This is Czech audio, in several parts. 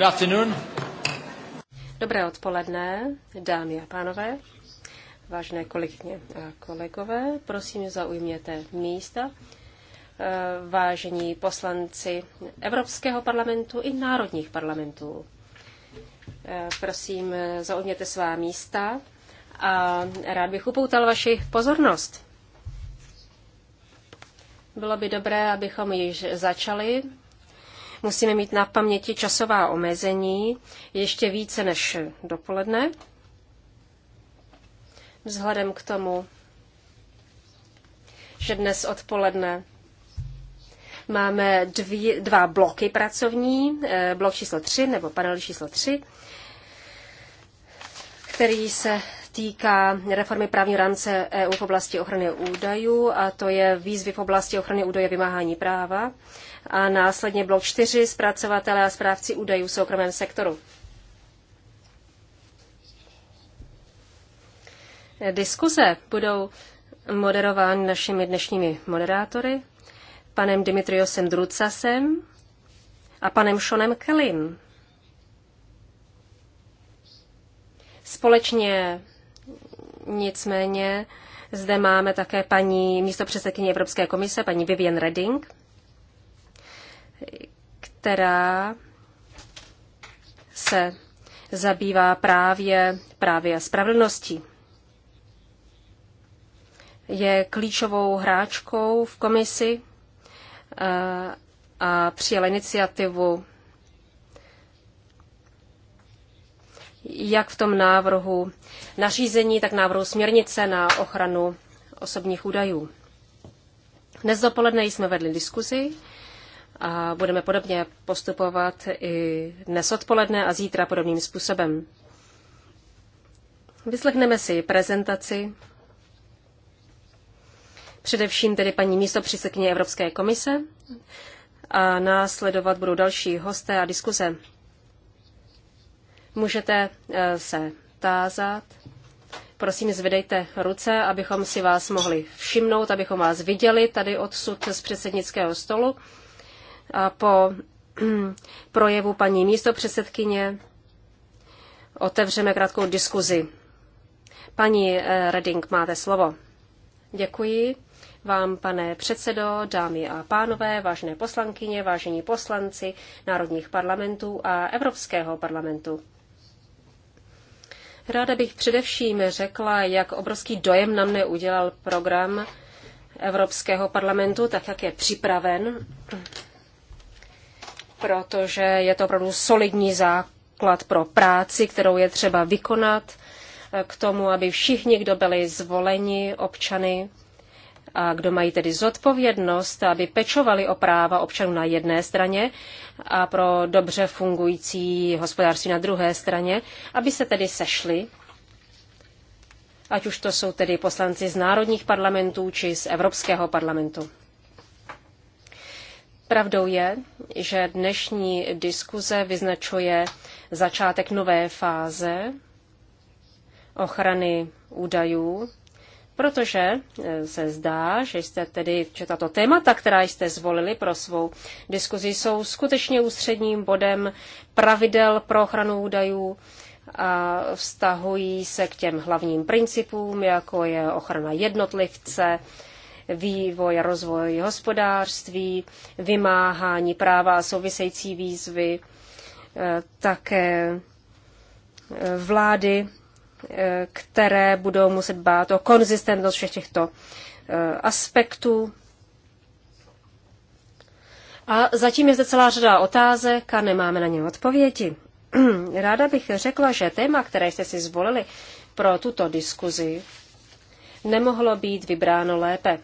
Good afternoon. Dobré odpoledne, dámy a pánové, vážné kolegyně a kolegové. Prosím, zaujměte místa. Eh, vážení poslanci Evropského parlamentu i národních parlamentů. Eh, prosím, zaujměte svá místa a rád bych upoutal vaši pozornost. Bylo by dobré, abychom již začali musíme mít na paměti časová omezení ještě více než dopoledne. Vzhledem k tomu, že dnes odpoledne máme dvě, dva bloky pracovní, eh, blok číslo 3 nebo panel číslo 3, který se týká reformy právního rámce EU v oblasti ochrany údajů a to je výzvy v oblasti ochrany údaje vymáhání práva a následně blok 4 zpracovatele a správci údajů v soukromém sektoru. Diskuze budou moderovány našimi dnešními moderátory, panem Dimitriosem Drucasem a panem Seanem Kellym. Společně nicméně zde máme také paní místopředsedkyně Evropské komise, paní Vivian Redding, která se zabývá právě, právě spravedlností. Je klíčovou hráčkou v komisi eh, a přijala iniciativu jak v tom návrhu nařízení, tak návrhu směrnice na ochranu osobních údajů. Dnes dopoledne jsme vedli diskuzi a budeme podobně postupovat i dnes odpoledne a zítra podobným způsobem. Vyslechneme si prezentaci především tedy paní místopředsedkyně Evropské komise a následovat budou další hosté a diskuze. Můžete eh, se tázat. Prosím, zvedejte ruce, abychom si vás mohli všimnout, abychom vás viděli tady odsud z předsednického stolu po mm, projevu paní místopředsedkyně otevřeme krátkou diskuzi. Paní eh, Reding, máte slovo. Děkuji vám, pane předsedo, dámy a pánové, vážné poslankyně, vážení poslanci národních parlamentů a Evropského parlamentu. Ráda bych především řekla, jak obrovský dojem na mne udělal program Evropského parlamentu, tak jak je připraven protože je to opravdu solidní základ pro práci, kterou je třeba vykonat eh, k tomu, aby všichni, kdo byli zvoleni občany a kdo mají tedy zodpovědnost, aby pečovali o práva občanů na jedné straně a pro dobře fungující hospodářství na druhé straně, aby se tedy sešli, ať už to jsou tedy poslanci z národních parlamentů či z Evropského parlamentu. Pravdou je, že dnešní diskuze vyznačuje začátek nové fáze ochrany údajů, protože eh, se zdá, že jste tedy, že tato témata, která jste zvolili pro svou diskuzi, jsou skutečně ústředním bodem pravidel pro ochranu údajů a vztahují se k těm hlavním principům, jako je ochrana jednotlivce, vývoj a rozvoj hospodářství, vymáhání práva a související výzvy, eh, také eh, vlády, eh, které budou muset bát o konzistentnost všech těchto aspektů. A zatím je zde celá řada otázek a nemáme na ně odpovědi. Ráda bych řekla, že téma, které jste si zvolili pro tuto diskuzi, nemohlo být vybráno lépe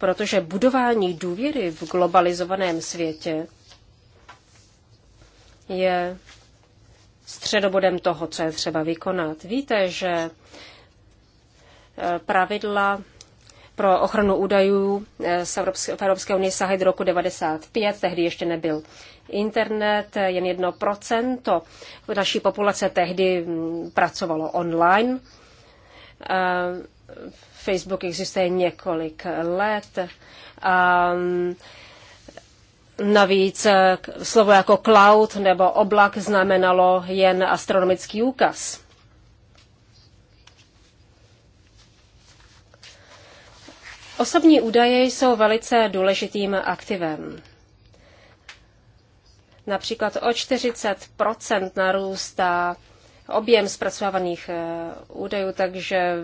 protože budování důvěry v globalizovaném světě je středobodem toho, co je třeba vykonat. Víte, že eh, pravidla pro ochranu údajů eh, z Evropské, v Evropské unii sahají do roku 95, tehdy ještě nebyl internet, eh, jen jedno procento naší populace tehdy mm, pracovalo online. Facebook existuje několik let a mm, navíc slovo jako cloud nebo oblak znamenalo jen astronomický úkaz. Osobní údaje jsou velice důležitým aktivem. Například o 40 narůstá objem zpracovaných eh, údajů, takže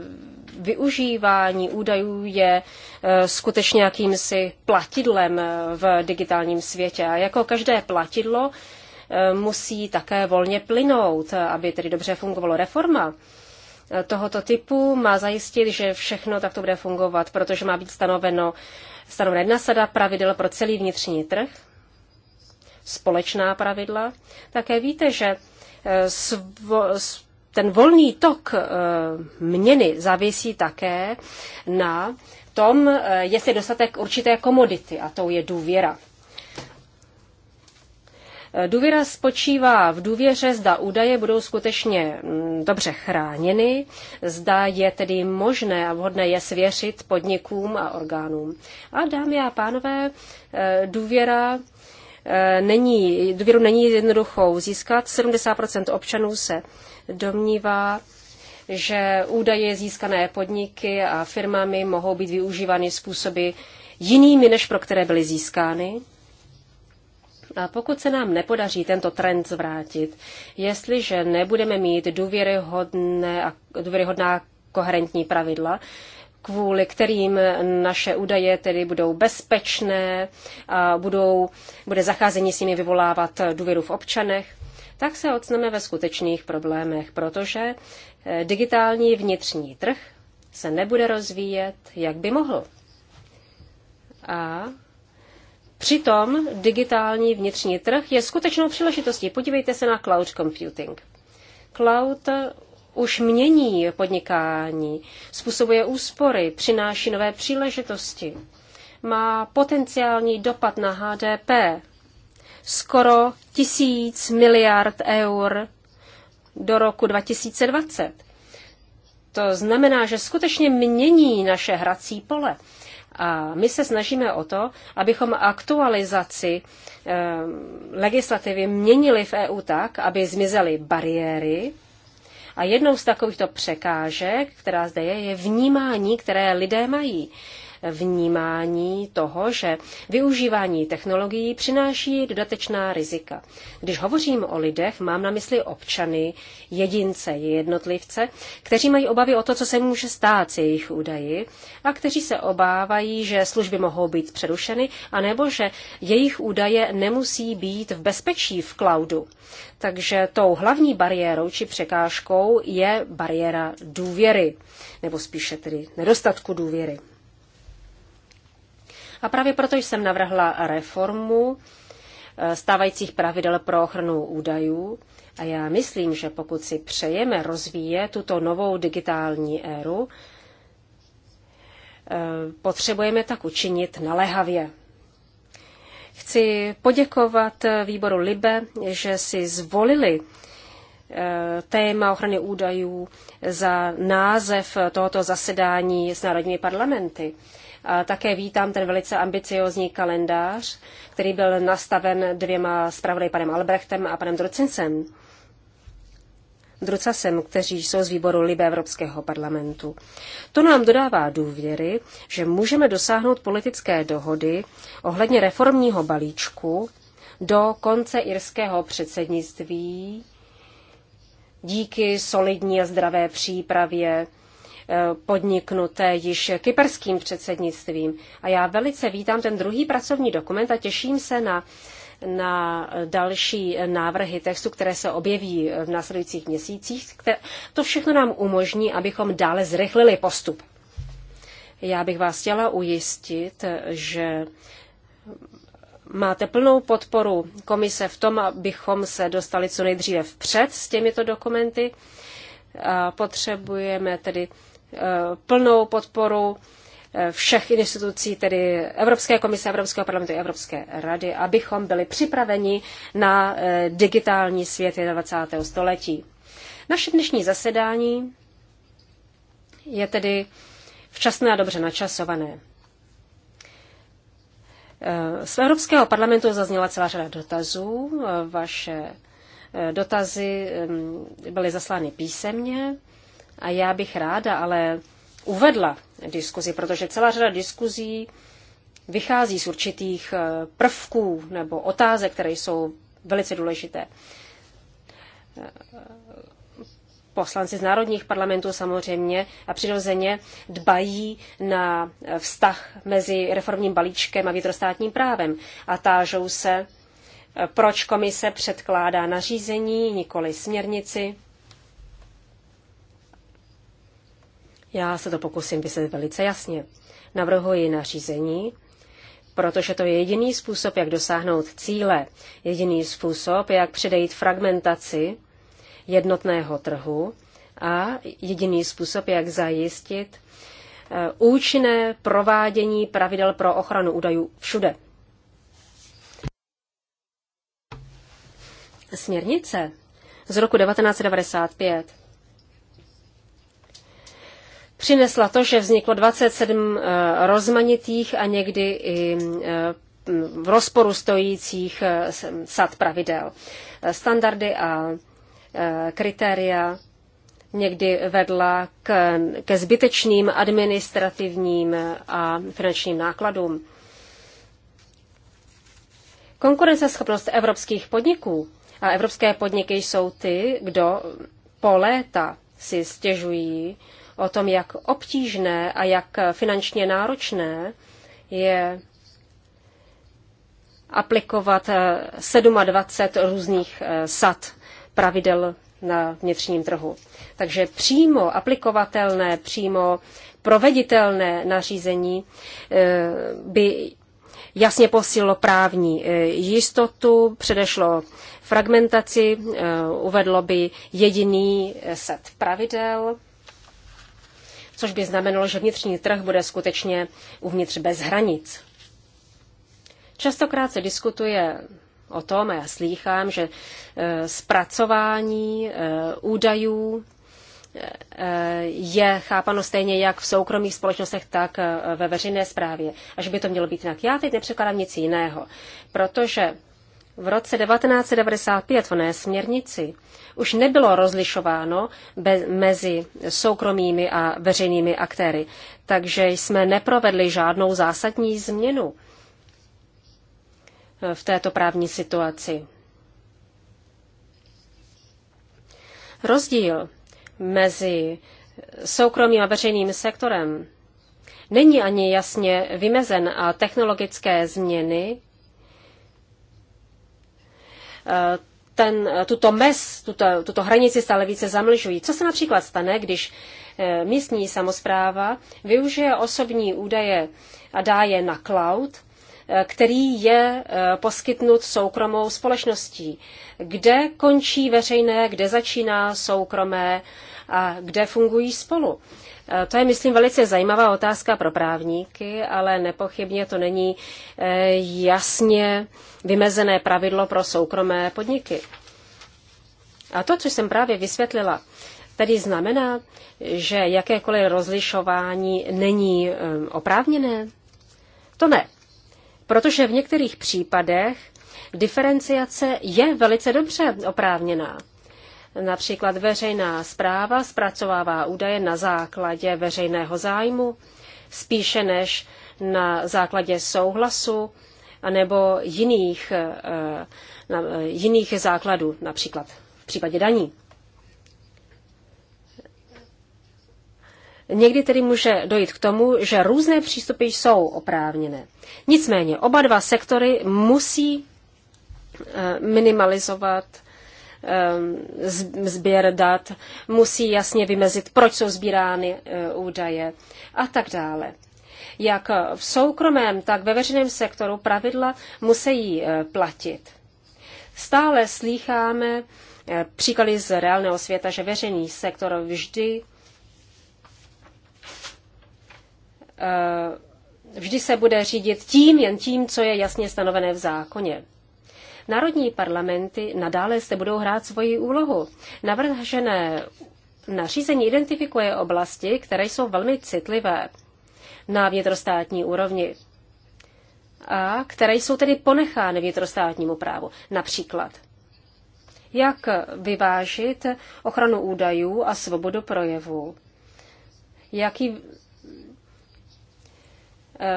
využívání údajů je eh, skutečně jakýmsi platidlem eh, v digitálním světě. A jako každé platidlo musí také volně plynout, aby tedy dobře fungovalo reforma tohoto typu má zajistit, že všechno takto bude fungovat, protože má být stanoveno stanovena jedna sada pravidel pro celý vnitřní trh, společná pravidla. Také víte, že ten volný tok eh, měny závisí také na tom, eh, jestli je dostatek určité komodity, a to je důvěra. Eh, důvěra spočívá v důvěře, zda údaje budou skutečně mm, dobře chráněny, zda je tedy možné a vhodné je svěřit podnikům a orgánům. A dámy a pánové, důvěra není, důvěru není jednoduchou získat. 70% občanů se domnívá, že údaje získané podniky a firmami mohou být využívány způsoby jinými, než pro které byly získány. A pokud se nám nepodaří tento trend zvrátit, jestliže nebudeme mít důvěryhodné a důvěryhodná koherentní pravidla, kvůli kterým naše údaje tedy budou bezpečné a budou, bude zacházení s nimi vyvolávat důvěru v občanech, tak se ocneme ve skutečných problémech, protože eh, digitální vnitřní trh se nebude rozvíjet, jak by mohl. A přitom digitální vnitřní trh je skutečnou příležitostí. Podívejte se na cloud computing. Cloud už mění podnikání, způsobuje úspory, přináší nové příležitosti, má potenciální dopad na HDP. Skoro tisíc miliard eur do roku 2020. To znamená, že skutečně mění naše hrací pole. A my se snažíme o to, abychom aktualizaci eh, legislativy měnili v EU tak, aby zmizely bariéry, a jednou z takovýchto překážek, která zde je, je vnímání, které lidé mají vnímání toho, že využívání technologií přináší dodatečná rizika. Když hovořím o lidech, mám na mysli občany, jedince, jednotlivce, kteří mají obavy o to, co se může stát s jejich údaji a kteří se obávají, že služby mohou být přerušeny, anebo že jejich údaje nemusí být v bezpečí v cloudu. Takže tou hlavní bariérou či překážkou je bariéra důvěry, nebo spíše tedy nedostatku důvěry. A právě proto jsem navrhla reformu eh, stávajících pravidel pro ochranu údajů. A já myslím, že pokud si přejeme rozvíjet tuto novou digitální éru, eh, potřebujeme tak učinit naléhavě. Chci poděkovat eh, výboru Libe, že si zvolili téma ochrany údajů za název tohoto zasedání s národními parlamenty také vítám ten velice ambiciozní kalendář, který byl nastaven dvěma zpravodaj, panem Albrechtem a panem Drucincem. Drucasem, kteří jsou z výboru Libe Evropského parlamentu. To nám dodává důvěry, že můžeme dosáhnout politické dohody ohledně reformního balíčku do konce irského předsednictví díky solidní a zdravé přípravě podniknuté již kyperským předsednictvím. A já velice vítám ten druhý pracovní dokument a těším se na na další návrhy textu, které se objeví v následujících měsících. To všechno nám umožní, abychom dále zrychlili postup. Já bych vás chtěla ujistit, že máte plnou podporu komise v tom, abychom se dostali co nejdříve vpřed s těmito dokumenty. Potřebujeme tedy Eh, plnou podporu eh, všech institucí, tedy Evropské komise, Evropského parlamentu i Evropské rady, abychom byli připraveni na eh, digitální svět 21. století. Naše dnešní zasedání je tedy včasné a dobře načasované. Z Evropského parlamentu zazněla celá řada dotazů. Vaše dotazy mm, byly zaslány písemně. A já bych ráda ale uvedla diskuzi, protože celá řada diskuzí vychází z určitých eh, prvků nebo otázek, které jsou velice důležité. Eh, poslanci z národních parlamentů samozřejmě a přirozeně dbají na eh, vztah mezi reformním balíčkem a vnitrostátním právem a tážou se, proč komise předkládá nařízení, nikoli směrnici, Já se to pokusím vysvětlit velice jasně. Navrhuji nařízení, protože to je jediný způsob, jak dosáhnout cíle, jediný způsob, jak předejít fragmentaci jednotného trhu a jediný způsob, jak zajistit eh, účinné provádění pravidel pro ochranu údajů všude. Směrnice z roku 1995 přinesla to, že vzniklo 27 eh, rozmanitých a někdy i eh, v rozporu stojících eh, sad pravidel. Standardy a kritéria někdy vedla k, ke zbytečným administrativním a finančním nákladům. Konkurenceschopnost evropských podniků a evropské podniky jsou ty, kdo po léta si stěžují, o tom, jak obtížné a jak finančně náročné je aplikovat 27 eh, různých eh, sad pravidel na vnitřním trhu. Takže přímo aplikovatelné, přímo proveditelné nařízení eh, by jasně posílilo právní jistotu, předešlo fragmentaci, uvedlo by jediný set pravidel což by znamenalo, že vnitřní trh bude skutečně uvnitř bez hranic. Častokrát se diskutuje o tom, a já slýchám, že eh, zpracování eh, údajů eh, je chápano stejně jak v soukromých společnostech, tak ve veřejné správě. A že by to mělo být jinak. Já teď nepřekladám nic jiného, protože v roce 1995 v oné směrnici už nebylo rozlišováno mezi soukromými a veřejnými aktéry, takže jsme neprovedli žádnou zásadní změnu v této právní situaci. Rozdíl mezi soukromým a veřejným sektorem není ani jasně vymezen a technologické změny ten, tuto mez, tuto, tuto hranici stále více zamlžují. Co se například stane, když eh, místní samozpráva využije osobní údaje a dá je na cloud, eh, který je eh, poskytnut soukromou společností. Kde končí veřejné, kde začíná soukromé a kde fungují spolu. E, to je, myslím, velice zajímavá otázka pro právníky, ale nepochybně to není e, jasně vymezené pravidlo pro soukromé podniky. A to, co jsem právě vysvětlila, tedy znamená, že jakékoliv rozlišování není e, oprávněné? To ne, protože v některých případech diferenciace je velice dobře oprávněná. Například veřejná zpráva zpracovává údaje na základě veřejného zájmu, spíše než na základě souhlasu anebo jiných, eh, eh, jiných základů, například v případě daní. Někdy tedy může dojít k tomu, že různé přístupy jsou oprávněné. Nicméně oba dva sektory musí eh, minimalizovat Eh, sběr dat, musí jasně vymezit, proč jsou sbírány eh, údaje a tak dále. Jak v soukromém, tak ve veřejném sektoru pravidla musí eh, platit. Stále slýcháme příklady z reálného světa, že veřejný sektor vždy vždy se bude řídit tím, jen tím, co je jasně stanovené v zákoně. Národní parlamenty nadále se budou hrát svoji úlohu. Navržené nařízení identifikuje oblasti, které jsou velmi citlivé na vnitrostátní úrovni a které jsou tedy ponechány vnitrostátnímu právu. Například, jak vyvážit ochranu údajů a svobodu projevu, jaký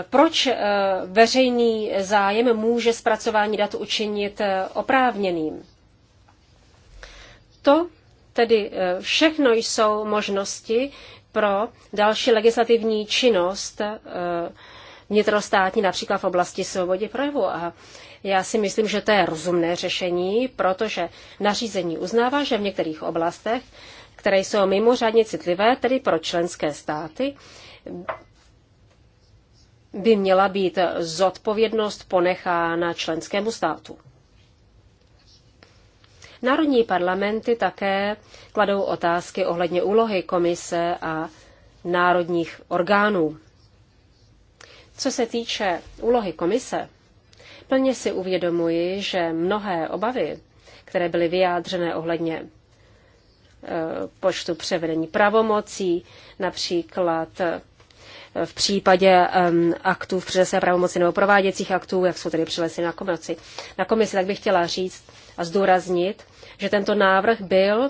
proč eh, veřejný zájem může zpracování dat učinit eh, oprávněným? To tedy eh, všechno jsou možnosti pro další legislativní činnost vnitrostátní, například v oblasti svobody projevu. A já si myslím, že to je rozumné řešení, protože nařízení uznává, že v některých oblastech, které jsou mimořádně citlivé, tedy pro členské státy, by měla být zodpovědnost ponechána členskému státu. Národní parlamenty také kladou otázky ohledně úlohy komise a národních orgánů. Co se týče úlohy komise, plně si uvědomuji, že mnohé obavy, které byly vyjádřené ohledně e, počtu převedení pravomocí, například v případě um, aktů v přenesené pravomoci nebo prováděcích aktů, jak jsou tedy přelesy na komisi. Na komisi tak bych chtěla říct a zdůraznit, že tento návrh byl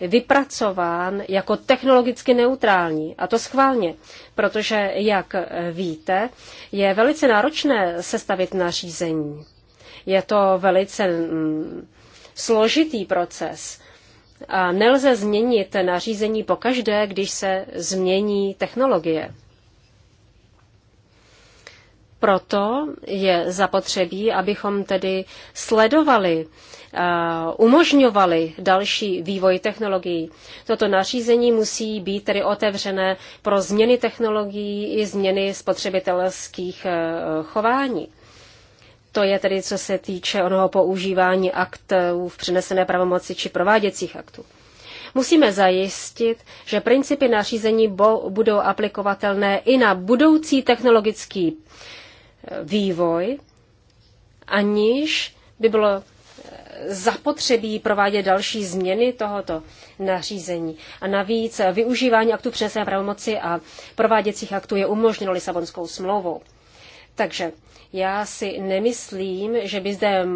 vypracován jako technologicky neutrální. A to schválně, protože, jak víte, je velice náročné sestavit nařízení. Je to velice mm, složitý proces. A nelze změnit nařízení pokaždé, když se změní technologie. Proto je zapotřebí, abychom tedy sledovali, eh, umožňovali další vývoj technologií. Toto nařízení musí být tedy otevřené pro změny technologií i změny spotřebitelských eh, chování. To je tedy, co se týče onoho používání aktů v přenesené pravomoci či prováděcích aktů. Musíme zajistit, že principy nařízení budou aplikovatelné i na budoucí technologický vývoj, aniž by bylo eh, zapotřebí provádět další změny tohoto nařízení. A navíc využívání aktů přenesené pravomoci a prováděcích aktů je umožněno Lisabonskou smlouvou. Takže já si nemyslím, že by zde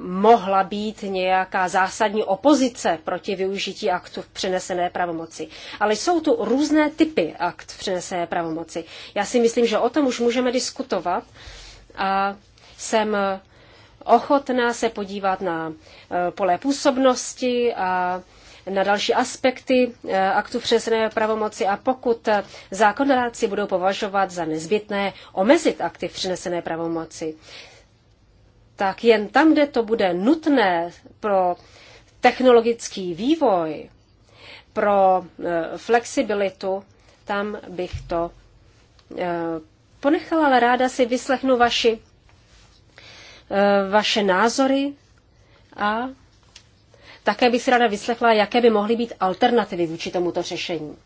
mohla být nějaká zásadní opozice proti využití aktu v přenesené pravomoci. Ale jsou tu různé typy akt v přenesené pravomoci. Já si myslím, že o tom už můžeme diskutovat a jsem ochotná se podívat na e, pole působnosti a na další aspekty e, aktu přesné pravomoci a pokud zákonodáci budou považovat za nezbytné omezit akty přinesené pravomoci, tak jen tam, kde to bude nutné pro technologický vývoj, pro e, flexibilitu, tam bych to ponechala, ale ráda si vyslechnu vaši, eh, vaše názory a také bych si ráda vyslechla, jaké by mohly být alternativy vůči tomuto řešení.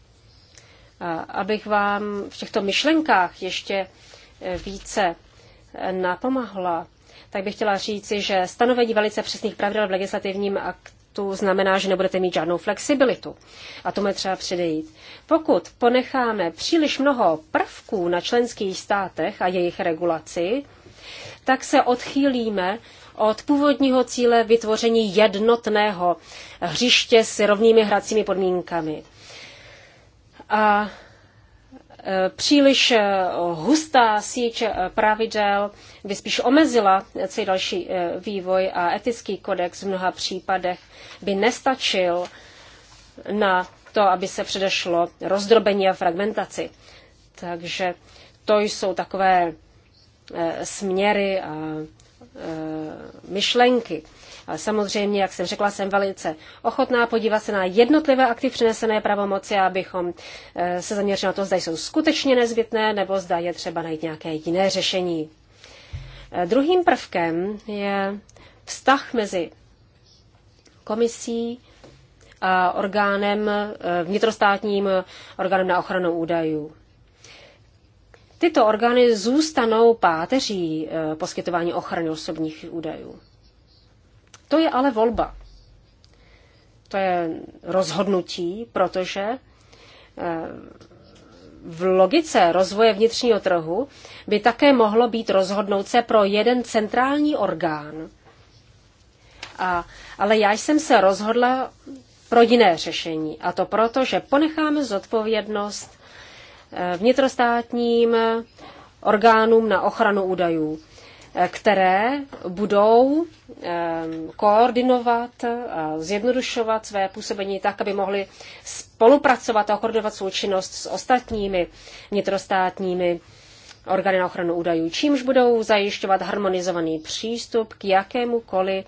A abych vám v těchto myšlenkách ještě eh, více eh, napomohla, tak bych chtěla říci, že stanovení velice přesných pravidel v legislativním akt to znamená, že nebudete mít žádnou flexibilitu. A tomu je třeba předejít. Pokud ponecháme příliš mnoho prvků na členských státech a jejich regulaci, tak se odchýlíme od původního cíle vytvoření jednotného hřiště s rovnými hracími podmínkami. A příliš eh, hustá síť eh, pravidel by spíš omezila celý další eh, vývoj a etický kodex v mnoha případech by nestačil na to, aby se předešlo rozdrobení a fragmentaci. Takže to jsou takové směry a myšlenky. Ale samozřejmě, jak jsem řekla, jsem velice ochotná podívat se na jednotlivé akty přinesené pravomoci, abychom eh, se zaměřili na to, zda jsou skutečně nezbytné, nebo zda je třeba najít nějaké jiné řešení. Eh, druhým prvkem je vztah mezi komisí a orgánem, eh, vnitrostátním orgánem na ochranu údajů. Tyto orgány zůstanou páteří poskytování ochrany osobních údajů. To je ale volba. To je rozhodnutí, protože eh, v logice rozvoje vnitřního trhu by také mohlo být rozhodnout se pro jeden centrální orgán. A, ale já jsem se rozhodla pro jiné řešení. A to proto, že ponecháme zodpovědnost eh, vnitrostátním orgánům na ochranu údajů které budou ehm, koordinovat a zjednodušovat své působení tak, aby mohly spolupracovat a koordinovat svou činnost s ostatními vnitrostátními orgány na ochranu údajů, čímž budou zajišťovat harmonizovaný přístup k jakémukoliv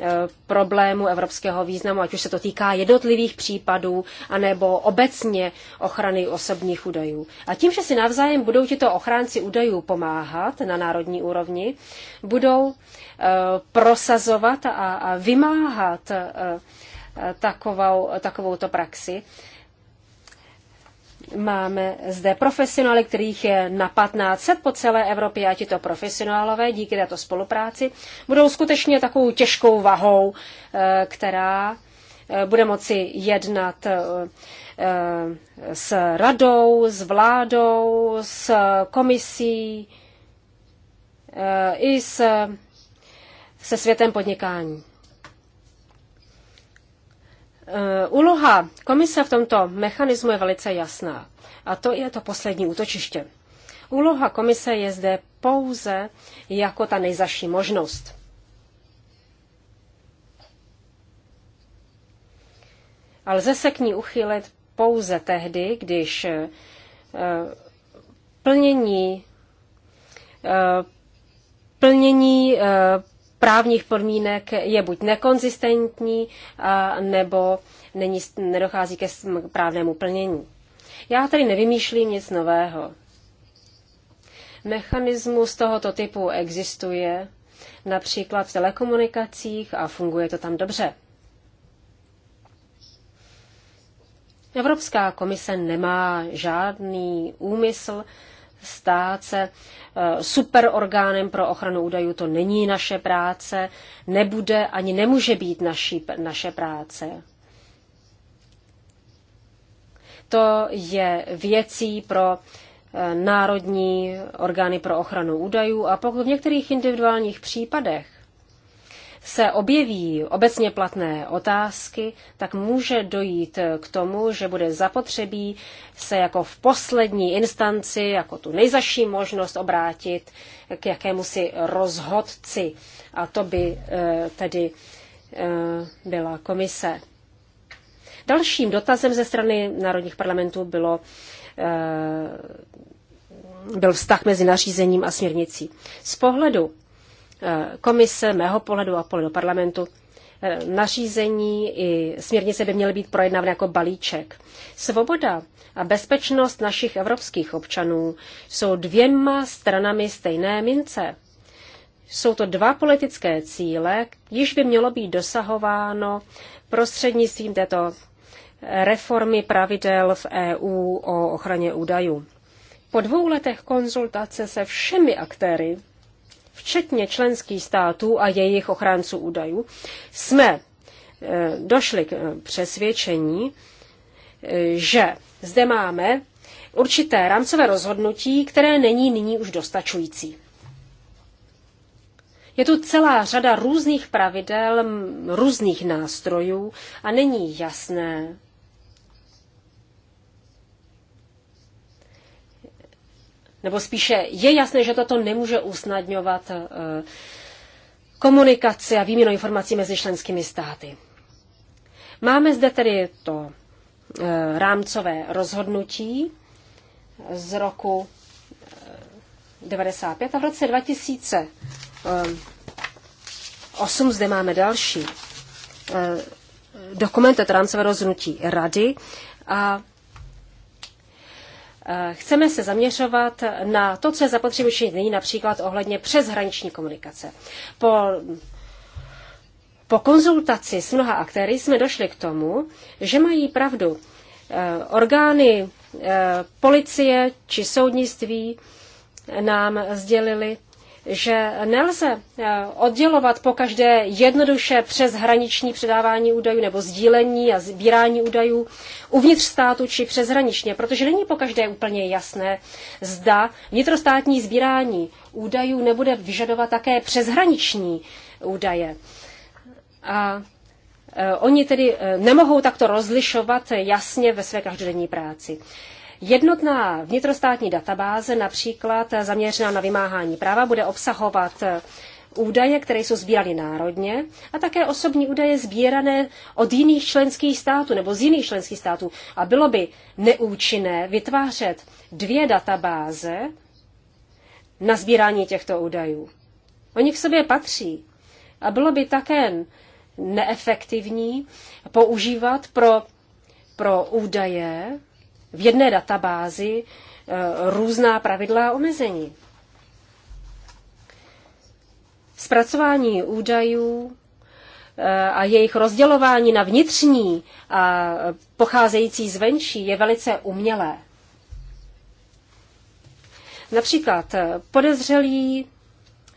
Eh, problému evropského významu, ať už se to týká jednotlivých případů, anebo obecně ochrany osobních údajů. A tím, že si navzájem budou tito ochránci údajů pomáhat na národní úrovni, budou eh, prosazovat a vymáhat eh, takovou, takovouto praxi, Máme zde profesionály, kterých je na 1500 po celé Evropě a tito profesionálové díky této spolupráci budou skutečně takovou těžkou vahou, eh, která eh, bude moci jednat eh, s radou, s vládou, s komisí i se světem podnikání. Eh, úloha komise v tomto mechanismu je velice jasná. A to je to poslední útočiště. Úloha komise je zde pouze jako ta nejzaší možnost. A lze se k ní uchylit pouze tehdy, když eh, plnění eh, plnění právních podmínek je buď nekonzistentní, nebo není, nedochází ke právnému plnění. Já tady nevymýšlím nic nového. Mechanismus tohoto typu existuje například v telekomunikacích a funguje to tam dobře. Evropská komise nemá žádný úmysl stát se eh, superorgánem pro ochranu údajů. To není naše práce, nebude ani nemůže být naší, naše práce. To je věcí pro eh, národní orgány pro ochranu údajů a pokud v některých individuálních případech se objeví obecně platné otázky, tak může dojít k tomu, že bude zapotřebí se jako v poslední instanci, jako tu nejzaší možnost obrátit k jakému si rozhodci. A to by eh, tedy eh, byla komise. Dalším dotazem ze strany národních parlamentů bylo, eh, byl vztah mezi nařízením a směrnicí. Z pohledu Eh, komise, mého pohledu a pohledu parlamentu, eh, nařízení i směrnice by měly být projednávány jako balíček. Svoboda a bezpečnost našich evropských občanů jsou dvěma stranami stejné mince. Jsou to dva politické cíle, již by mělo být dosahováno prostřednictvím této reformy pravidel v EU o ochraně údajů. Po dvou letech konzultace se všemi aktéry včetně členských států a jejich ochránců údajů, jsme eh, došli k eh, přesvědčení, eh, že zde máme určité rámcové rozhodnutí, které není nyní už dostačující. Je tu celá řada různých pravidel, různých nástrojů a není jasné, nebo spíše je jasné, že toto nemůže usnadňovat eh, komunikaci a výměnu informací mezi členskými státy. Máme zde tedy to eh, rámcové rozhodnutí z roku 95 eh, a v roce 2008 zde máme další dokument, to rámcové rozhodnutí rady a Chceme se zaměřovat na to, co je zapotřebí učinit nyní, například ohledně přeshraniční komunikace. Po po konzultaci s mnoha aktéry jsme došli k tomu, že mají pravdu e, orgány e, policie či soudnictví nám sdělili, že nelze eh, oddělovat po každé jednoduše přes hraniční předávání údajů nebo sdílení a sbírání údajů uvnitř státu či přeshraničně, protože není po každé úplně jasné, zda vnitrostátní sbírání údajů nebude vyžadovat také přeshraniční údaje. A eh, oni tedy eh, nemohou takto rozlišovat jasně ve své každodenní práci. Jednotná vnitrostátní databáze, například zaměřená na vymáhání práva, bude obsahovat eh, údaje, které jsou sbírány národně a také osobní údaje sbírané od jiných členských států nebo z jiných členských států. A bylo by neúčinné vytvářet dvě databáze na sbírání těchto údajů. Oni k sobě patří. A bylo by také neefektivní používat pro, pro údaje v jedné databázi eh, různá pravidla a omezení. Zpracování údajů eh, a jejich rozdělování na vnitřní a pocházející zvenčí je velice umělé. Například eh, podezřelý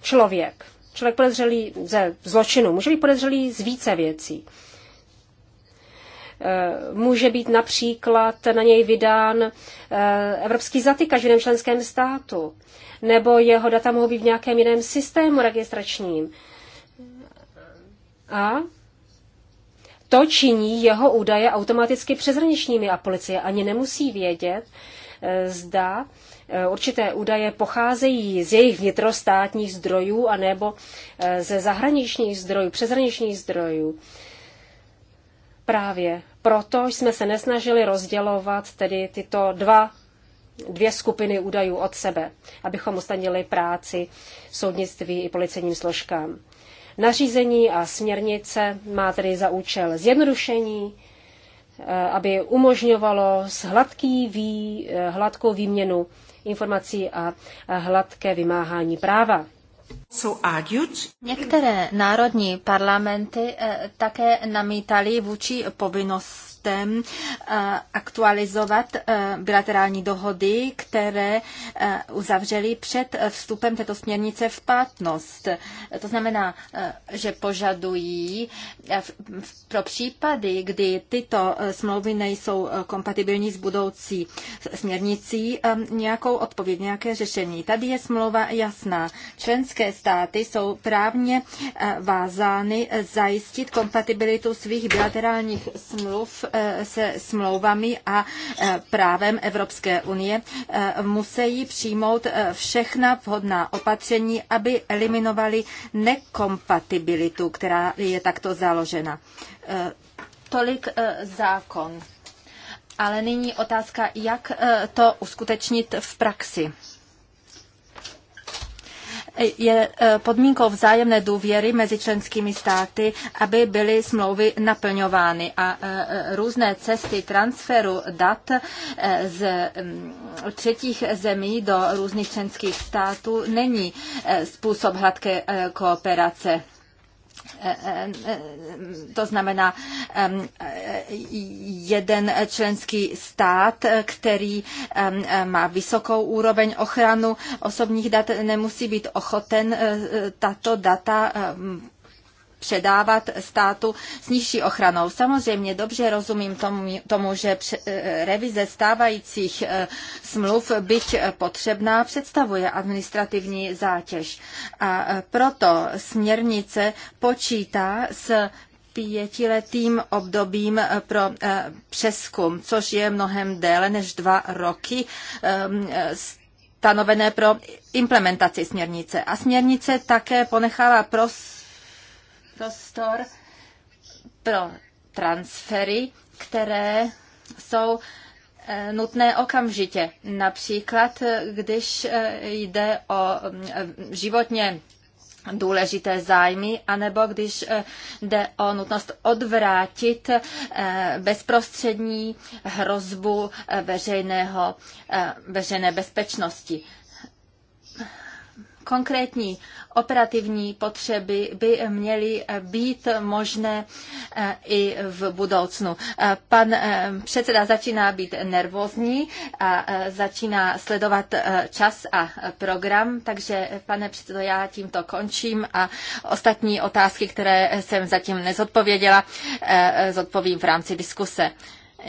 člověk, člověk podezřelý ze zločinu, může být podezřelý z více věcí. Eh, může být například na něj vydán eh, evropský zatykač v jiném členském státu, nebo jeho data mohou být v nějakém jiném systému registračním. A to činí jeho údaje automaticky přezraničními a policie ani nemusí vědět, eh, zda určité údaje pocházejí z jejich vnitrostátních zdrojů anebo ze zahraničních zdrojů, přezraničních zdrojů. Právě proto jsme se nesnažili rozdělovat tedy tyto dva, dvě skupiny údajů od sebe, abychom ustanili práci soudnictví i policejním složkám. Nařízení a směrnice má tedy za účel zjednodušení, eh, aby umožňovalo hladký vý, eh, hladkou výměnu informací a hladké vymáhání práva. Některé národní parlamenty eh, také namítaly vůči povinnosti možnostem eh, aktualizovat eh, bilaterální dohody, které eh, uzavřeli před vstupem této směrnice v platnost. To znamená, že požadují pro případy, kdy tyto smlouvy nejsou kompatibilní s budoucí směrnicí, nějakou odpověď, nějaké řešení. Tady je smlouva jasná. Členské státy jsou právně vázány zajistit kompatibilitu svých bilaterálních smluv E, se smlouvami a e, právem Evropské unie e, musí přijmout všechna vhodná opatření, aby eliminovali nekompatibilitu, která je takto založena. Tolik zákon. Ale nyní otázka, jak to uskutečnit v praxi je e, podmínkou vzájemné důvěry mezi členskými státy, aby byly smlouvy naplňovány. A e, e, různé cesty transferu dat z třetích zemí do různých členských států není způsob hladké kooperace to znamená jeden členský stát, který má vysokou úroveň ochranu osobních dat, nemusí být ochoten eh, tato data předávat státu s nižší ochranou. Samozřejmě dobře rozumím tomu, tomu že eh, revize stávajících eh, smluv, byť potřebná, představuje administrativní zátěž. A eh, proto směrnice počítá s pětiletým obdobím pro přeskum, což je mnohem déle než dva roky ehm, stanovené pro implementaci směrnice. A směrnice také ponechala prostor prostor pro transfery, které jsou eh, nutné okamžitě. Například, eh, když eh, jde o životně důležité zájmy, anebo když jde o nutnost odvrátit bezprostřední hrozbu veřejného, veřejné bezpečnosti. Konkrétní operativní potřeby by měly být možné eh, i v budoucnu. Eh, pan eh, předseda začíná být nervózní a začíná sledovat čas a program, takže pane předsedo, já tímto končím a ostatní otázky, které jsem zatím nezodpověděla, zodpovím v rámci diskuse.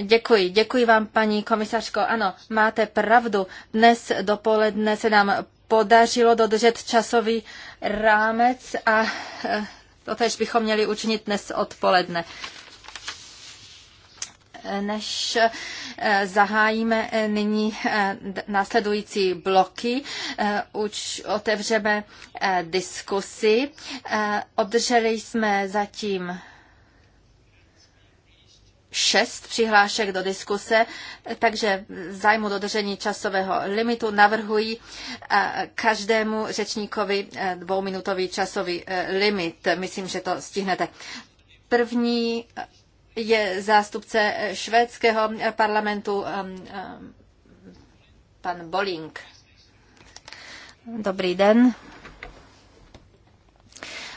Děkuji, děkuji vám, paní komisařko. Ano, máte pravdu. Dnes dopoledne se nám podařilo dodržet časový rámec a eh, to tež bychom měli učinit dnes odpoledne. Eh, než eh, zahájíme nyní následující bloky, už otevřeme diskusy. Obdrželi jsme zatím šest přihlášek do diskuse, takže v zájmu dodržení časového limitu navrhuji eh, každému řečníkovi eh, dvouminutový časový eh, limit. Myslím, že to stihnete. První je zástupce švédského parlamentu pan Boling. Dobrý den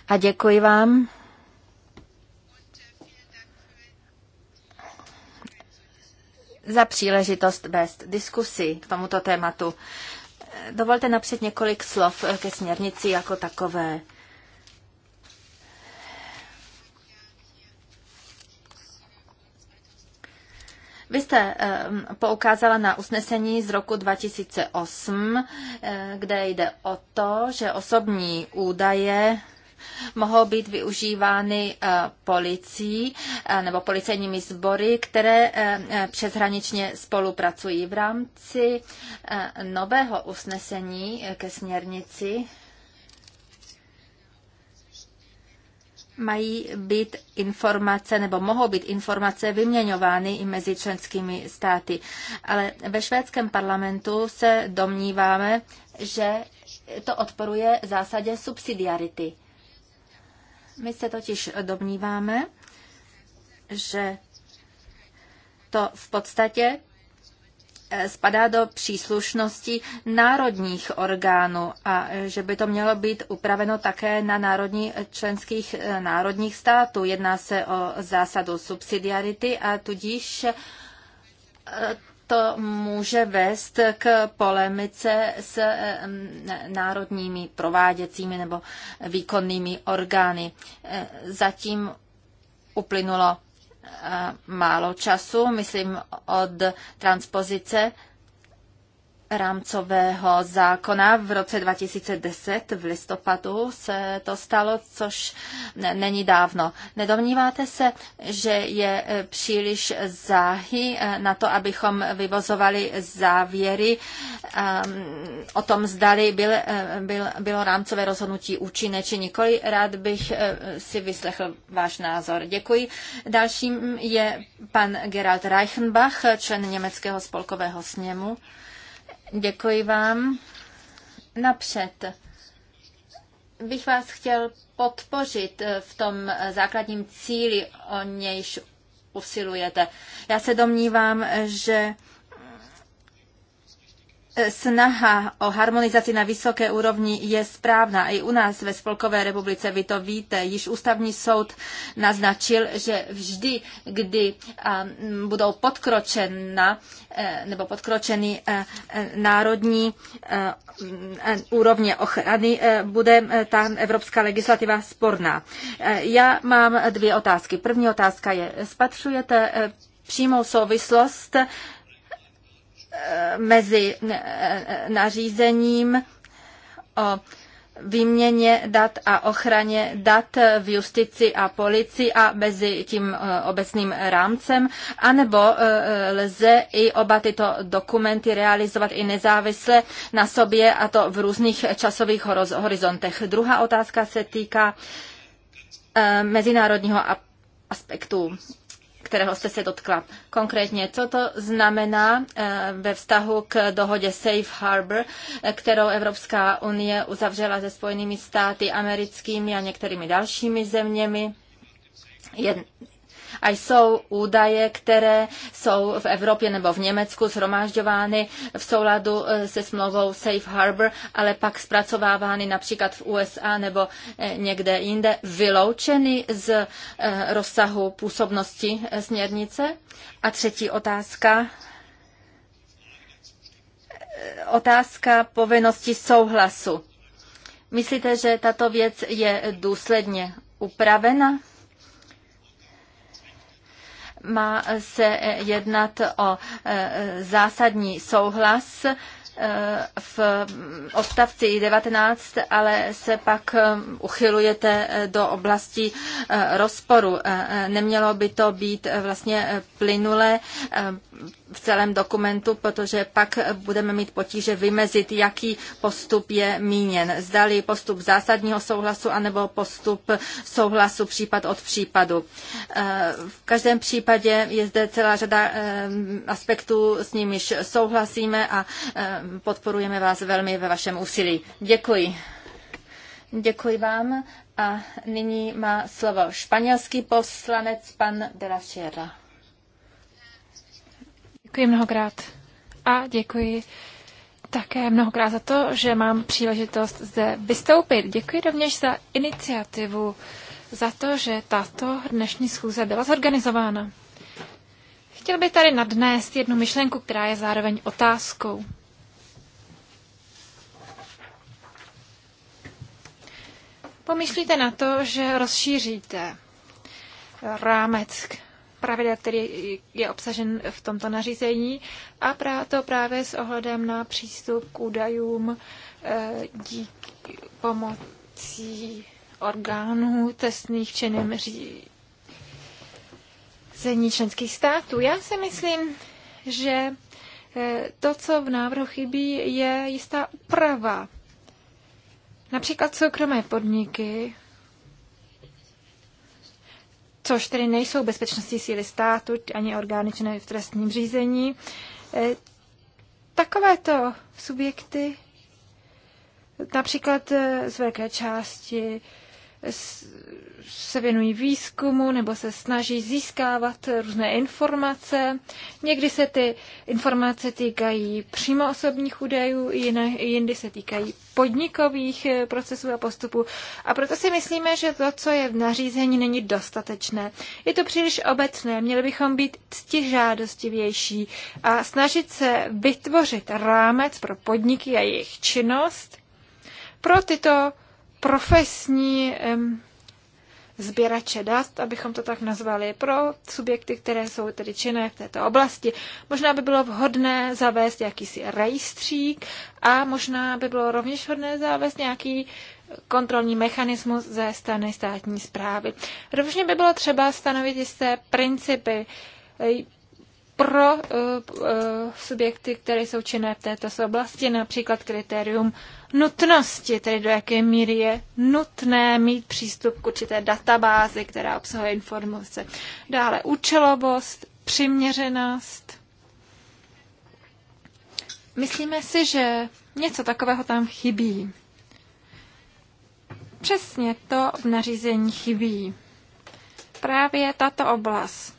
a děkuji vám za příležitost vést diskusi k tomuto tématu. Dovolte napřed několik slov ke směrnici jako takové. Vy jste ehm, poukázala na usnesení z roku 2008, eh, kde jde o to, že osobní údaje mohou být využívány eh, policií eh, nebo policejními sbory, které eh, přeshraničně spolupracují. V rámci nového usnesení ke směrnici mají být informace nebo mohou být informace vyměňovány i mezi členskými státy. Ale ve švédském parlamentu se domníváme, že to odporuje zásadě subsidiarity. My se totiž domníváme, že to v podstatě eh, spadá do příslušnosti národních orgánů a eh, že by to mělo být upraveno také na národní členských eh, národních států. Jedná se o zásadu subsidiarity a tudíž to může vést k polemice s národními prováděcími nebo výkonnými orgány. E, zatím uplynulo e, málo času, myslím od transpozice rámcového zákona v roce 2010 v listopadu se to stalo, což není dávno. Nedomníváte se, že je e, příliš záhy e, na to, abychom vyvozovali závěry ehm, o tom, zdali byl, e, byl, bylo rámcové rozhodnutí účinné či nikoli. Rád bych si vyslechl váš názor. Děkuji. Dalším je pan Gerald Reichenbach, člen Německého spolkového sněmu. Děkuji vám. Napřed bych vás chtěl podpořit v tom základním cíli, o nějž usilujete. Já se domnívám, že snaha o harmonizaci na vysoké úrovni je správná. I u nás ve Spolkové republice, vy to víte, již ústavní soud naznačil, že vždy, kdy budou podkročena e, nebo podkročeny e, e, národní úrovně ochrany, bude ta evropská legislativa sporná. Já mám dvě otázky. První otázka je, spatřujete přímou souvislost mezi eh, nařízením o výměně dat a ochraně dat v justici a policii a mezi tím eh, obecným rámcem, anebo eh, lze i oba tyto dokumenty realizovat i nezávisle na sobě a to v různých časových horizontech. Druhá otázka se týká mezinárodního aspektu kterého jste se dotkla. Konkrétně, co to znamená eh, ve vztahu k dohodě Safe Harbor, eh, kterou Evropská unie uzavřela se Spojenými státy americkými a některými dalšími zeměmi? a jsou údaje, které jsou v Evropě nebo v Německu zhromažďovány v souladu eh, se smlouvou Safe Harbor, ale pak zpracovávány například v USA nebo eh, někde jinde, vyloučeny z eh, rozsahu působnosti směrnice? A třetí otázka otázka povinnosti souhlasu. Myslíte, že tato věc je důsledně upravena? má se jednat o e, e, zásadní souhlas v odstavci 19, ale se pak eh, uchylujete eh, do oblasti eh, rozporu. Nemělo by to být vlastně plynule v celém dokumentu, protože pak budeme mít potíže vymezit, jaký postup je míněn. Zdali postup zásadního souhlasu anebo postup souhlasu případ od případu. V každém případě je zde celá řada aspektů, s nimiž souhlasíme a podporujeme vás velmi ve vašem úsilí. Děkuji. Děkuji vám. A nyní má slovo španělský poslanec pan de la Sierra. Děkuji mnohokrát. A děkuji také mnohokrát za to, že mám příležitost zde vystoupit. Děkuji rovněž za iniciativu, za to, že tato dnešní schůze byla zorganizována. Chtěl bych tady nadnést jednu myšlenku, která je zároveň otázkou. Pomyslíte na to, že rozšíříte rámec pravidel, který je obsažen v tomto nařízení a to právě s ohledem na přístup k údajům eh, díky pomocí orgánů testných činem řízení členských států. Já si myslím, že eh, to, co v návrhu chybí, je jistá úprava Například soukromé podniky, což tedy nejsou bezpečnostní síly státu ani orgány činné v trestním řízení, eh, takovéto subjekty například eh, z velké části se věnují výzkumu nebo se snaží získávat různé informace. Někdy se ty informace týkají přímo osobních údajů, jindy se týkají podnikových eh, procesů a postupů. A proto si myslíme, že to, co je v nařízení, není dostatečné. Je to příliš obecné, měli bychom být ctižádostivější a snažit se vytvořit rámec pro podniky a jejich činnost pro tyto profesní sběrače dat, abychom to tak nazvali, pro subjekty, které jsou tedy činné v této oblasti. Možná by bylo vhodné zavést jakýsi rejstřík a možná by bylo rovněž vhodné zavést nějaký kontrolní mechanismus ze strany státní zprávy. Rovněž by bylo třeba stanovit jisté principy pro uh, uh, subjekty, které jsou činné v této oblasti, například kritérium nutnosti, tedy do jaké míry je nutné mít přístup k určité databázi, která obsahuje informace. Dále účelovost, přiměřenost. Myslíme si, že něco takového tam chybí. Přesně to v nařízení chybí. Právě tato oblast,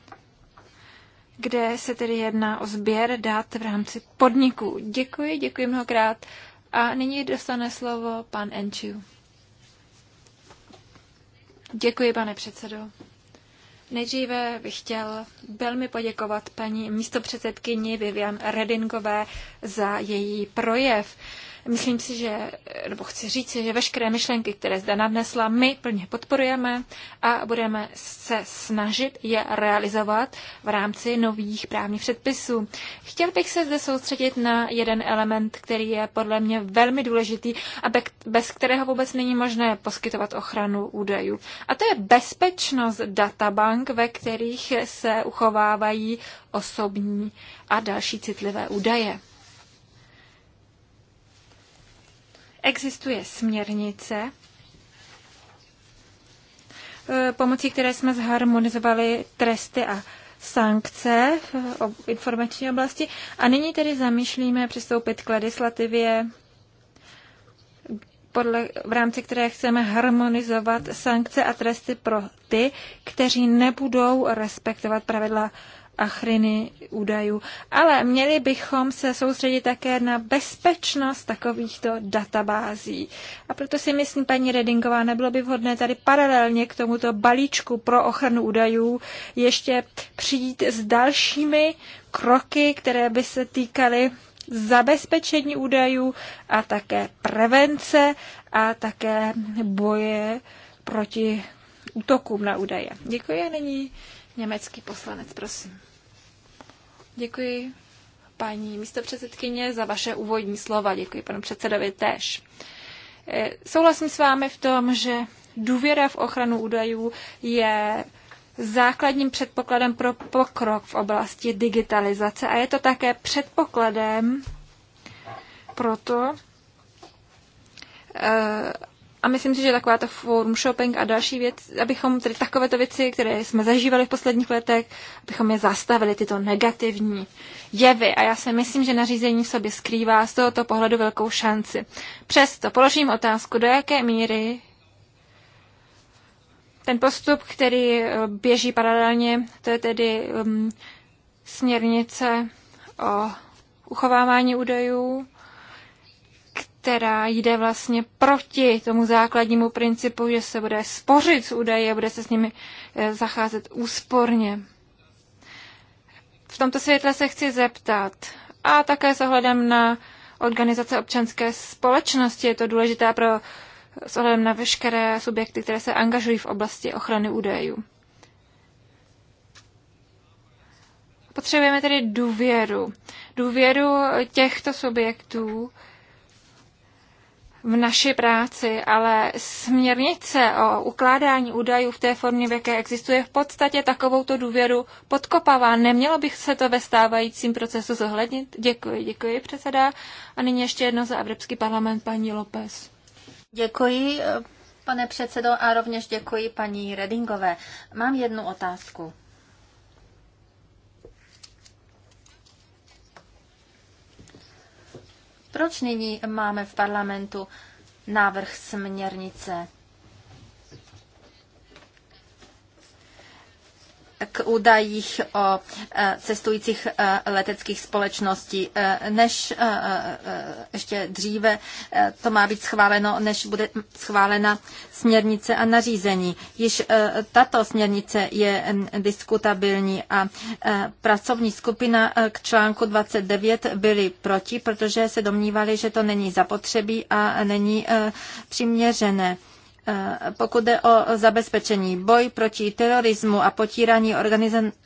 kde se tedy jedná o sběr dat v rámci podniků. Děkuji, děkuji mnohokrát a nyní dostane slovo pan Enčiu. Děkuji, pane předsedo. Nejdříve bych chtěl velmi poděkovat paní místopředsedkyni Vivian Redingové za její projev. Uh, Myslím si, že, nebo chci říct, že veškeré myšlenky, které zde nadnesla, my plně podporujeme a budeme se snažit je realizovat v rámci nových právních předpisů. Chtěl bych se zde soustředit na jeden element, který je podle mě velmi důležitý a bez kterého vůbec není možné poskytovat ochranu údajů. A to je bezpečnost databank, ve kterých se uchovávají osobní a další citlivé údaje. Existuje směrnice, e, pomocí které jsme zharmonizovali tresty a sankce v informační oblasti. A nyní tedy zamýšlíme přistoupit k legislativě, podle, v rámci které chceme harmonizovat sankce a tresty pro ty, kteří nebudou respektovat pravidla achriny údajů. Ale měli bychom se soustředit také na bezpečnost takovýchto databází. A proto si myslím, paní Redingová, nebylo by vhodné tady paralelně k tomuto balíčku pro ochranu údajů ještě přijít s dalšími kroky, které by se týkaly zabezpečení údajů a také prevence a také boje proti útokům na údaje. Děkuji a nyní německý poslanec, prosím. Děkuji paní místopředsedkyně za vaše úvodní slova. Děkuji panu předsedovi též. Eh, souhlasím s vámi v tom, že důvěra v ochranu údajů je základním předpokladem pro pokrok v oblasti digitalizace a je to také předpokladem pro to, eh, a myslím si, že ta forum shopping a další věc, abychom tedy takovéto věci, které jsme zažívali v posledních letech, abychom je zastavili, tyto negativní jevy. A já si myslím, že nařízení v sobě skrývá z tohoto pohledu velkou šanci. Přesto položím otázku, do jaké míry ten postup, který eh, běží paralelně, to je tedy um, směrnice o uchovávání údajů která jde vlastně proti tomu základnímu principu, že se bude spořit s údaji a bude se s nimi eh, zacházet úsporně. V tomto světle se chci zeptat a také s ohledem na organizace občanské společnosti je to důležité pro s ohledem na veškeré subjekty, které se angažují v oblasti ochrany údajů. Potřebujeme tedy důvěru. Důvěru těchto subjektů, v naší práci, ale směrnice o ukládání údajů v té formě, v jaké existuje, v podstatě takovouto důvěru podkopává. Nemělo bych se to ve stávajícím procesu zohlednit? Děkuji, děkuji předseda. A nyní ještě jedno za Evropský parlament paní López. Děkuji, eh, pane předsedo, a rovněž děkuji paní Redingové. Mám jednu otázku. Proč nyní máme v parlamentu návrh směrnice? k údajích o e, cestujících e, leteckých společností. E, než ještě dříve to má být schváleno, než bude schválena směrnice a nařízení. Již tato směrnice je diskutabilní a pracovní skupina k článku 29 byly proti, protože se domnívali, že to není zapotřebí a není přiměřené. Eh, pokud jde o zabezpečení, boj proti terorismu a potírání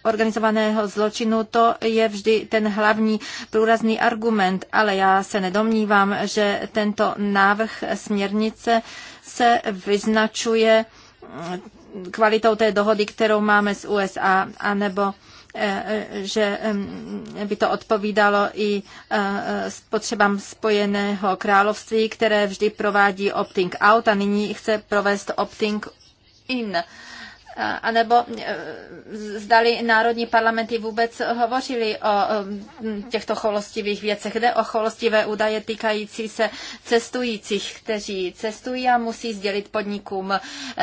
organizovaného zločinu, to je vždy ten hlavní průrazný argument, ale já se nedomnívám, že tento návrh směrnice se vyznačuje mm, kvalitou té dohody, kterou máme s USA, anebo Eh, eh, že by to odpovídalo i eh, potřebám spojeného království, které vždy provádí opting out a nyní chce provést opting in anebo e, zdali národní parlamenty vůbec hovořili o těchto cholostivých věcech. Jde o cholostivé údaje týkající se cestujících, kteří cestují a musí sdělit podnikům e,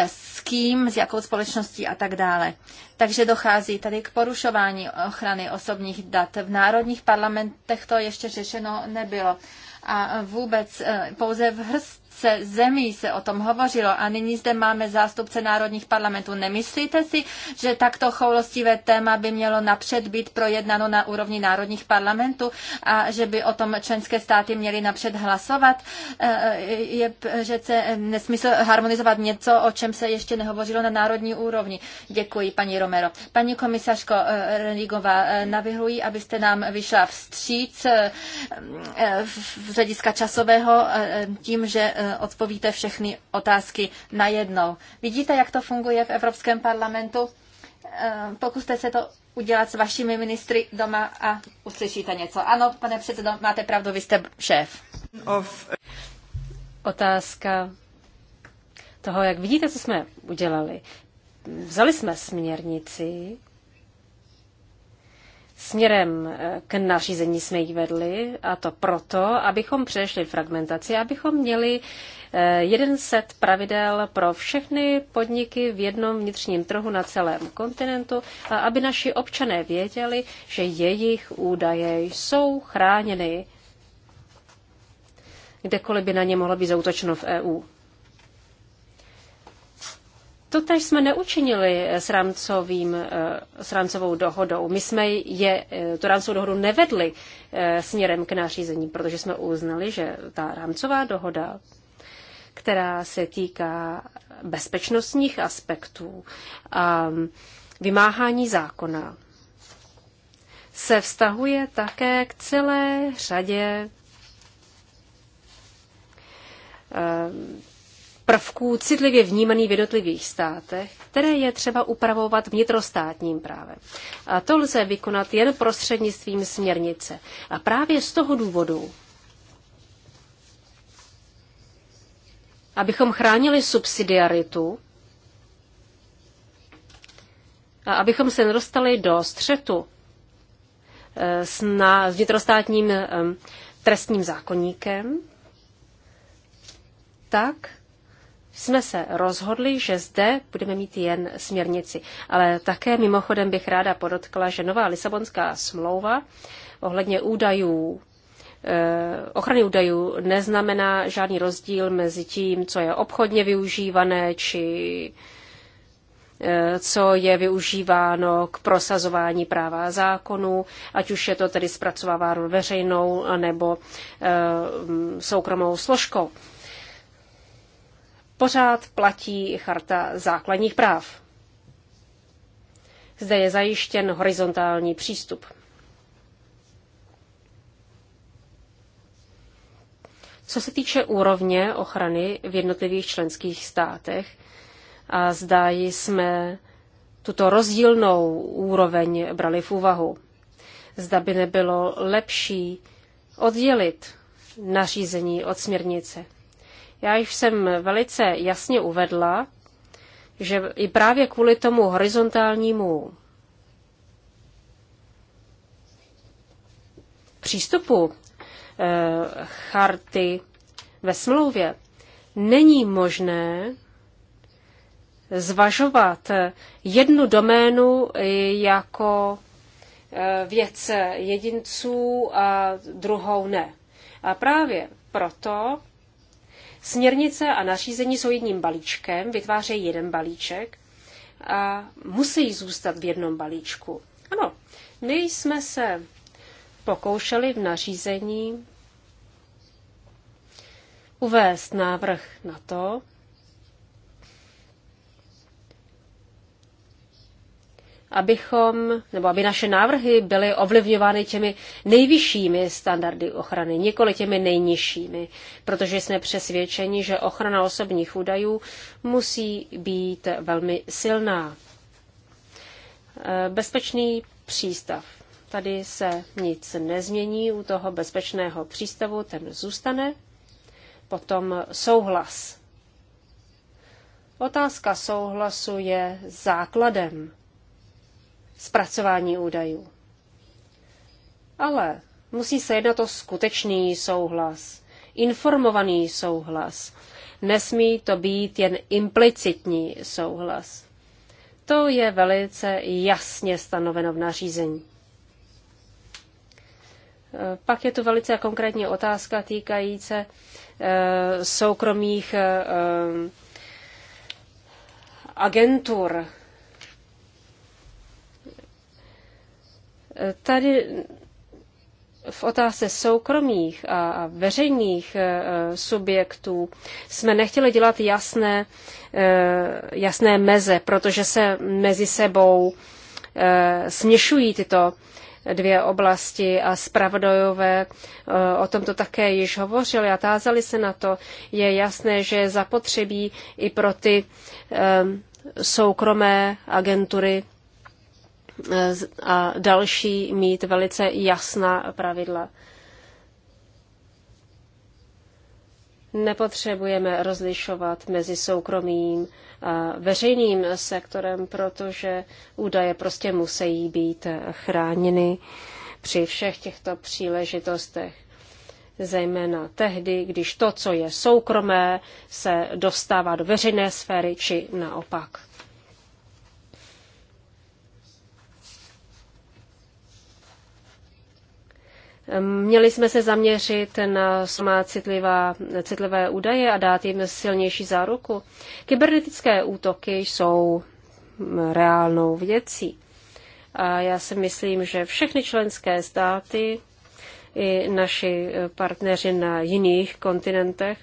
s kým, s jakou společností a tak dále. Takže dochází tady k porušování ochrany osobních dat. V národních parlamentech to ještě řešeno nebylo. A vůbec e, pouze v hrst se zemí se o tom hovořilo a nyní zde máme zástupce národních parlamentů. Nemyslíte si, že takto choulostivé téma by mělo napřed být projednáno na úrovni národních parlamentů a že by o tom členské státy měly napřed hlasovat? Eh, eh, je přece eh, nesmysl harmonizovat něco, o čem se ještě nehovořilo na národní úrovni. Děkuji, paní Romero. Paní komisařko Renigová, navihuji, abyste nám vyšla vstříc z hlediska časového tím, že Eh, odpovíte všechny otázky najednou. Vidíte, jak to funguje v Evropském parlamentu? Eh, pokuste se to udělat s vašimi ministry doma a uslyšíte něco. Ano, pane předsedo, máte pravdu, vy jste šéf. Of... Otázka toho, jak vidíte, co jsme udělali. Vzali jsme směrnici, Směrem eh, k nařízení jsme ji vedli, a to proto, abychom přešli fragmentaci, abychom měli eh, jeden set pravidel pro všechny podniky v jednom vnitřním trhu na celém kontinentu, a aby naši občané věděli, že jejich údaje jsou chráněny, kdekoliv by na ně mohlo být zautočeno v EU. Totež jsme neučinili s, rámcovým, eh, s rámcovou dohodou. My jsme je, eh, tu rámcovou dohodu nevedli eh, směrem k nařízení, protože jsme uznali, že ta rámcová dohoda, která se týká bezpečnostních aspektů a vymáhání zákona, se vztahuje také k celé řadě prvků citlivě vnímaný v jednotlivých státech, které je třeba upravovat vnitrostátním právem. A to lze vykonat jen prostřednictvím směrnice. A právě z toho důvodu, abychom chránili subsidiaritu a abychom se nedostali do střetu eh, s, na, s vnitrostátním eh, trestním zákonníkem, tak jsme se rozhodli, že zde budeme mít jen směrnici. Ale také mimochodem bych ráda podotkla, že nová Lisabonská smlouva ohledně údajů eh, ochrany údajů neznamená žádný rozdíl mezi tím, co je obchodně využívané, či eh, co je využíváno k prosazování práva a zákonů, ať už je to tedy zpracováváno veřejnou nebo eh, soukromou složkou pořád platí charta základních práv. Zde je zajištěn horizontální přístup. Co se týče úrovně ochrany v jednotlivých členských státech, a zda jsme tuto rozdílnou úroveň brali v úvahu. Zda by nebylo lepší oddělit nařízení od směrnice. Já již jsem velice jasně uvedla, že i právě kvůli tomu horizontálnímu přístupu e, charty ve smlouvě není možné zvažovat jednu doménu jako eh, věc jedinců a druhou ne. A právě proto Směrnice a nařízení jsou jedním balíčkem, vytvářejí jeden balíček a musí zůstat v jednom balíčku. Ano, my jsme se pokoušeli v nařízení uvést návrh na to, abychom, nebo aby naše návrhy byly ovlivňovány těmi nejvyššími standardy ochrany, nikoli těmi nejnižšími, protože jsme přesvědčeni, že ochrana osobních údajů musí být velmi silná. Eh, bezpečný přístav. Tady se nic nezmění u toho bezpečného přístavu, ten zůstane. Potom souhlas. Otázka souhlasu je základem zpracování údajů. Ale musí se jednat o skutečný souhlas, informovaný souhlas. Nesmí to být jen implicitní souhlas. To je velice jasně stanoveno v nařízení. Pak je tu velice konkrétní otázka týkající se eh, soukromých eh, eh, agentur. Tady v otázce soukromých a veřejných e, subjektů jsme nechtěli dělat jasné, e, jasné meze, protože se mezi sebou e, směšují tyto dvě oblasti a spravodajové o tomto také již hovořili a tázali se na to. Je jasné, že je zapotřebí i pro ty soukromé agentury a další mít velice jasná pravidla. Nepotřebujeme rozlišovat mezi soukromým a veřejným sektorem, protože údaje prostě musí být chráněny při všech těchto příležitostech zejména tehdy, když to, co je soukromé, se dostává do veřejné sféry či naopak. Měli jsme se zaměřit na samá citlivá, citlivé údaje a dát jim silnější záruku. Kybernetické útoky jsou reálnou věcí. A já si myslím, že všechny členské státy i naši partneři na jiných kontinentech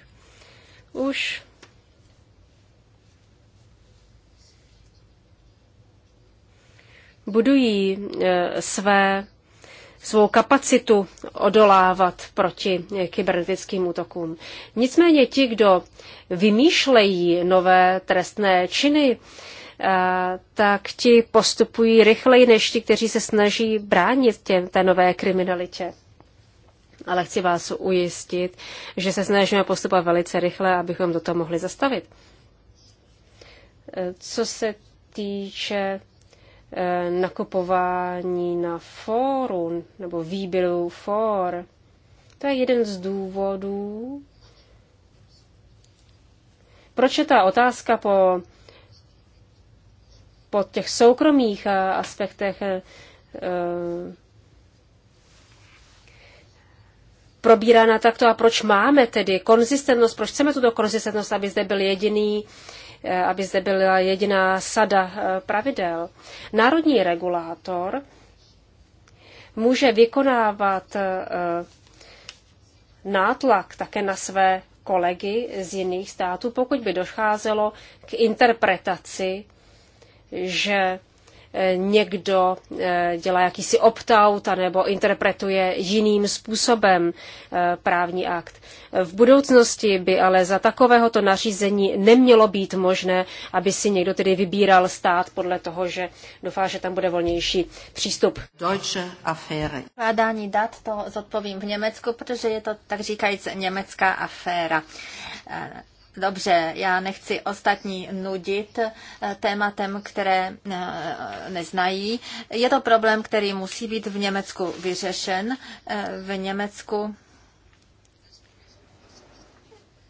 už budují eh, své svou kapacitu odolávat proti kybernetickým útokům. Nicméně ti, kdo vymýšlejí nové trestné činy, eh, tak ti postupují rychleji než ti, kteří se snaží bránit těm, té nové kriminalitě. Ale chci vás ujistit, že se snažíme postupovat velice rychle, abychom do toho mohli zastavit. Eh, co se týče Eh, nakupování na fóru nebo výbilu fór. To je jeden z důvodů, proč je ta otázka po, po těch soukromých aspektech e, probírána takto a proč máme tedy konzistentnost, proč chceme tuto konzistentnost, aby zde byl jediný Eh, aby zde byla jediná sada eh, pravidel. Národní regulátor může vykonávat eh, nátlak také na své kolegy z jiných států, pokud by docházelo k interpretaci, že někdo eh, dělá jakýsi opt-out nebo interpretuje jiným způsobem eh, právní akt. V budoucnosti by ale za takovéhoto nařízení nemělo být možné, aby si někdo tedy vybíral stát podle toho, že doufá, že tam bude volnější přístup. Deutsche Affäre. Vádání dat to zodpovím v Německu, protože je to tak říkajíc německá aféra. Eh, Dobře, já nechci ostatní nudit eh, tématem, které eh, neznají. Je to problém, který musí být v Německu vyřešen. Eh, v Německu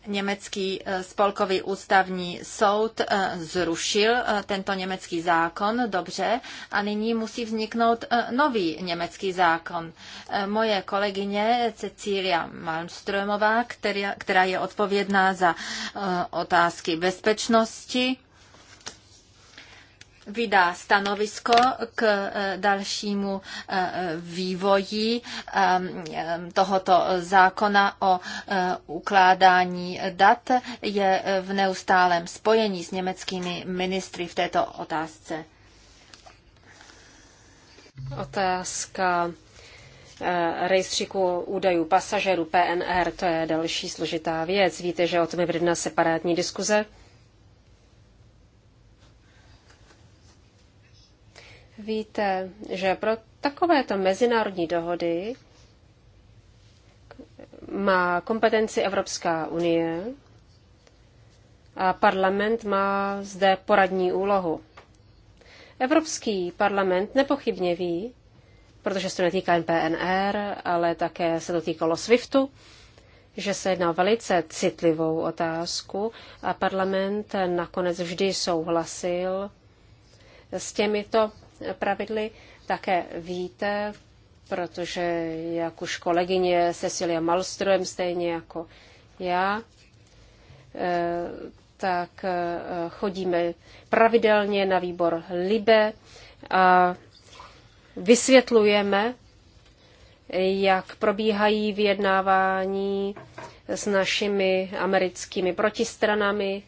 Německý eh, spolkový ústavní soud eh, zrušil eh, tento německý zákon, dobře, a nyní musí vzniknout nový německý zákon. Moje kolegyně Cecília Malmströmová, která je odpovědná za otázky bezpečnosti, vydá stanovisko k eh, dalšímu eh, vývoji eh, tohoto zákona o ukládání dat. Je v neustálém spojení s německými ministry v této otázce. Otázka rejstříku údajů pasažerů PNR, to je další složitá věc. Víte, že o tom je vedena separátní diskuze Víte, že pro takovéto mezinárodní dohody má kompetenci Evropská unie a parlament má zde poradní úlohu. Evropský parlament nepochybně ví, protože se to netýká jen PNR, ale také se to týkalo SWIFTu, že se jedná o velice citlivou otázku a parlament nakonec vždy souhlasil s těmito pravidly. Také víte, protože jak už kolegyně Cecilia Malström, stejně jako já, eh, tak eh, chodíme pravidelně na výbor LIBE a vysvětlujeme, jak probíhají vyjednávání s našimi americkými protistranami,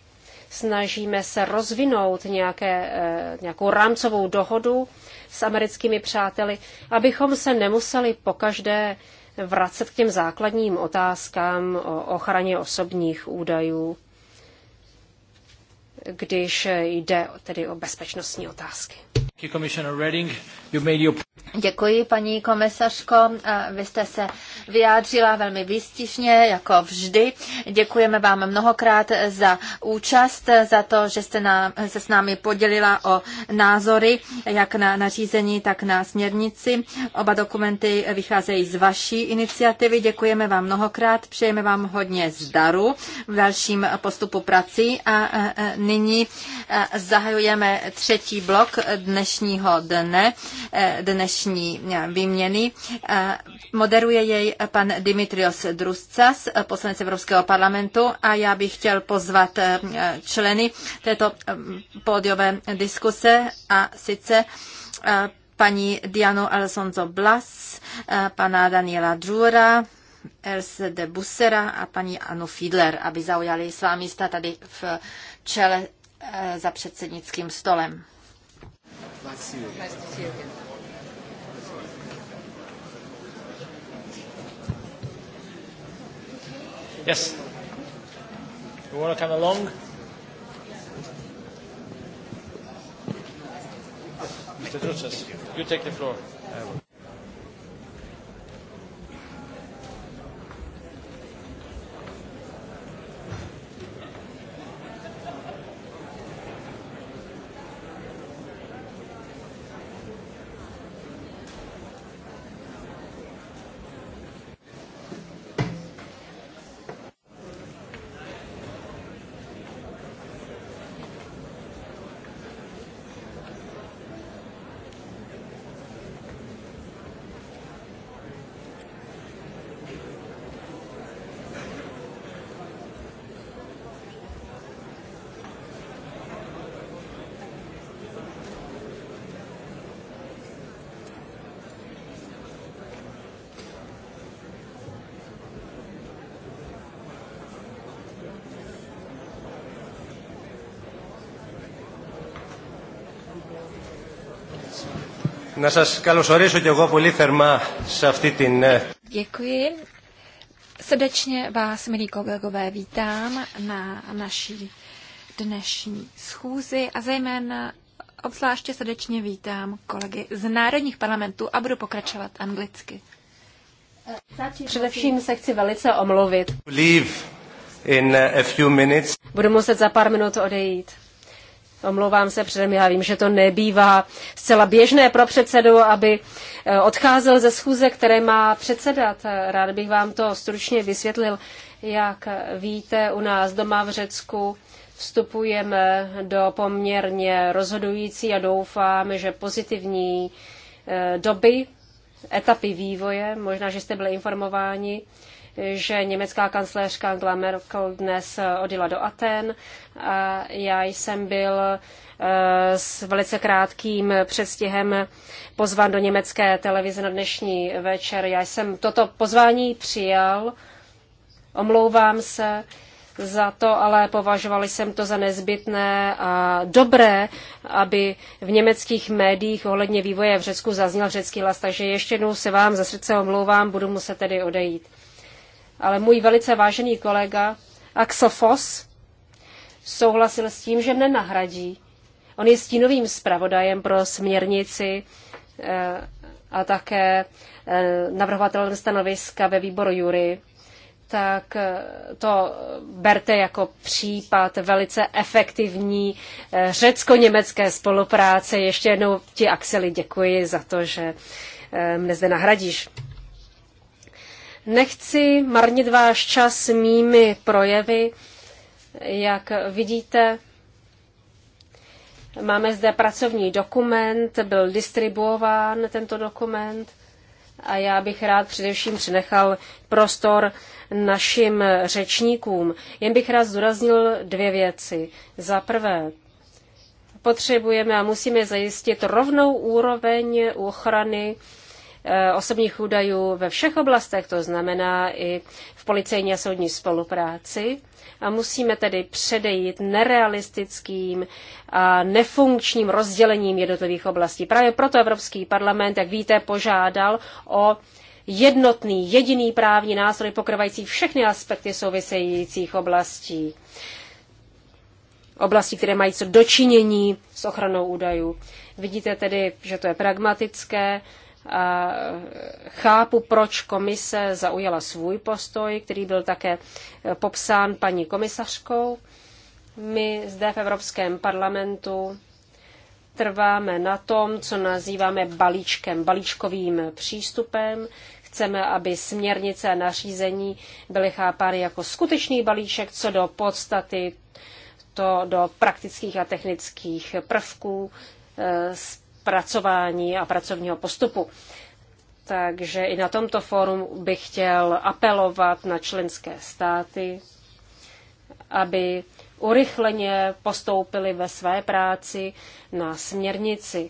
Snažíme se rozvinout nějaké, eh, nějakou rámcovou dohodu s americkými přáteli, abychom se nemuseli pokaždé vracet k těm základním otázkám o ochraně osobních údajů když jde tedy o bezpečnostní otázky. Děkuji, paní komisařko. Vy jste se vyjádřila velmi výstižně, jako vždy. Děkujeme vám mnohokrát za účast, za to, že jste nám, se s námi podělila o názory, jak na nařízení, tak na směrnici. Oba dokumenty vycházejí z vaší iniciativy. Děkujeme vám mnohokrát, přejeme vám hodně zdaru v dalším postupu prací a nyní nyní eh, zahajujeme třetí blok dnešního dne, eh, dnešní eh, výměny. Moderuje jej pan Dimitrios Druscas, poslanec Evropského parlamentu a já bych chtěl pozvat členy této pódiové diskuse a sice paní Dianu Alessonzo Blas, pana Daniela Džura, Else de Bussera a paní Anu Fiedler, aby zaujali svá místa tady v čele eh, za předsednickým stolem. Yes. You want to come along? Mr. Drutzes, you take the floor. Να σας καλωσορίσω και εγώ πολύ θερμά σε αυτή την... Děkuji. Srdečně vás, milí kolegové, vítám na naší dnešní schůzi a zejména obzvláště srdečně vítám kolegy z národních parlamentů a budu pokračovat anglicky. Především se chci velice omluvit. Leave in eh, a few minutes. Budu muset za pár minut odejít. Omlouvám se předem, já vím, že to nebývá zcela běžné pro předsedu, aby eh, odcházel ze schůze, které má předsedat. Rád bych vám to stručně vysvětlil. Jak víte, u nás doma v Řecku vstupujeme do poměrně rozhodující a doufám, že pozitivní eh, doby, etapy vývoje. Možná, že jste byli informováni že německá kancléřka Angela Merkel dnes odjela do Aten. A já jsem byl e, s velice krátkým předstihem pozván do německé televize na dnešní večer. Já jsem toto pozvání přijal, omlouvám se za to, ale považovali jsem to za nezbytné a dobré, aby v německých médiích ohledně vývoje v Řecku zazněl řecký hlas. Takže ještě jednou se vám za srdce omlouvám, budu muset tedy odejít ale můj velice vážený kolega Axel Foss souhlasil s tím, že mne nahradí. On je stínovým zpravodajem pro směrnici eh, a také eh, navrhovatelem stanoviska ve výboru Jury, tak eh, to berte jako případ velice efektivní řecko-německé spolupráce. Ještě jednou ti Axeli děkuji za to, že mne zde nahradíš. Nechci marnit váš čas mými projevy. Jak vidíte, máme zde pracovní dokument, byl distribuován tento dokument a já bych rád především přinechal prostor našim řečníkům. Jen bych rád zdůraznil dvě věci. Za prvé, potřebujeme a musíme zajistit rovnou úroveň ochrany Eh, osobních údajů ve všech oblastech, to znamená i v policejní a soudní spolupráci. A musíme tedy předejít nerealistickým a nefunkčním rozdělením jednotlivých oblastí. Právě proto Evropský parlament, jak víte, požádal o jednotný, jediný právní nástroj pokrývající všechny aspekty souvisejících oblastí oblasti, které mají co dočinění s ochranou údajů. Vidíte tedy, že to je pragmatické, chápu, proč komise zaujala svůj postoj, který byl také eh, popsán paní komisařkou. My zde v Evropském parlamentu trváme na tom, co nazýváme balíčkem, balíčkovým přístupem. Chceme, aby směrnice a nařízení byly chápány jako skutečný balíček co do podstaty, to do praktických a technických prvků, eh, pracování a pracovního postupu. Takže i na tomto fórum bych chtěl apelovat na členské státy, aby urychleně postoupili ve své práci na směrnici.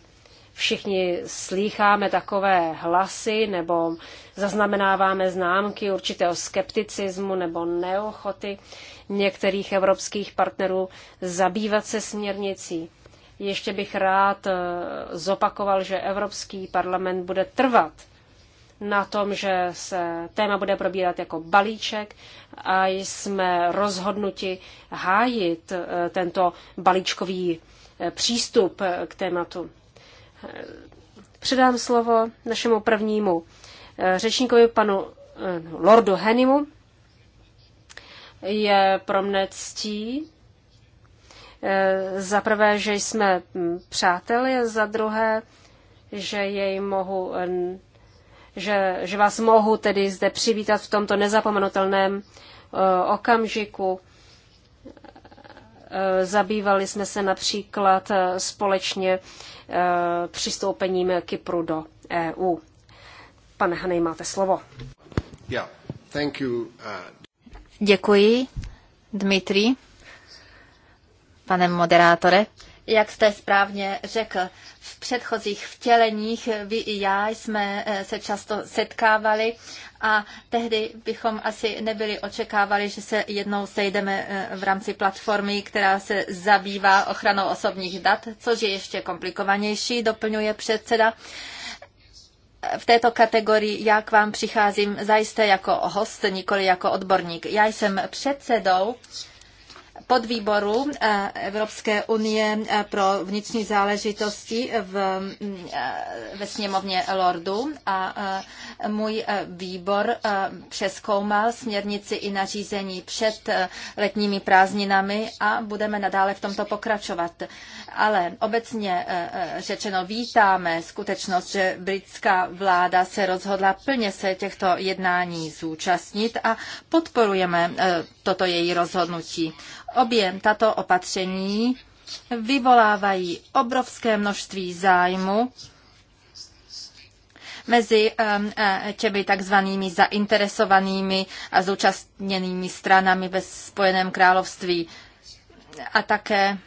Všichni slýcháme takové hlasy nebo zaznamenáváme známky určitého skepticismu nebo neochoty některých evropských partnerů zabývat se směrnicí. Ještě bych rád eh, zopakoval, že Evropský parlament bude trvat na tom, že se téma bude probírat jako balíček a jsme rozhodnuti hájit eh, tento balíčkový eh, přístup k tématu. Předám slovo našemu prvnímu řečníkovi, panu no, Lordu Henimu. Je pro mne ctí, Eh, za prvé, že jsme přáteli, za druhé, že jej mohu, eh, že, že vás mohu tedy zde přivítat v tomto nezapomenutelném eh, okamžiku. Zabývali jsme se například společně přistoupením Kypru do EU. Pane Hanej, máte slovo. Uh, Děkuji, Dmitri pane moderátore. Jak jste správně řekl, v předchozích vtěleních vy i já jsme eh, se často setkávali a tehdy bychom asi nebyli očekávali, že se jednou sejdeme eh, v rámci platformy, která se zabývá ochranou osobních dat, což je ještě komplikovanější, doplňuje předseda v této kategorii já k vám přicházím zajisté jako host, nikoli jako odborník. Já jsem předsedou podvýboru eh, Evropské unie eh, pro vnitřní záležitosti v, mm, eh, ve sněmovně Lordu a můj výbor přeskoumal směrnici i nařízení před letními prázdninami a budeme nadále v tomto pokračovat. Ale obecně řečeno vítáme skutečnost, že britská vláda se rozhodla plně se těchto jednání zúčastnit a podporujeme toto její rozhodnutí objem tato opatření vyvolávají obrovské množství zájmu mezi um, eh, těmi takzvanými zainteresovanými a zúčastněnými stranami ve Spojeném království a také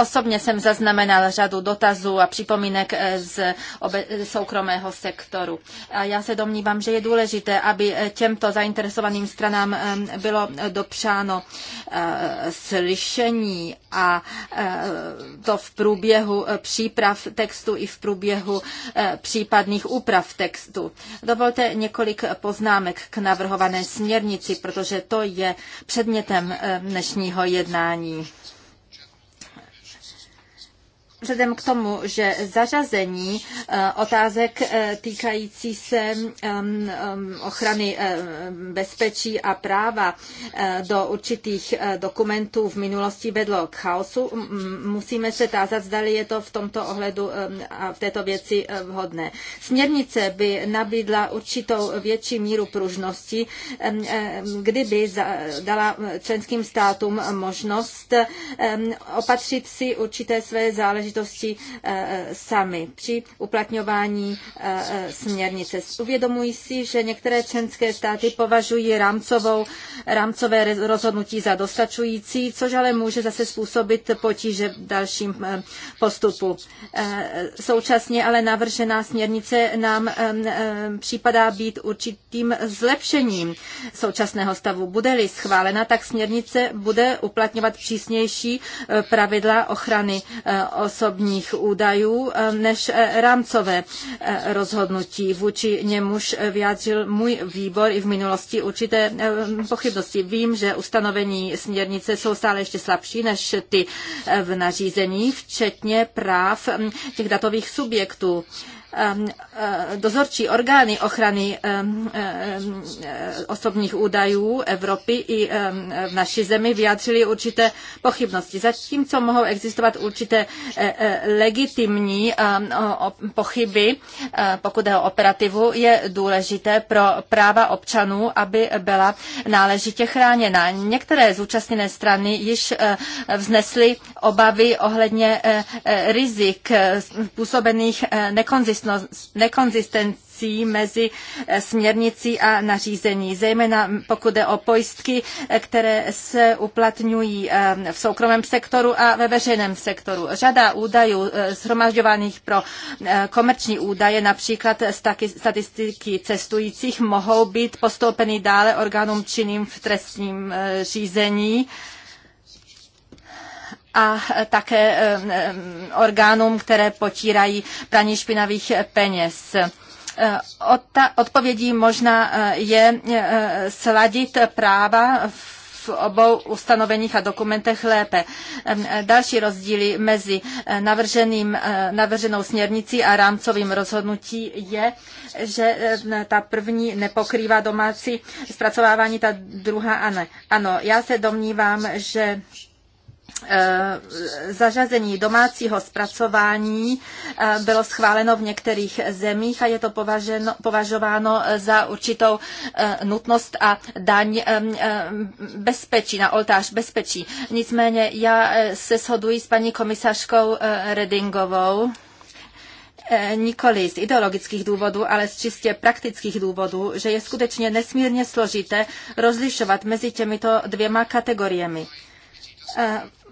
Osobně jsem zaznamenal řadu dotazů a připomínek eh, z soukromého sektoru. A já se domnívám, že je důležité, aby eh, těmto zainteresovaným stranám bylo eh, dopřáno slyšení a to v průběhu příprav textu i v průběhu případných úprav textu. Dovolte několik poznámek k navrhované směrnici, protože to je předmětem dnešního jednání vzhledem k tomu, že zařazení eh, otázek eh, týkající se ochrany eh, bezpečí a práva do určitých dokumentů v minulosti vedlo k chaosu, musíme se tázat, zda je to v tomto ohledu a v této věci vhodné. Směrnice by nabídla určitou větší míru pružnosti, kdyby dala členským státům možnost opatřit si určité své záležitosti záležitosti eh, sami při uplatňování eh, směrnice. Uvědomují si, že některé členské státy považují rámcovou, rámcové rozhodnutí za dostačující, což ale může zase způsobit potíže v dalším eh, postupu. Současně ale navržená směrnice nám připadá být určitým zlepšením současného stavu. Bude-li schválena, tak směrnice bude uplatňovat přísnější pravidla ochrany osob osobních údajů eh, než eh, rámcové eh, rozhodnutí. Vůči němuž vyjádřil můj výbor i v minulosti určité pochybnosti. Vím, že ustanovení směrnice jsou stále ještě slabší než ty v nařízení, včetně práv hm, těch datových subjektů. Ehm, eh, dozorčí orgány ochrany ehm, ehm, eh, osobních údajů Evropy i v naší zemi vyjádřili určité pochybnosti. Zatímco mohou existovat určité eh, legitimní pochyby, pokud je o operativu, je důležité pro práva občanů, aby byla náležitě chráněna. Některé zúčastněné strany již vznesly obavy ohledně rizik způsobených nekonzistentností nekonzistencí mezi eh, směrnicí a nařízení, zejména pokud jde o pojistky, eh, které se uplatňují eh, v soukromém sektoru a ve veřejném sektoru. Řada údajů shromažďovaných pro komerční údaje, například statistiky cestujících, mohou být postoupeny dále orgánům činným v trestním řízení a e, také e, orgánům, které potírají praní špinavých peněz. E, odpovědí možná je sladit práva v v obou ustanoveních a dokumentech lépe. Další rozdíly mezi navrženým, navrženou směrnicí a rámcovým rozhodnutí je, že ta první nepokrývá domácí zpracovávání, ta druhá ano. Ano, já se domnívám, že Eh, zařazení domácího zpracování eh, bylo schváleno v některých zemích a je to považeno, považováno za určitou eh, nutnost a daň bezpečí, na oltář bezpečí. Nicméně já se shoduji s paní komisařkou Redingovou, nikoli z ideologických důvodů, ale z čistě praktických důvodů, že je skutečně nesmírně složité rozlišovat mezi těmito dvěma kategoriemi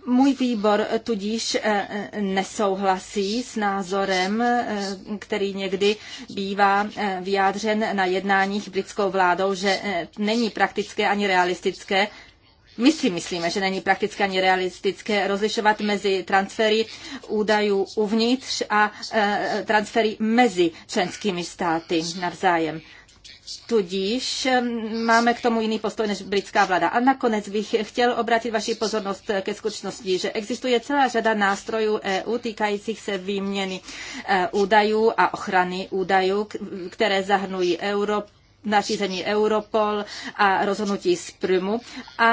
můj výbor tudíž eh, eh, nesouhlasí s názorem, eh, který někdy bývá vyjádřen na jednáních britskou vládou, že není praktické ani realistické my si myslíme, že není prakticky ani realistické rozlišovat mezi transfery údajů uvnitř a transfery mezi členskými státy navzájem. Tudíž máme k tomu jiný postoj než britská vláda. A nakonec bych chtěl obrátit vaši pozornost ke skutečnosti, že existuje celá řada nástrojů EU týkajících se výměny e, údajů a ochrany údajů, které zahrnují Europol, nařízení Europol a rozhodnutí z Prymu a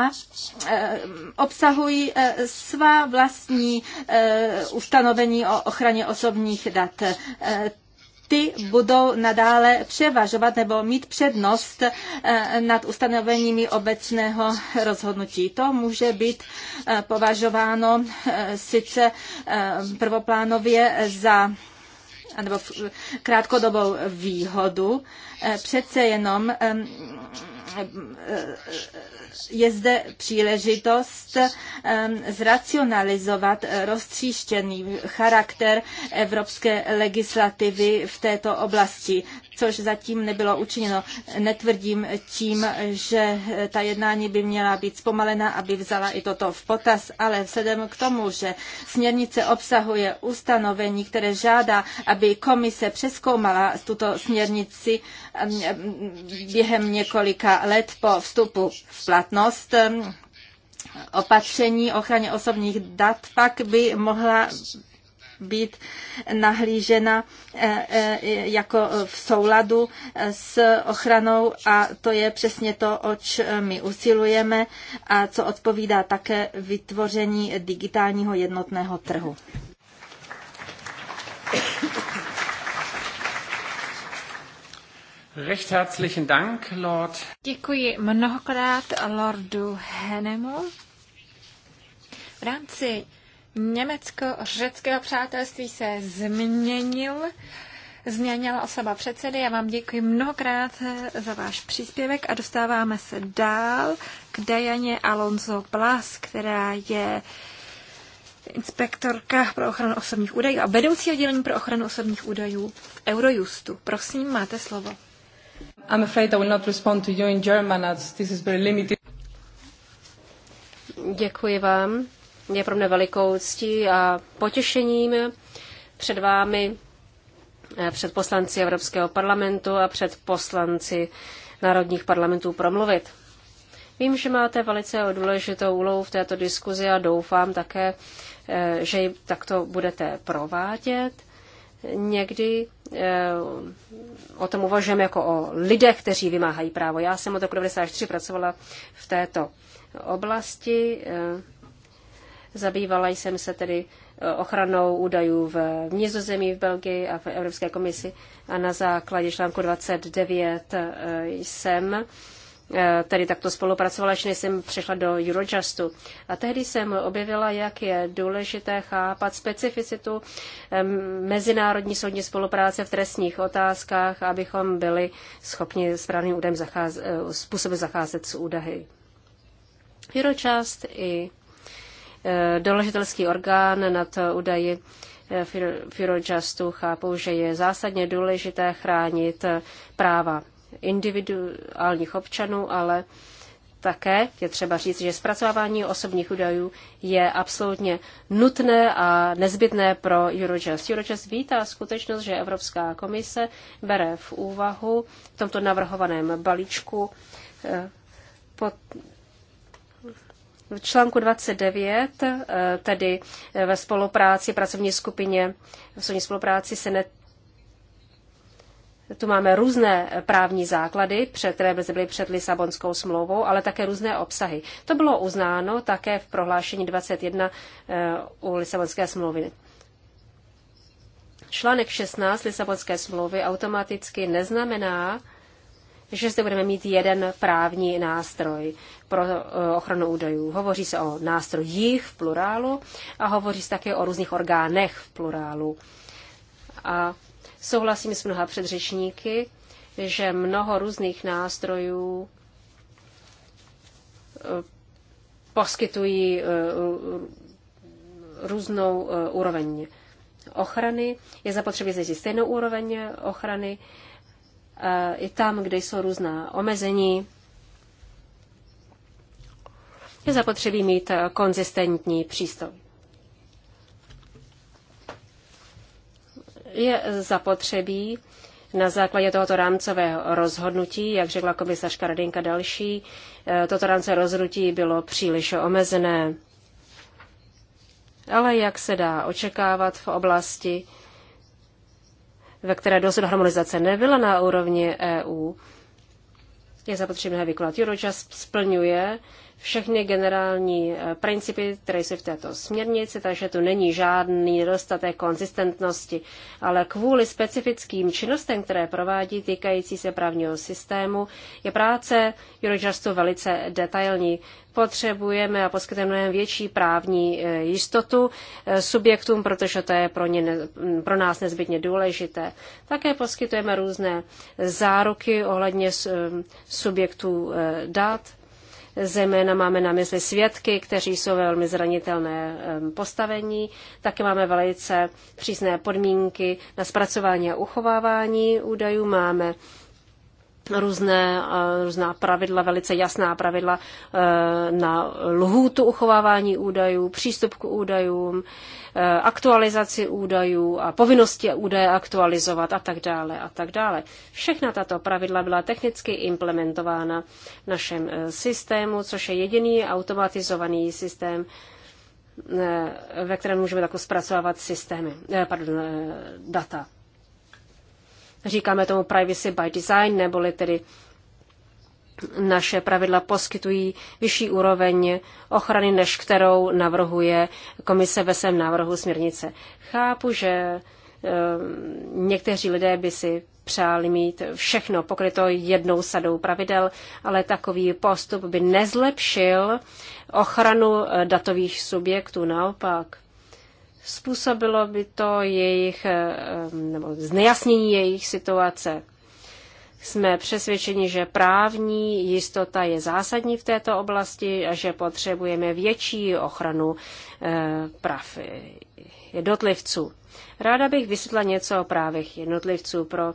e, obsahují e, svá vlastní e, ustanovení o ochraně osobních dat. E, ty budou nadále převažovat nebo mít přednost eh, nad ustanoveními obecného rozhodnutí. To může být eh, považováno eh, sice prvoplánově za nebo krátkodobou výhodu. Přece jenom Eh, je zde příležitost ehm, zracionalizovat roztříštěný charakter evropské legislativy v této oblasti, což zatím nebylo učiněno. Netvrdím tím, že ta jednání by měla být zpomalena, aby vzala i toto v potaz, ale vzhledem k tomu, že směrnice obsahuje ustanovení, které žádá, aby komise přeskoumala tuto směrnici ehm, během několika let po vstupu v platnost opatření ochraně osobních dat pak by mohla být nahlížena e, e, jako v souladu s ochranou a to je přesně to, oč my usilujeme a co odpovídá také vytvoření digitálního jednotného trhu. Recht herzlichen Dank, Lord. Děkuji mnohokrát Lordu Henemu. V rámci německo-řeckého přátelství se změnil změnila osoba předsedy. Já vám děkuji mnohokrát za váš příspěvek a dostáváme se dál k Dajaně Alonso Blas, která je inspektorka pro ochranu osobních údajů a vedoucí oddělení pro ochranu osobních údajů v Eurojustu. Prosím, máte slovo. I'm afraid I will not respond to you in German as this is very limited. Děkuji vám. Je pro mě velikou ctí a potěšením před vámi, eh, před poslanci Evropského parlamentu a před poslanci národních parlamentů promluvit. Vím, že máte velice důležitou úlohu v této diskuzi a doufám také, eh, že ji takto budete provádět. Někdy eh, o tom uvažujeme jako o lidech, kteří vymáhají právo. Já jsem od roku 1993 pracovala v této oblasti. Eh, zabývala jsem se tedy eh, ochranou údajů v Nizozemí, v Belgii a v Evropské komisi a na základě článku 29 jsem Eh, tedy takto spolupracovala, než jsem přešla do Eurojustu. A tehdy jsem objevila, jak je důležité chápat specificitu mezinárodní soudní spolupráce v trestních otázkách, abychom byli schopni správným údem zacházet, eh, způsobem zacházet s údahy. Eurojust i eh, doležitelský orgán nad údaji v Eurojustu chápou, že je zásadně důležité chránit práva individuálních občanů, ale také je třeba říct, že zpracovávání osobních údajů je absolutně nutné a nezbytné pro Eurojust. Eurojust vítá skutečnost, že Evropská komise bere v úvahu v tomto navrhovaném balíčku eh, pod v článku 29, eh, tedy eh, ve spolupráci pracovní skupině, v spolupráci se net, tu máme různé právní základy, před, které byly před Lisabonskou smlouvou, ale také různé obsahy. To bylo uznáno také v prohlášení 21 eh, u Lisabonské smlouvy. Článek 16 Lisabonské smlouvy automaticky neznamená, že zde budeme mít jeden právní nástroj pro eh, ochranu údajů. Hovoří se o nástrojích v plurálu a hovoří se také o různých orgánech v plurálu. A Souhlasím s mnoha předřečníky, že mnoho různých nástrojů eh, poskytují eh, různou eh, úroveň ochrany. Je zapotřebí zjistit stejnou úroveň ochrany i tam, kde jsou různá omezení. Je zapotřebí mít konzistentní přístup. je zapotřebí na základě tohoto rámcového rozhodnutí, jak řekla komisařka Radinka další, eh, toto rámce rozhodnutí bylo příliš omezené. Ale jak se dá očekávat v oblasti, ve které dosud harmonizace nebyla na úrovni EU, je zapotřebí vyklad. Eurojust splňuje všechny generální eh, principy, které jsou v této směrnici, takže tu není žádný nedostatek konzistentnosti. Ale kvůli specifickým činnostem, které provádí týkající se právního systému, je práce Eurojustu velice detailní. Potřebujeme a poskytujeme větší právní eh, jistotu eh, subjektům, protože to je pro, ně, mm, pro nás nezbytně důležité. Také poskytujeme různé záruky ohledně subjektů dat, Zejména máme na mysli svědky, kteří jsou ve velmi zranitelné postavení. Také máme velice přísné podmínky na zpracování a uchovávání údajů. Máme různé, eh, různá pravidla, velice jasná pravidla eh, na lhůtu uchovávání údajů, přístup k údajům, eh, aktualizaci údajů a povinnosti údaje aktualizovat a tak dále a tak dále. Všechna tato pravidla byla technicky implementována v našem systému, což je jediný automatizovaný systém, ve kterém můžeme takto zpracovávat systémy, pardon, data. Říkáme tomu privacy by design, neboli tedy naše pravidla poskytují vyšší úroveň ochrany, než kterou navrhuje komise ve svém návrhu směrnice. Chápu, že ehm, někteří lidé by si přáli mít všechno pokryto jednou sadou pravidel, ale takový postup by nezlepšil ochranu eh, datových subjektů, naopak. Způsobilo by to jejich, eh, eh, nebo znejasnění jejich situace. Jsme přesvědčeni, že právní jistota je zásadní v této oblasti a že potřebujeme větší ochranu eh, práv jednotlivců. Ráda bych vysvětla něco o právech jednotlivců pro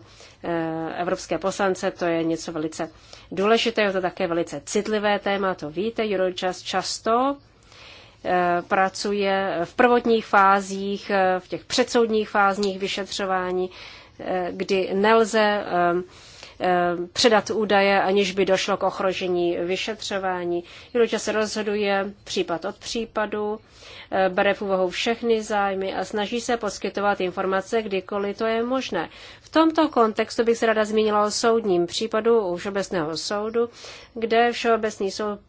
evropské poslance. To je něco velice důležitého, to také velice citlivé téma, to víte. Eurojust často Eh, pracuje v prvotních fázích, eh, v těch předsoudních fázích vyšetřování, eh, kdy nelze předat údaje, aniž by došlo k ohrožení vyšetřování. Juroča se rozhoduje případ od případu, bere v úvahu všechny zájmy a snaží se poskytovat informace, kdykoliv to je možné. V tomto kontextu bych se rada zmínila o soudním případu u Všeobecného soudu, kde Všeobecný soud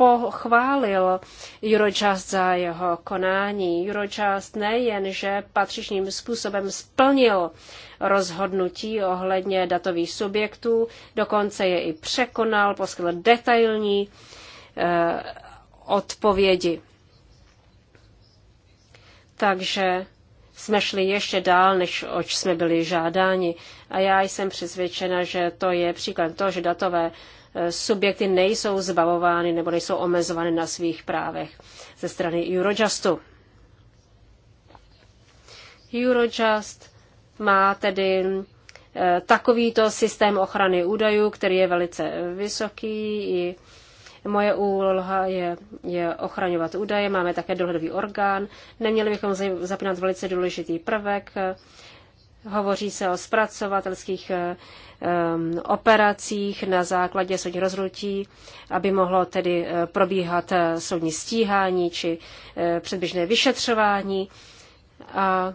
pochválil Eurojust za jeho konání. Eurojust nejen, že patřičným způsobem splnil rozhodnutí ohledně datových subjektů, dokonce je i překonal, poskytl detailní eh, odpovědi. Takže jsme šli ještě dál, než oč jsme byli žádáni. A já jsem přesvědčena, že to je příklad toho, že datové eh, Eh, subjekty nejsou zbavovány nebo nejsou omezovány na svých právech ze strany Eurojustu. Eurojust má tedy eh, takovýto systém ochrany údajů, který je velice eh, vysoký. I moje úloha je, je ochraňovat údaje. Máme také dohledový orgán. Neměli bychom zapínat velice důležitý prvek. Hovoří se o zpracovatelských um, operacích na základě soudní rozhodnutí, aby mohlo tedy eh, probíhat eh, soudní stíhání či eh, předběžné vyšetřování. A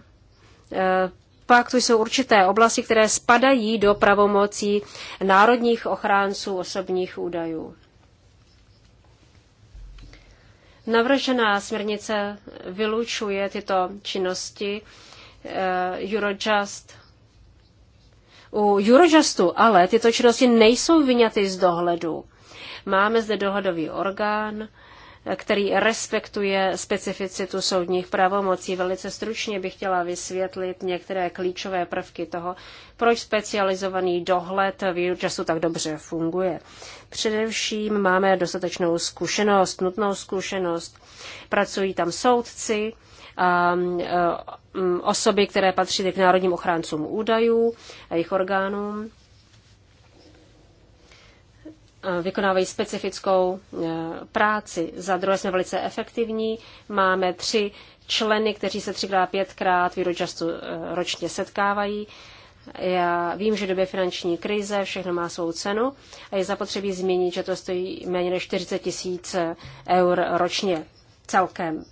pak tu jsou určité oblasti, které spadají do pravomocí národních ochránců osobních údajů. Navržená směrnice vylučuje tyto činnosti Eurojust u Eurojustu, ale tyto činnosti nejsou vyňaty z dohledu. Máme zde dohledový orgán, který respektuje specificitu soudních pravomocí. Velice stručně bych chtěla vysvětlit některé klíčové prvky toho, proč specializovaný dohled v času tak dobře funguje. Především máme dostatečnou zkušenost, nutnou zkušenost. Pracují tam soudci, um, osoby, které patří k národním ochráncům údajů a jejich orgánům e, vykonávají specifickou e, práci. Za druhé jsme velice efektivní. Máme tři členy, kteří se třikrát, pětkrát v Eurojustu e, ročně setkávají. Já vím, že v době finanční krize všechno má svou cenu a je zapotřebí zmínit, že to stojí méně než 40 tisíc eur ročně celkem.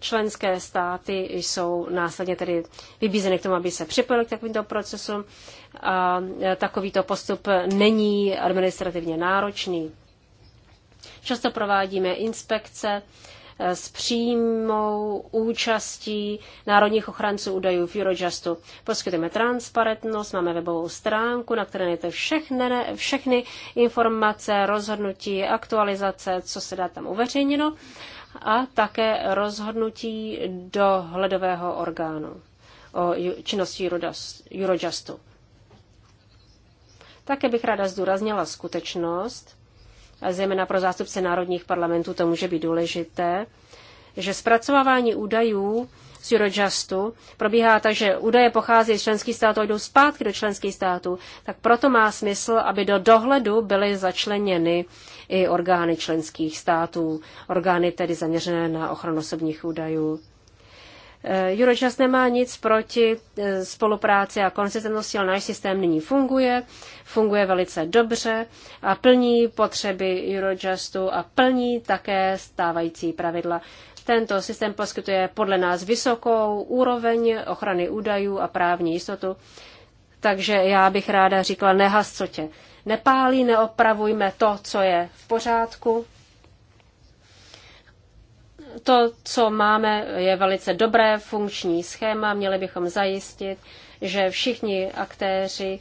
Členské státy jsou následně tedy vybízeny k tomu, aby se připojili k takovýmto procesům. A e, takovýto postup není administrativně náročný. Často provádíme inspekce e, s přímou účastí národních ochranců údajů v Eurojustu. Poskytujeme transparentnost, máme webovou stránku, na které najdete všechny, všechny informace, rozhodnutí, aktualizace, co se dá tam uveřejněno a také rozhodnutí do hledového orgánu o činnosti Eurojustu. Také bych ráda zdůraznila skutečnost, a zejména pro zástupce národních parlamentů to může být důležité, že zpracovávání údajů z Eurojustu probíhá tak, že údaje pochází z členských států a jdou zpátky do členských států, tak proto má smysl, aby do dohledu byly začleněny i orgány členských států, orgány tedy zaměřené na ochranu osobních údajů. Eh, Eurojust nemá nic proti eh, spolupráci a konzistentnosti, ale náš systém nyní funguje, funguje velice dobře a plní potřeby Eurojustu a plní také stávající pravidla. Tento systém poskytuje podle nás vysokou úroveň ochrany údajů a právní jistotu. Takže já bych ráda říkala nehascotě. Nepálí, neopravujme to, co je v pořádku. To, co máme, je velice dobré funkční schéma. Měli bychom zajistit, že všichni aktéři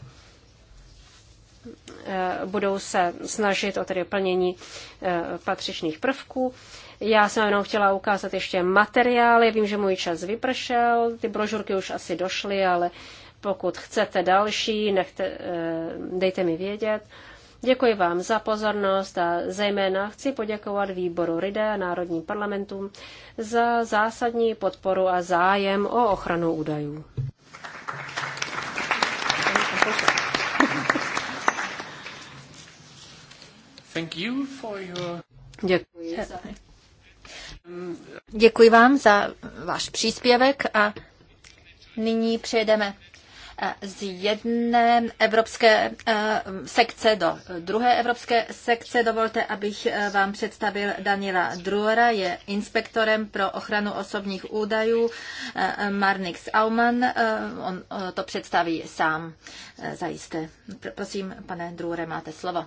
eh, budou se snažit o tedy plnění eh, patřičných prvků. Já jsem jenom chtěla ukázat ještě materiály. Vím, že můj čas vypršel, ty brožurky už asi došly, ale pokud chcete další, nechte, eh, dejte mi vědět. Děkuji vám za pozornost a zejména chci poděkovat výboru RIDE a Národním parlamentům za zásadní podporu a zájem o ochranu údajů. Thank you for your... Děkuji. Za... Děkuji vám za váš příspěvek a nyní přejdeme eh, z jedné evropské eh, sekce do druhé evropské sekce. Dovolte, abych eh, vám představil Daniela Druera, je inspektorem pro ochranu osobních údajů Marnix Auman. On to představí sám zajisté. Prosím, pane Druere, máte slovo.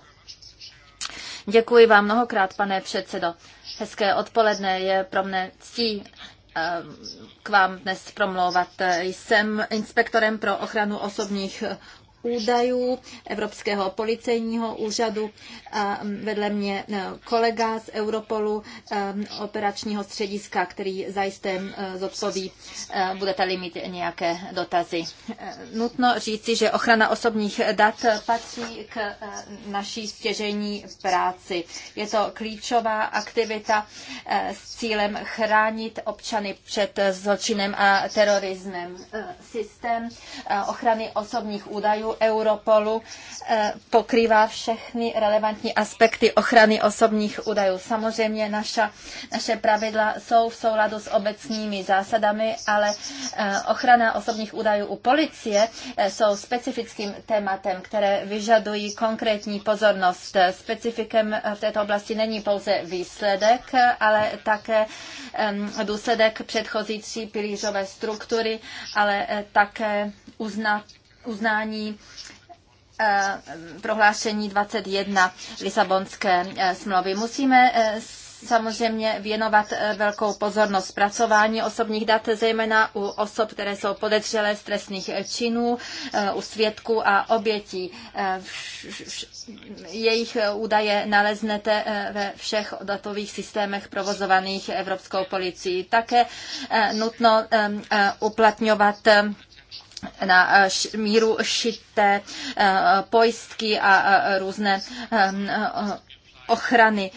Děkuji vám mnohokrát, pane předsedo. Hezké odpoledne je pro mne ctí ehm, k vám dnes promlouvat. Jsem inspektorem pro ochranu osobních údajů Evropského policejního úřadu a vedle mě e, kolega z Europolu e, operačního střediska, který zajisté e, zodpoví, budete-li mít nějaké dotazy. Nutno říci, že ochrana osobních dat patří k naší stěžení práci. Je to klíčová aktivita s cílem chránit občany před zločinem a terorismem. Systém ochrany osobních údajů Europolu eh, pokrývá všechny relevantní aspekty ochrany osobních údajů. Samozřejmě naša, naše pravidla jsou v souladu s obecními zásadami, ale eh, ochrana osobních údajů u policie eh, jsou specifickým tématem, které vyžadují konkrétní pozornost. Specifikem v této oblasti není pouze výsledek, ale také důsledek předchozí tří pilířové struktury, ale také uznat uznání eh, prohlášení 21 Lisabonské eh, smlouvy. Musíme eh, samozřejmě věnovat velkou pozornost zpracování osobních dat, zejména u osob, které jsou podezřelé z trestných činů, u svědků a obětí. Jejich údaje naleznete ve všech datových systémech provozovaných Evropskou policií. Také nutno uplatňovat na eh, míru šité eh, pojistky a eh, různé ochrany,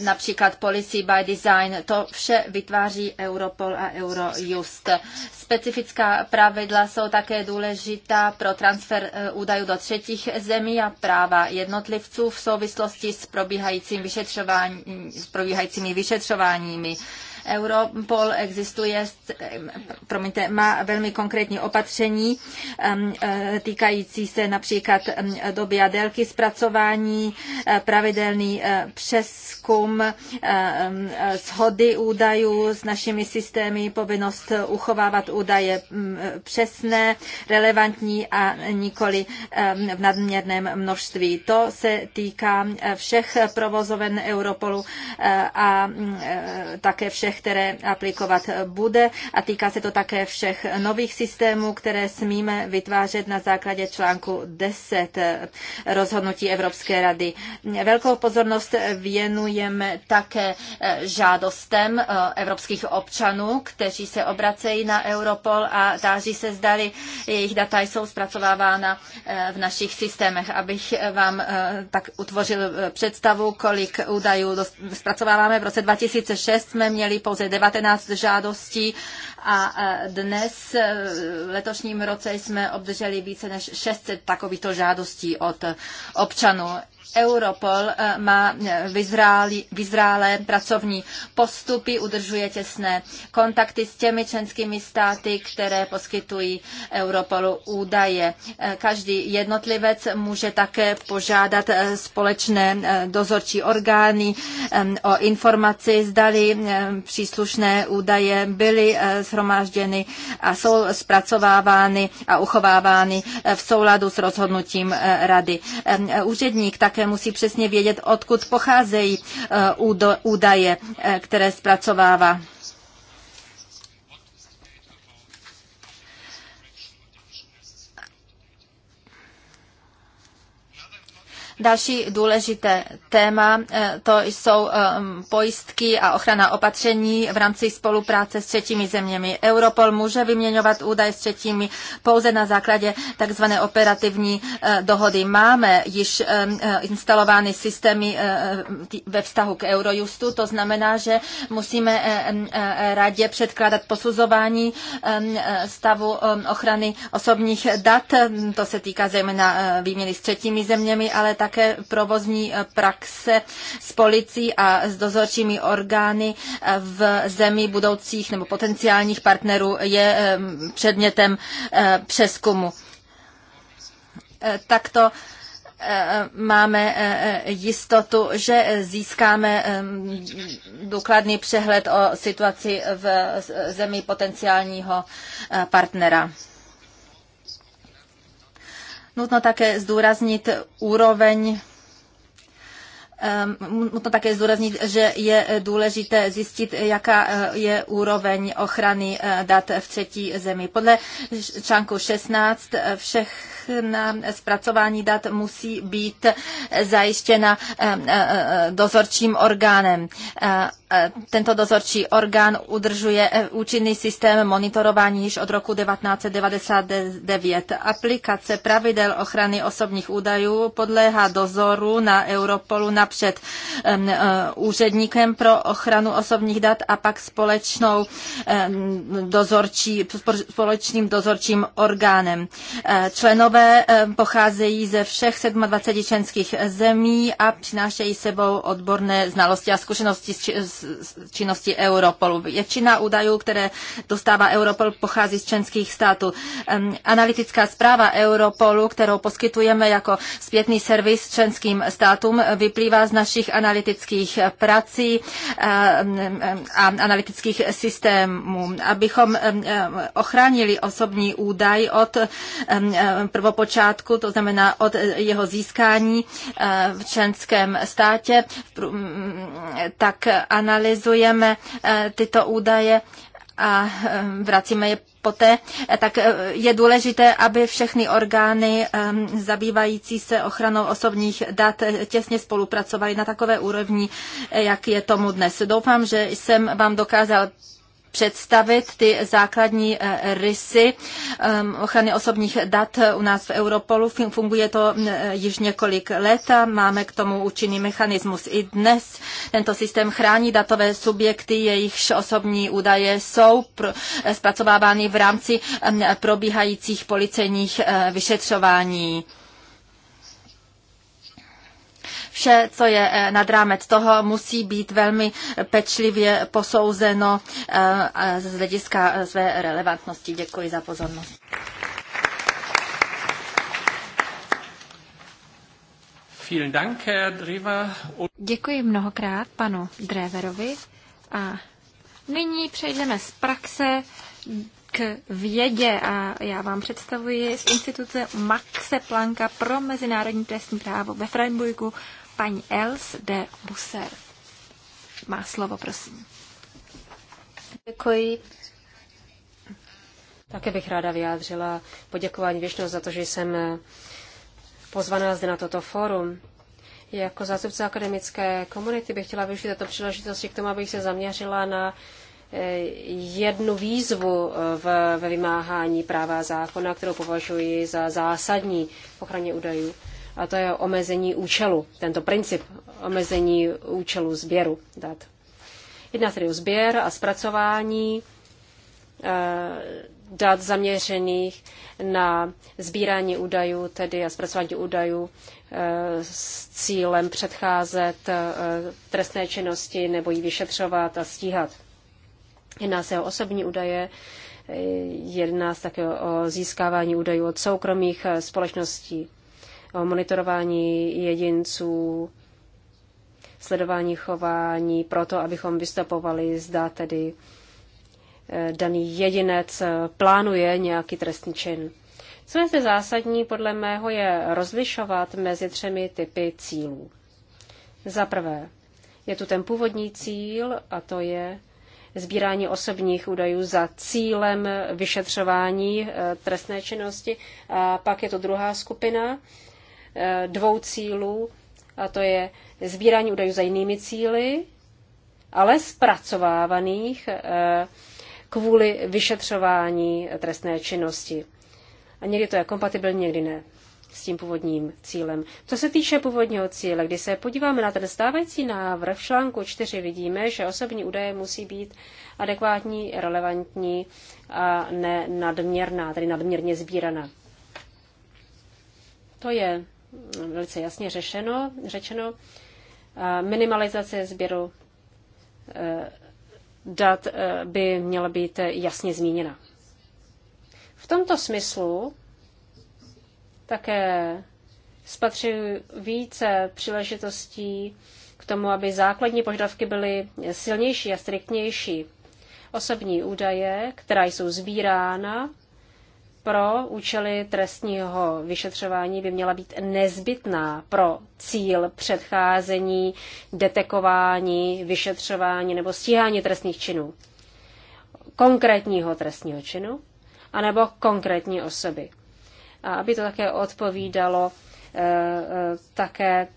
například Policy by Design. To vše vytváří Europol a Eurojust. Specifická pravidla jsou také důležitá pro transfer údajů do třetích zemí a práva jednotlivců v souvislosti s, probíhajícím vyšetřování, s probíhajícími vyšetřováními. Europol existuje, promiňte, má velmi konkrétní opatření um, eh, týkající se například um, doby a délky zpracování, eh, pravidelný eh, přeskum um, shody údajů s našimi systémy, povinnost uchovávat údaje mm, přesné, relevantní a nikoli v nadměrném množství. To se týká všech provozoven Europolu a mm, také všech které aplikovat bude a týká se to také všech nových systémů, které smíme vytvářet na základě článku 10 rozhodnutí Evropské rady. Velkou pozornost věnujeme také žádostem eh, evropských občanů, kteří se obracejí na Europol a dáří se zdali, jejich data jsou zpracovávána eh, v našich systémech. Abych vám eh, tak utvořil představu, kolik údajů zpracováváme. V roce 2006 jsme měli pouze 19 žádostí a e, dnes e, v letošním roce jsme obdrželi více než 600 takovýchto žádostí od občanů. Europol eh, má eh, vyzrálí, vyzrálé pracovní postupy, udržuje těsné kontakty s těmi členskými státy, které poskytují Europolu údaje. Eh, každý jednotlivec může také požádat společné dozorčí orgány o informaci, zdali příslušné údaje byly shromážděny a jsou zpracovávány a uchovávány v souladu s rozhodnutím rady. Úředník také které musí přesně vědět, odkud pocházejí eh, údaje, eh, které zpracovává. Další důležité téma eh, to jsou eh, pojistky a ochrana opatření v rámci spolupráce s třetími zeměmi. Europol může vyměňovat údaje s třetími pouze na základě tzv. operativní eh, dohody. Máme již instalovány systémy ve vztahu k Eurojustu, to znamená, že musíme radě předkládat posuzování stavu ochrany osobních dat, to se týká zejména výměny s třetími zeměmi, ale tak také provozní eh, praxe s policií a s dozorčími orgány eh, v zemi budoucích nebo potenciálních partnerů je eh, předmětem přeskumu. Takto máme jistotu, že získáme důkladný přehled o situaci v zemi potenciálního partnera. Nutno také zdůraznit úroveň Nutno také zdůraznit, že je důležité zjistit, jaká eh, je úroveň ochrany eh, dat v třetí zemi. Podle článku 16 eh, všechna zpracování dat musí být zajištěna dozorčím orgánem E, tento dozorčí orgán udržuje e, účinný systém monitorování již od roku 1999. Aplikace pravidel ochrany osobních údajů podléhá dozoru na Europolu napřed e, úředníkem pro ochranu osobních dat a pak společnou dozorčí, společným dozorčím orgánem. Členové pocházejí ze všech 27 členských zemí a přinášejí sebou odborné znalosti a zkušenosti z činnosti Europolu. Většina údajů, které dostává Europol, pochází z členských států. Analytická zpráva Europolu, kterou poskytujeme jako zpětný servis členským státům, vyplývá z našich analytických prací a analytických systémů. Abychom ochránili osobní údaj od prvopočátku, to znamená od jeho získání eh, v členském státě, tak analytická analyzujeme eh, tyto údaje a eh, vracíme je poté, eh, tak je důležité, aby všechny orgány zabývající se ochranou osobních dat těsně spolupracovaly na takové úrovni, jak je tomu dnes. Doufám, že jsem vám dokázal představit ty základní eh, rysy ehm, ochrany osobních dat u nás v Europolu. Funguje to eh, již několik let a máme k tomu účinný mechanismus. I dnes tento systém chrání datové subjekty, jejichž osobní údaje jsou eh, zpracovávány v rámci ehm, probíhajících policejních vyšetřování. Vše, co je eh, nad rámec toho, musí být velmi pečlivě posouzeno eh, z hlediska eh, své relevantnosti. Děkuji za pozornost. Děkuji mnohokrát panu Dreverovi a nyní přejdeme z praxe k vědě a já vám představuji z instituce Maxe Planka pro mezinárodní trestní právo ve Freiburgu Paní Els de Busser má slovo, prosím. Děkuji. Také bych ráda vyjádřila poděkování věčnost za to, že jsem pozvaná zde na toto fórum. Jako zástupce akademické komunity bych chtěla využít tato příležitosti k tomu, abych se zaměřila na eh, jednu výzvu eh, v, ve vymáhání práva zákona, kterou považuji za zásadní v ochraně údajů a to je omezení účelu, tento princip omezení účelu sběru dat. Jedná tedy o sběr a zpracování eh, dat zaměřených na sbírání údajů, tedy a zpracování údajů eh, s cílem předcházet eh, trestné činnosti nebo ji vyšetřovat a stíhat. Jedná se o osobní údaje, jedná se také o získávání údajů od soukromých společností o monitorování jedinců, sledování chování, proto abychom vystupovali, zda tedy eh, daný jedinec eh, plánuje nějaký trestný čin. Co je zde zásadní, podle mého, je rozlišovat mezi třemi typy cílů. Za prvé, je tu ten původní cíl, a to je sbírání osobních údajů za cílem vyšetřování eh, trestné činnosti. A pak je to druhá skupina, Eh, dvou cílů, a to je sbírání údajů za jinými cíly, ale zpracovávaných eh, kvůli vyšetřování trestné činnosti. A někdy to je kompatibilní, někdy ne s tím původním cílem. Co se týče původního cíle, když se podíváme na ten stávající návrh v článku 4, vidíme, že osobní údaje musí být adekvátní, relevantní a ne nadměrná, tedy nadměrně sbíraná. To je velice jasně řešeno, řečeno. Minimalizace sběru eh, dat eh, by měla být jasně zmíněna. V tomto smyslu také spatřuji více příležitostí k tomu, aby základní požadavky byly silnější a striktnější. Osobní údaje, která jsou sbírána, pro účely trestního vyšetřování by měla být nezbytná pro cíl předcházení, detekování, vyšetřování nebo stíhání trestných činů. Konkrétního trestního činu anebo konkrétní osoby. A aby to také odpovídalo e, e, také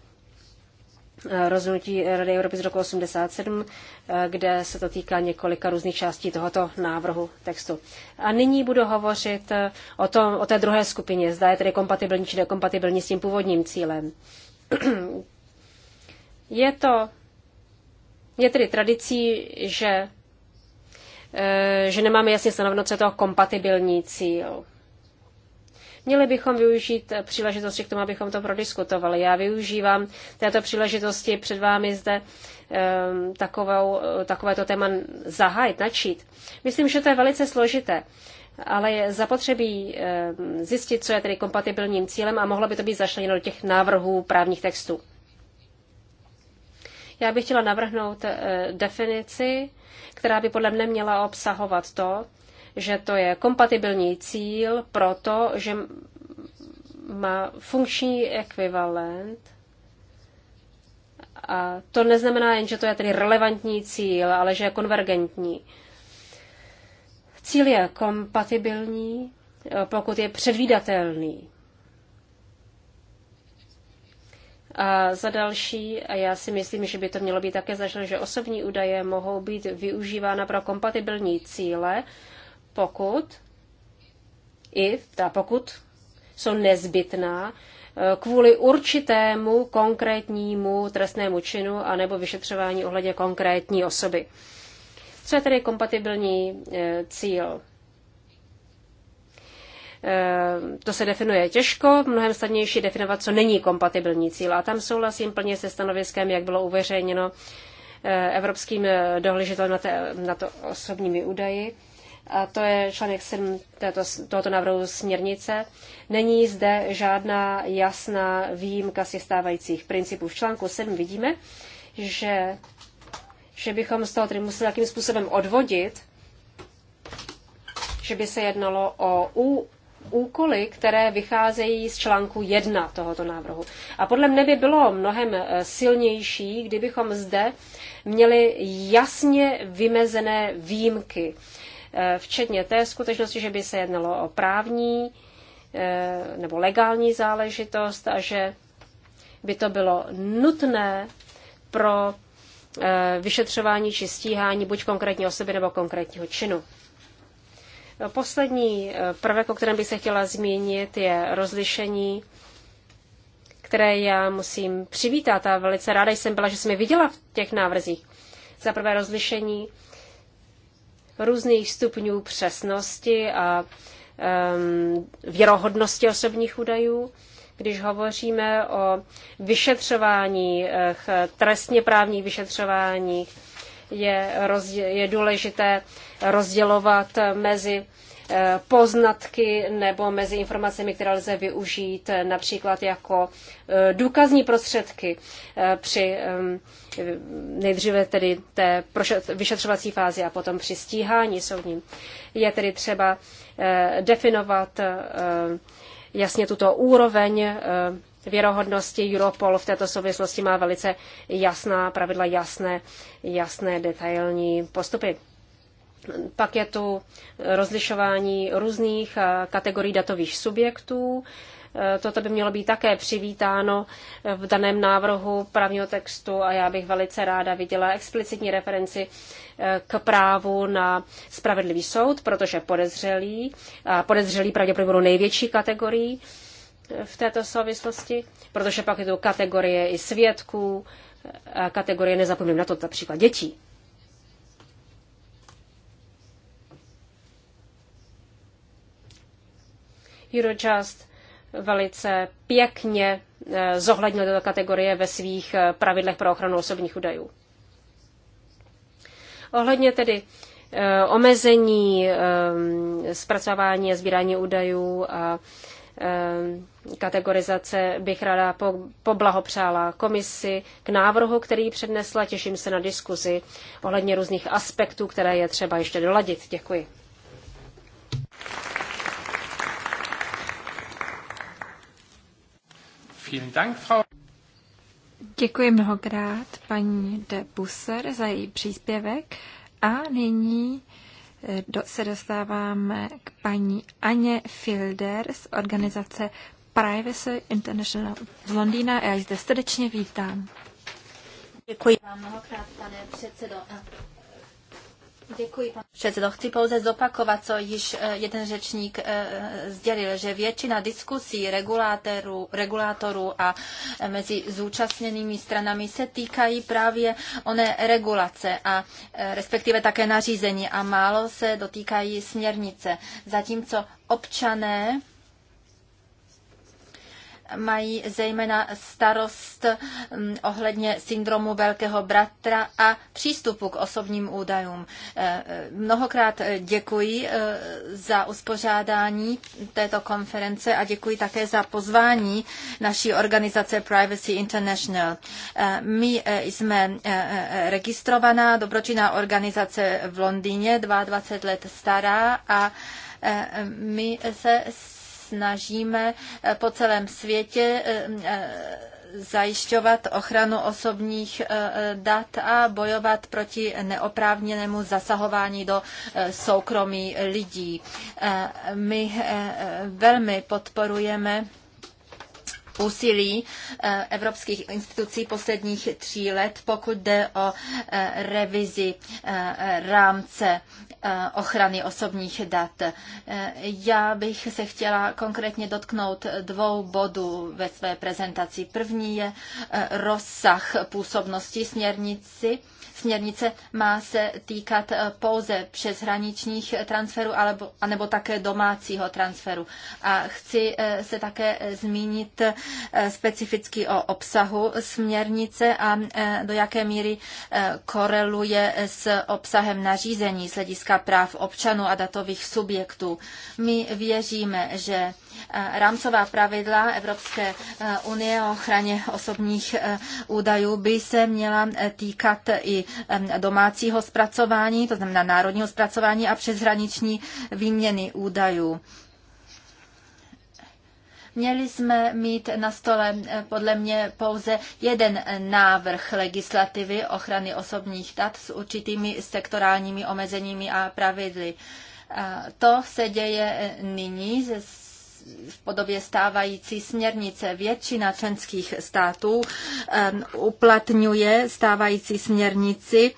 Eh, rozhodnutí Rady Evropy z roku 87, eh, kde se to týká několika různých částí tohoto návrhu textu. A nyní budu hovořit eh, o, tom, o té druhé skupině, zda je tedy kompatibilní či nekompatibilní s tím původním cílem. je to, je tedy tradicí, že že nemáme jasně stanoveno, co je to kompatibilní cíl. Měli bychom využít příležitosti k tomu, abychom to prodiskutovali. Já využívám této příležitosti před vámi zde ehm, takovou, takovéto téma zahájit, načít. Myslím, že to je velice složité ale je zapotřebí ehm, zjistit, co je tedy kompatibilním cílem a mohlo by to být zašleněno do těch návrhů právních textů. Já bych chtěla navrhnout eh, definici, která by podle mě měla obsahovat to, že to je kompatibilní cíl, protože má funkční ekvivalent. A to neznamená jen, že to je tedy relevantní cíl, ale že je konvergentní. Cíl je kompatibilní, pokud je předvídatelný. A za další, a já si myslím, že by to mělo být také zažené, že osobní údaje mohou být využívána pro kompatibilní cíle pokud, i, ta pokud jsou nezbytná eh, kvůli určitému konkrétnímu trestnému činu anebo vyšetřování ohledně konkrétní osoby. Co je tedy kompatibilní eh, cíl? Eh, to se definuje těžko, mnohem snadnější definovat, co není kompatibilní cíl. A tam souhlasím plně se stanoviskem, jak bylo uveřejněno evropským dohlížitelem na, na to osobními údaji a to je článek 7 této, tohoto návrhu směrnice, není zde žádná jasná výjimka z stávajících principů. V článku 7 vidíme, že, že bychom z toho tedy museli nějakým způsobem odvodit, že by se jednalo o u, úkoly, které vycházejí z článku 1 tohoto návrhu. A podle mne by bylo mnohem eh, silnější, kdybychom zde měli jasně vymezené výjimky Eh, včetně té skutečnosti, že by se jednalo o právní eh, nebo legální záležitost a že by to bylo nutné pro eh, vyšetřování či stíhání buď konkrétní osoby nebo konkrétního činu. Poslední prvek, o kterém bych se chtěla zmínit, je rozlišení, které já musím přivítat a velice ráda jsem byla, že jsem je viděla v těch návrzích. Za prvé rozlišení různých stupňů přesnosti a věrohodnosti osobních údajů. Když hovoříme o vyšetřováních, trestně právních vyšetřováních, je, rozdě- je důležité rozdělovat mezi Eh, poznatky nebo mezi informacemi, které lze využít eh, například jako eh, důkazní prostředky při nejdříve tedy té vyšetřovací fázi a potom při stíhání soudním. Je tedy třeba definovat jasně tuto úroveň věrohodnosti. Europol v této souvislosti má velice jasná pravidla, jasné, jasné detailní postupy. Pak je tu rozlišování různých eh, kategorií datových subjektů. Eh, Toto by mělo být také přivítáno v daném návrhu právního textu a já bych velice ráda viděla explicitní referenci eh, k právu na spravedlivý soud, protože podezřelí, podezřelí pravděpodobně budou největší kategorii v této souvislosti, protože pak je tu kategorie i svědků, kategorie, nezapomínám na to, například dětí. Eurojust velice pěkně eh, zohlednil tyto kategorie ve svých eh, pravidlech pro ochranu osobních údajů. Ohledně tedy eh, omezení zpracování a sbírání údajů a kategorizace bych ráda poblahopřála komisi k návrhu, který přednesla. Těším se na diskuzi ohledně různých aspektů, které je třeba ještě doladit. Děkuji. Děkuji mnohokrát paní de Busser za její příspěvek a nyní eh, do, se dostáváme k paní Aně Filder z organizace Privacy International z Londýna a já ji zde srdečně vítám. Děkuji vám mnohokrát, pane předsedo. Děkuji, pane předsedo. Chci pouze zopakovat, co již eh, jeden řečník eh, sdělil, že většina diskusí regulátorů, regulátorů a eh, mezi zúčastněnými stranami se týkají právě oné regulace a respektive také nařízení a málo se dotýkají směrnice. Zatímco občané mají zejména starost mm, ohledně syndromu velkého bratra a přístupu k osobním údajům. E, e, mnohokrát děkuji e, za uspořádání této konference a děkuji také za pozvání naší organizace Privacy International. My jsme registrovaná dobročinná organizace v Londýně, 22 let stará a my se snažíme eh, po celém světě eh, eh, zajišťovat ochranu osobních dat a bojovat proti neoprávněnému zasahování do soukromí lidí. My velmi podporujeme úsilí evropských institucí posledních tří let, pokud jde o revizi rámce Eh, ochrany osobních dat. Eh, já bych se chtěla konkrétně dotknout dvou bodů ve své prezentaci. První je eh, rozsah působnosti směrnici Směrnice má se týkat eh, pouze přeshraničních transferů alebo, anebo také domácího transferu. A chci eh, se také eh, zmínit specificky o obsahu směrnice a do jaké míry koreluje s obsahem nařízení z hlediska práv občanů a datových subjektů. My věříme, že Eh, rámcová pravidla Evropské eh, unie o ochraně osobních eh, údajů by se měla týkat i domácího zpracování, to znamená národního zpracování a přeshraniční výměny údajů. Měli jsme mít na stole podle mě pouze jeden návrh legislativy ochrany osobních dat s určitými sektorálními omezeními a pravidly. To se děje nyní ze v podobě stávající směrnice. Většina členských států uplatňuje stávající směrnici,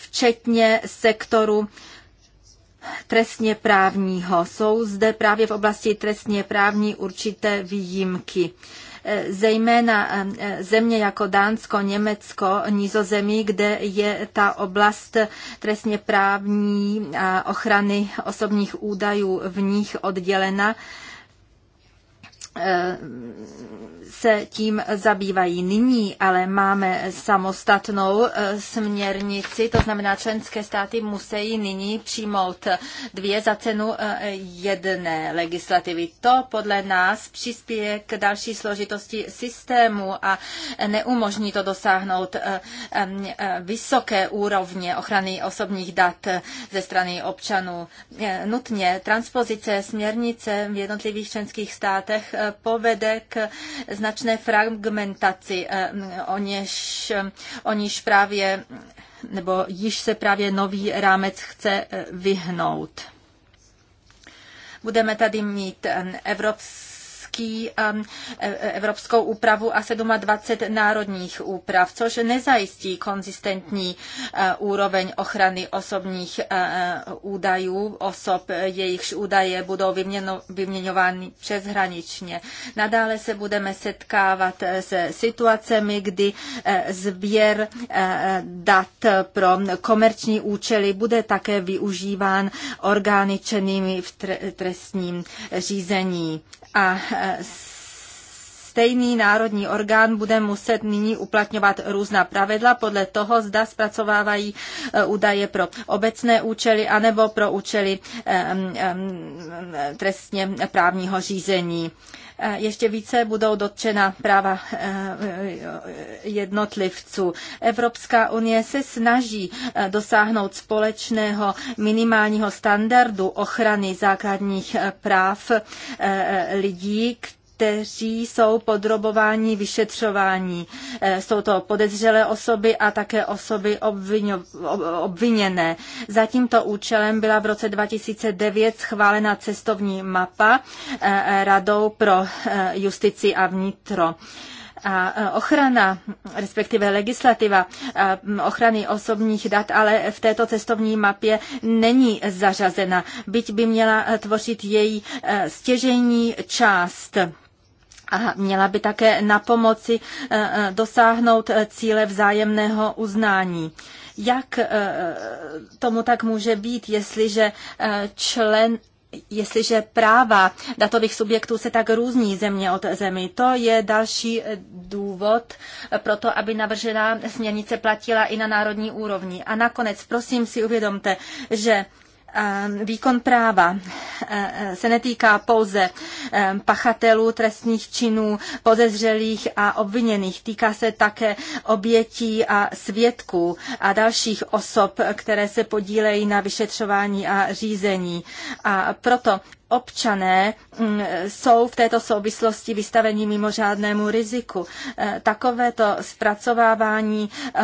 včetně sektoru trestně právního. Jsou zde právě v oblasti trestně právní určité výjimky. Eh, zejména eh, země jako Dánsko, Německo, Nizozemí, kde je ta oblast eh, trestně právní a ochrany osobních údajů v nich oddělena, se tím zabývají nyní, ale máme samostatnou eh, směrnici, to znamená, členské státy musí nyní přijmout dvě za cenu eh, jedné legislativy. To podle nás přispěje k další složitosti systému a neumožní to dosáhnout eh, vysoké úrovně ochrany osobních dat ze strany občanů. Nutně transpozice směrnice v jednotlivých členských státech povede k značné fragmentaci, eh, o něž, o níž právě nebo již se právě nový rámec chce eh, vyhnout. Budeme tady mít eh, evropské evropský, um, e, e, evropskou úpravu a 27 národních úprav, což nezajistí konzistentní e, úroveň ochrany osobních údajů osob, jejichž údaje budou vyměno, vyměňovány přeshraničně. Nadále se budeme setkávat se situacemi, kdy sběr dat pro komerční účely bude také využíván orgány čennými v trestním řízení a e, stejný národní orgán bude muset nyní uplatňovat různá pravidla podle toho, zda zpracovávají e, údaje pro obecné účely anebo pro účely e, trestně právního řízení. Eh, ještě více budou dotčena práva eh, jednotlivců. Evropská unie se snaží eh, dosáhnout společného minimálního standardu ochrany základních práv lidí, kteří jsou podrobováni vyšetřování. Eh, jsou to podezřelé osoby a také osoby obviněné. Za tímto účelem byla v roce 2009 schválena cestovní mapa eh, Radou pro eh, justici a vnitro. A ochrana, respektive legislativa ochrany osobních dat, ale v této cestovní mapě není zařazena, byť by měla tvořit její stěžení část a měla by také na pomoci eh, eh, dosáhnout eh, cíle vzájemného uznání. Jak tomu tak může být, jestliže člen jestliže práva datových subjektů se tak různí země od zemi. To je další důvod pro to, aby navržená směrnice platila i na národní úrovni. A nakonec, prosím si uvědomte, že Ehm, výkon práva ehm, se netýká pouze ehm, pachatelů trestních činů, podezřelých a obviněných. Týká se také obětí a svědků a dalších osob, které se podílejí na vyšetřování a řízení. A proto občané mm, jsou v této souvislosti vystaveni mimořádnému riziku. E, takovéto zpracovávání e,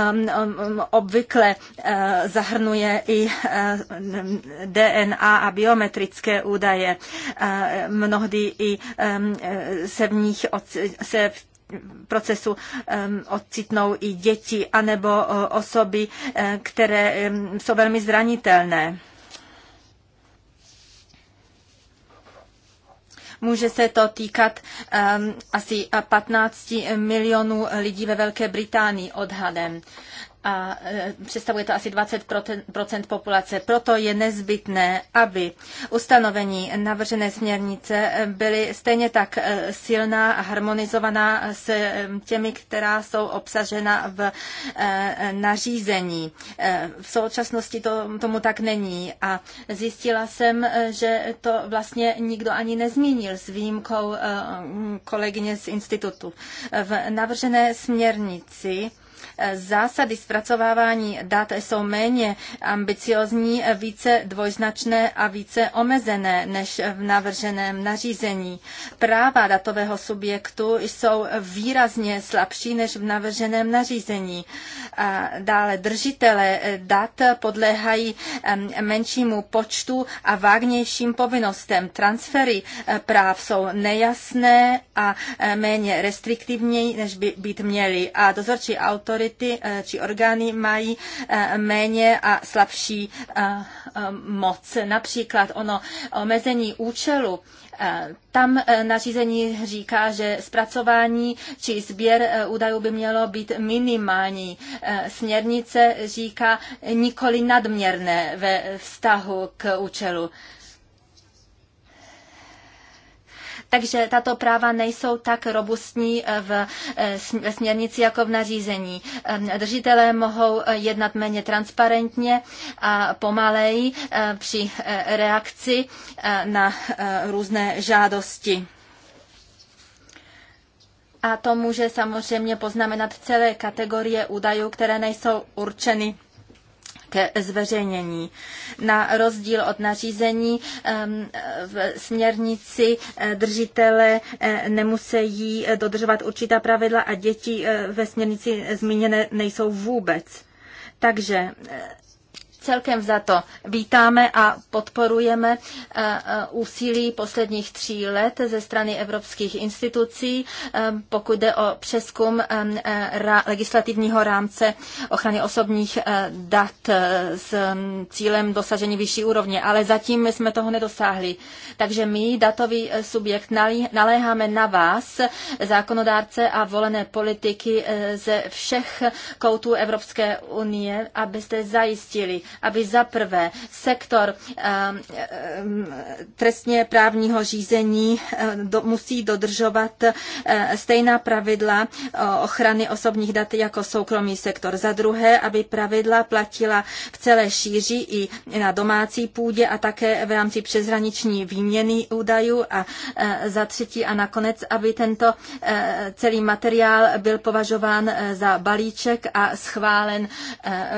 obvykle e, zahrnuje i DNA a biometrické údaje, mnohdy i se v nich se v procesu odcitnou i děti anebo osoby, které jsou velmi zranitelné. Může se to týkat um, asi 15 milionů lidí ve Velké Británii odhadem a e, představuje to asi 20 populace. Proto je nezbytné, aby ustanovení navržené směrnice byly stejně tak e, silná a harmonizovaná s e, těmi, která jsou obsažena v nařízení. V současnosti to, tomu tak není a zjistila jsem, že to vlastně nikdo ani nezmínil s výjimkou kolegyně z institutu. V navržené směrnici zásady zpracovávání dat jsou méně ambiciozní, více dvojznačné a více omezené než v navrženém nařízení. Práva datového subjektu jsou výrazně slabší než v navrženém nařízení. A dále držitele dat podléhají menšímu počtu a vágnějším povinnostem. Transfery eh, práv jsou nejasné a eh, méně restriktivní, než by být měly. A dozorčí autory entity či eh, orgány mají eh, méně a slabší eh, moc. Například ono omezení účelu tam nařízení říká, že zpracování či sběr údajů by mělo být minimální. Směrnice říká nikoli nadměrné ve vztahu k účelu. Takže tato práva nejsou tak robustní eh, v eh, směrnici jako v nařízení. Eh, držitelé mohou jednat méně transparentně a pomaleji při reakci na různé žádosti. A to může samozřejmě poznamenat celé kategorie údajů, které nejsou určeny ke zveřejnění. Na rozdíl od nařízení v směrnici eh, držitele eh, nemusí dodržovat určitá pravidla a děti eh, ve směrnici zmíněné nejsou vůbec. Takže celkem za to vítáme a podporujeme eh, eh, úsilí posledních tří let ze strany evropských institucí, eh, pokud jde o přeskum legislativního rámce ochrany osobních dat s mm, cílem dosažení vyšší úrovně, ale zatím jsme toho nedosáhli. Takže my, datový subjekt, naléháme na vás, zákonodárce a volené politiky ze všech koutů Evropské unie, abyste zajistili, aby za prvé sektor ehm, ehm, trestně právního řízení ehm, musí dodržovat stejná pravidla eh, ochrany osobních dat jako soukromý sektor. Za druhé, aby pravidla platila v celé šíři i na domácí půdě a také v rámci přeshraniční výměny údajů a eh, za třetí a nakonec, aby tento eh, celý materiál byl považován za balíček a schválen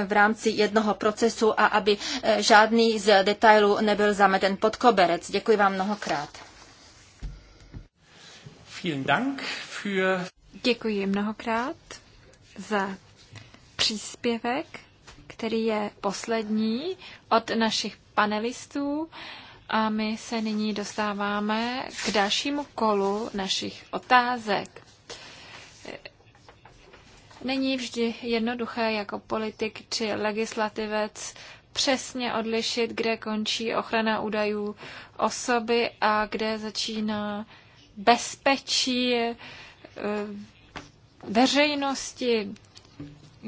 v rámci jednoho procesu a aby eh, žádný z detailů nebyl zameten pod koberec. Děkuji vám mnohokrát. Děkuji mnohokrát za příspěvek, který je poslední od našich panelistů. A my se nyní dostáváme k dalšímu kolu našich otázek. Není vždy jednoduché jako politik či legislativec přesně odlišit, kde končí ochrana údajů osoby a kde začíná bezpečí eh, veřejnosti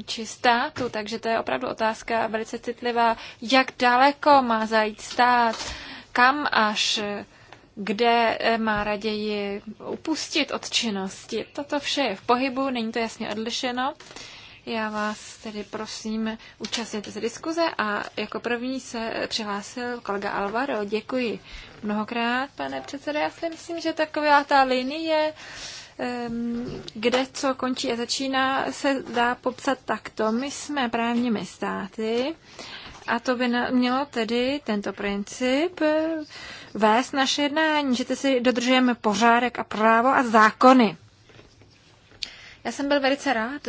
či státu, takže to je opravdu otázka velice citlivá, jak daleko má zajít stát, kam až kde eh, má raději upustit od činnosti. Toto vše je v pohybu, není to jasně odlišeno. Já vás tedy prosím, účastněte se diskuze a jako první se přihlásil kolega Alvaro. Děkuji mnohokrát, pane předsedo. Já si myslím, že taková ta linie, ehm, kde co končí a začíná, se dá popsat takto. My jsme právními státy a to by mělo tedy tento princip vést naše jednání, že si dodržujeme pořádek a právo a zákony. Já jsem byl velice rád,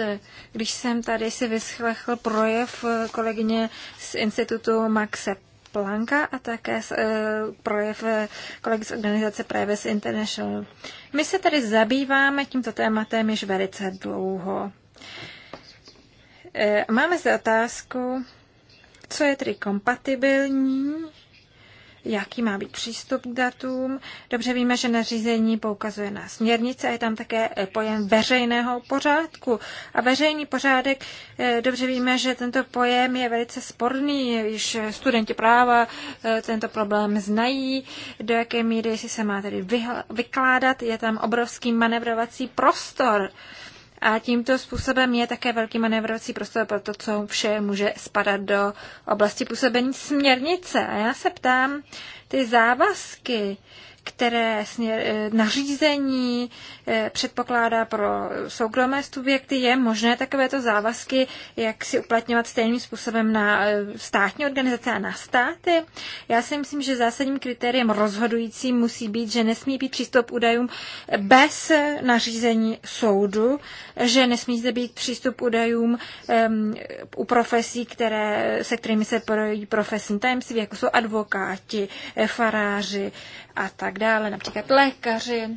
když jsem tady si vyschlechl projev kolegyně z institutu Maxe Planka a také eh, projev kolegy z organizace Privacy International. My se tady zabýváme tímto tématem již velice dlouho. Eh, máme zde otázku, co je tedy kompatibilní jaký má být přístup k datům. Dobře víme, že nařízení poukazuje na směrnice a je tam také e, pojem veřejného pořádku. A veřejný pořádek, e, dobře víme, že tento pojem je velice sporný, již studenti práva e, tento problém znají, do jaké míry si se má tedy vykládat, je tam obrovský manevrovací prostor a tímto způsobem je také velký manévrovací prostor pro to, co vše může spadat do oblasti působení směrnice. A já se ptám, ty závazky, které směr, eh, nařízení eh, předpokládá pro soukromé subjekty, je možné takovéto závazky, jak si uplatňovat stejným způsobem na eh, státní organizace a na státy. Já si myslím, že zásadním kritériem rozhodujícím musí být, že nesmí být přístup údajům bez nařízení soudu, že nesmí zde být přístup údajům um, u profesí, které, se kterými se projí profesní tajemství, jako jsou advokáti, faráři a tak tak dále, například lékaři,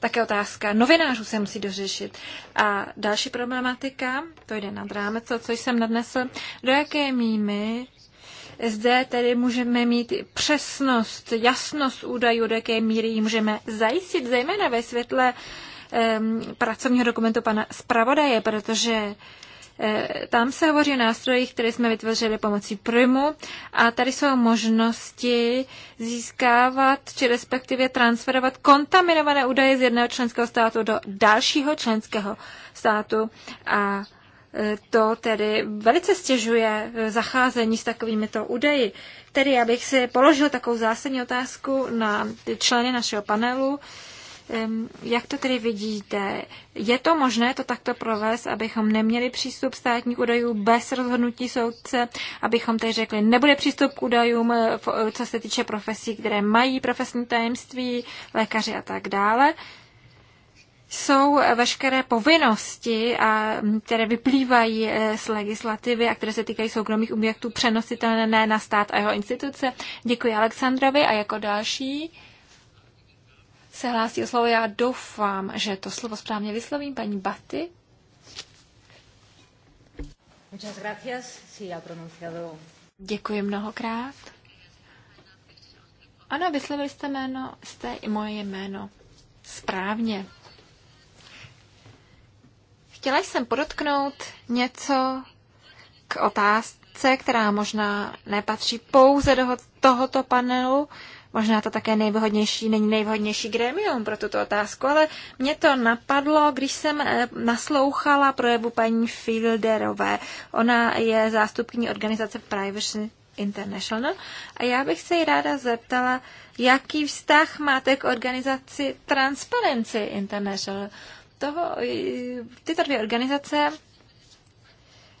také otázka novinářů se musí dořešit. A další problematika, to jde nad rámec, co jsem nadnesl, do jaké míry zde tedy můžeme mít přesnost, jasnost údajů, do jaké míry ji můžeme zajistit, zejména ve světle um, pracovního dokumentu pana zpravodaje, protože uh, Eh, tam se hovoří o nástrojích, které jsme vytvořili pomocí Primu a tady jsou možnosti získávat či respektive transferovat kontaminované údaje z jedného členského státu do dalšího členského státu a eh, to tedy velice stěžuje eh, zacházení s takovýmito údaji. Tedy já bych si položil takovou zásadní otázku na členy našeho panelu. Jak to tedy vidíte? Je to možné to takto provést, abychom neměli přístup státních údajů bez rozhodnutí soudce, abychom tedy řekli, nebude přístup k údajům, eh, eh, co se týče profesí, které mají profesní tajemství, lékaři a tak dále? jsou veškeré povinnosti, a, které vyplývají eh, z legislativy a které se týkají soukromých objektů přenositelné na stát a jeho instituce. Děkuji Alexandrovi a jako další se hlásí o slovo. Já doufám, že to slovo správně vyslovím. Paní Baty. Děkuji mnohokrát. Ano, vyslovili jste jméno, jste i moje jméno. Správně. Chtěla jsem podotknout něco k otázce, která možná nepatří pouze do tohoto panelu, Možná to také nejvhodnější, není nejvhodnější grémium pro tuto otázku, ale mě to napadlo, když jsem eh, naslouchala projevu paní Fielderové. Ona je zástupkyní organizace Privacy International a já bych se jí ráda zeptala, jaký vztah máte k organizaci Transparency International. Toho, eh, tyto dvě organizace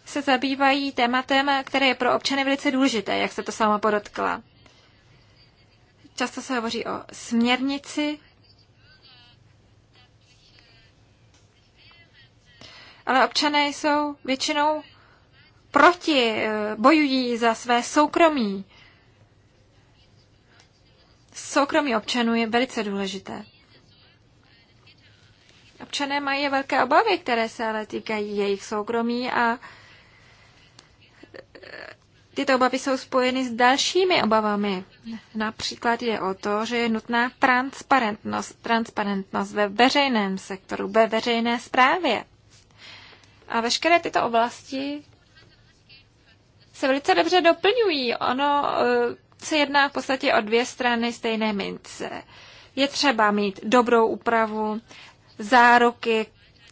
se zabývají tématem, které je pro občany velice důležité, jak se to sama podotkla. Často se hovoří o směrnici, ale občané jsou většinou proti, eh, bojují za své soukromí. Soukromí občanů je velice důležité. Občané mají velké obavy, které se ale týkají jejich soukromí a Tyto obavy jsou spojeny s dalšími obavami. Například je o to, že je nutná transparentnost, transparentnost ve veřejném sektoru, ve veřejné správě. A veškeré tyto oblasti se velice dobře doplňují. Ono eh, se jedná v podstatě o dvě strany stejné mince. Je třeba mít dobrou úpravu, záruky,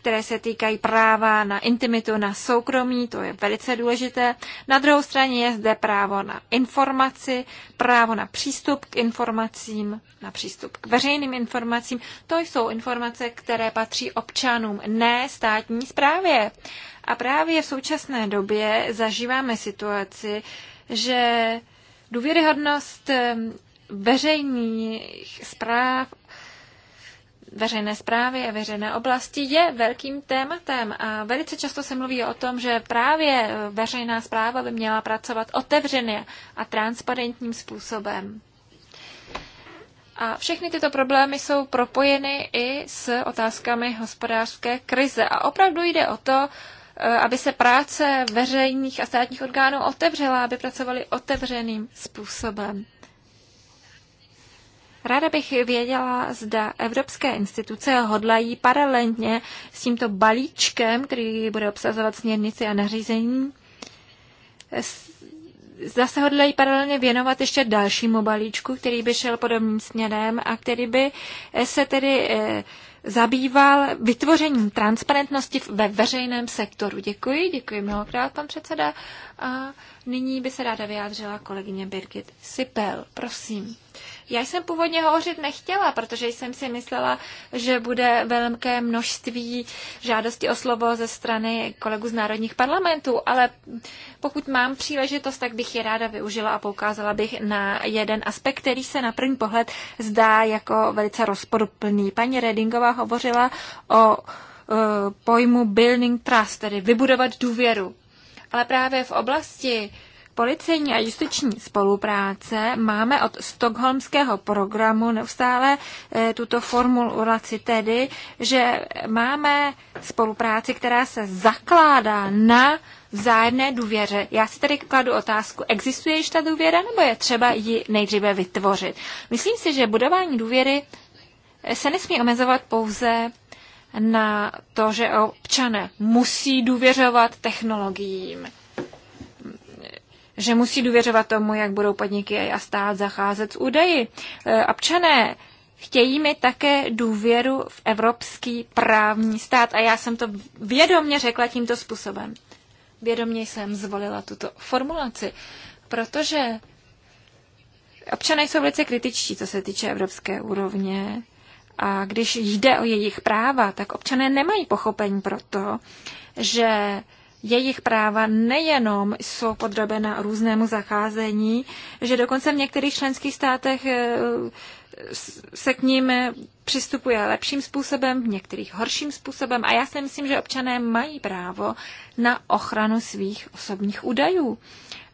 které se týkají práva na intimitu, na soukromí, to je velice důležité. Na druhou straně je zde právo na informaci, právo na přístup k informacím, na přístup k veřejným informacím. To jsou informace, které patří občanům, ne státní správě. A právě v současné době zažíváme situaci, že důvěryhodnost ehm, veřejných zpráv veřejné zprávy a veřejné oblasti je velkým tématem a velice často se mluví o tom, že právě e, veřejná zpráva by měla pracovat otevřeně a transparentním způsobem. A všechny tyto problémy jsou propojeny i s otázkami hospodářské krize. A opravdu jde o to, e, aby se práce veřejných a státních orgánů otevřela, aby pracovali otevřeným způsobem. Ráda bych věděla, zda evropské instituce hodlají paralelně s tímto balíčkem, který bude obsazovat směrnici a nařízení, zda se hodlají paralelně věnovat ještě dalšímu balíčku, který by šel podobným směrem a který by se tedy eh, zabýval vytvořením transparentnosti ve veřejném sektoru. Děkuji, děkuji mnohokrát, pan předseda. A nyní by se ráda vyjádřila kolegyně Birgit Sipel. Prosím. Já jsem původně hovořit nechtěla, protože jsem si myslela, že bude velké množství žádostí o slovo ze strany kolegů z národních parlamentů, ale pokud mám příležitost, tak bych je ráda využila a poukázala bych na jeden aspekt, který se na první pohled zdá jako velice rozporuplný. Paní Redingová hovořila o e, pojmu building trust, tedy vybudovat důvěru. Ale právě v oblasti policejní a justiční spolupráce máme od stokholmského programu neustále eh, tuto formulaci, tedy, že máme spolupráci, která se zakládá na vzájemné důvěře. Já si tady kladu otázku, existuje již ta důvěra, nebo je třeba ji nejdříve vytvořit? Myslím si, že budování důvěry eh, se nesmí omezovat pouze na to, že občané musí důvěřovat technologiím že musí důvěřovat tomu, jak budou podniky a stát zacházet s údaji. E, občané chtějí mi také důvěru v evropský právní stát a já jsem to vědomně řekla tímto způsobem. Vědomně jsem zvolila tuto formulaci, protože občané jsou velice kritičtí, co se týče evropské úrovně. A když jde o jejich práva, tak občané nemají pochopení pro to, že jejich práva nejenom jsou podrobena různému zacházení, že dokonce v některých členských státech eh, se k ním přistupuje lepším způsobem, v některých horším způsobem. A já si myslím, že občané mají právo na ochranu svých osobních údajů.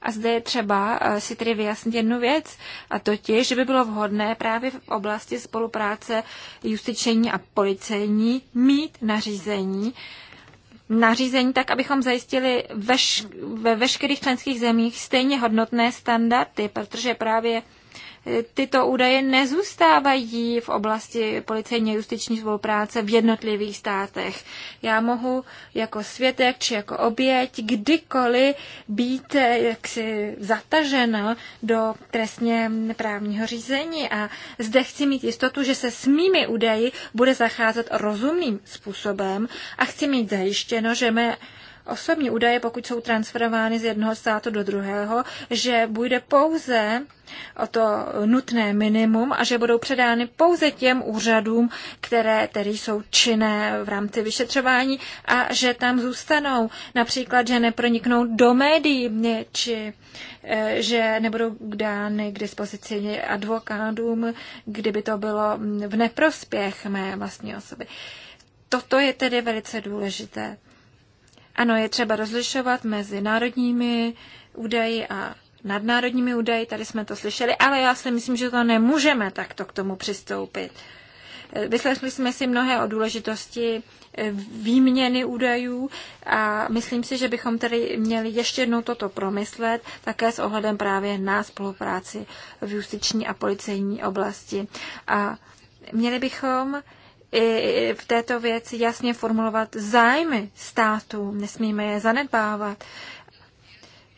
A zde je třeba eh, si tedy vyjasnit jednu věc, a totiž, že by bylo vhodné právě v oblasti spolupráce justiční a policejní mít nařízení, nařízení tak, abychom zajistili veš- ve veškerých členských zemích stejně hodnotné standardy, protože právě tyto údaje nezůstávají v oblasti a justiční spolupráce v jednotlivých státech. Já mohu jako svědek či jako oběť kdykoliv být eh, jaksi zatažen do trestně právního řízení a zde chci mít jistotu, že se s mými údaji bude zacházet rozumným způsobem a chci mít zajištěno, že mé osobní údaje, pokud jsou transferovány z jednoho státu do druhého, že bude pouze o to nutné minimum a že budou předány pouze těm úřadům, které tedy jsou činné v rámci vyšetřování a že tam zůstanou. Například, že neproniknou do médií či e, že nebudou dány k dispozici advokátům, kdyby to bylo v neprospěch mé vlastní osoby. Toto je tedy velice důležité. Ano, je třeba rozlišovat mezi národními údaji a nadnárodními údaji, tady jsme to slyšeli, ale já si myslím, že to nemůžeme takto k tomu přistoupit. Vyslechli jsme si mnohé o důležitosti eh, výměny údajů a myslím si, že bychom tedy měli ještě jednou toto promyslet, také s ohledem právě na spolupráci v justiční a policejní oblasti. A měli bychom i v této věci jasně formulovat zájmy států, nesmíme je zanedbávat.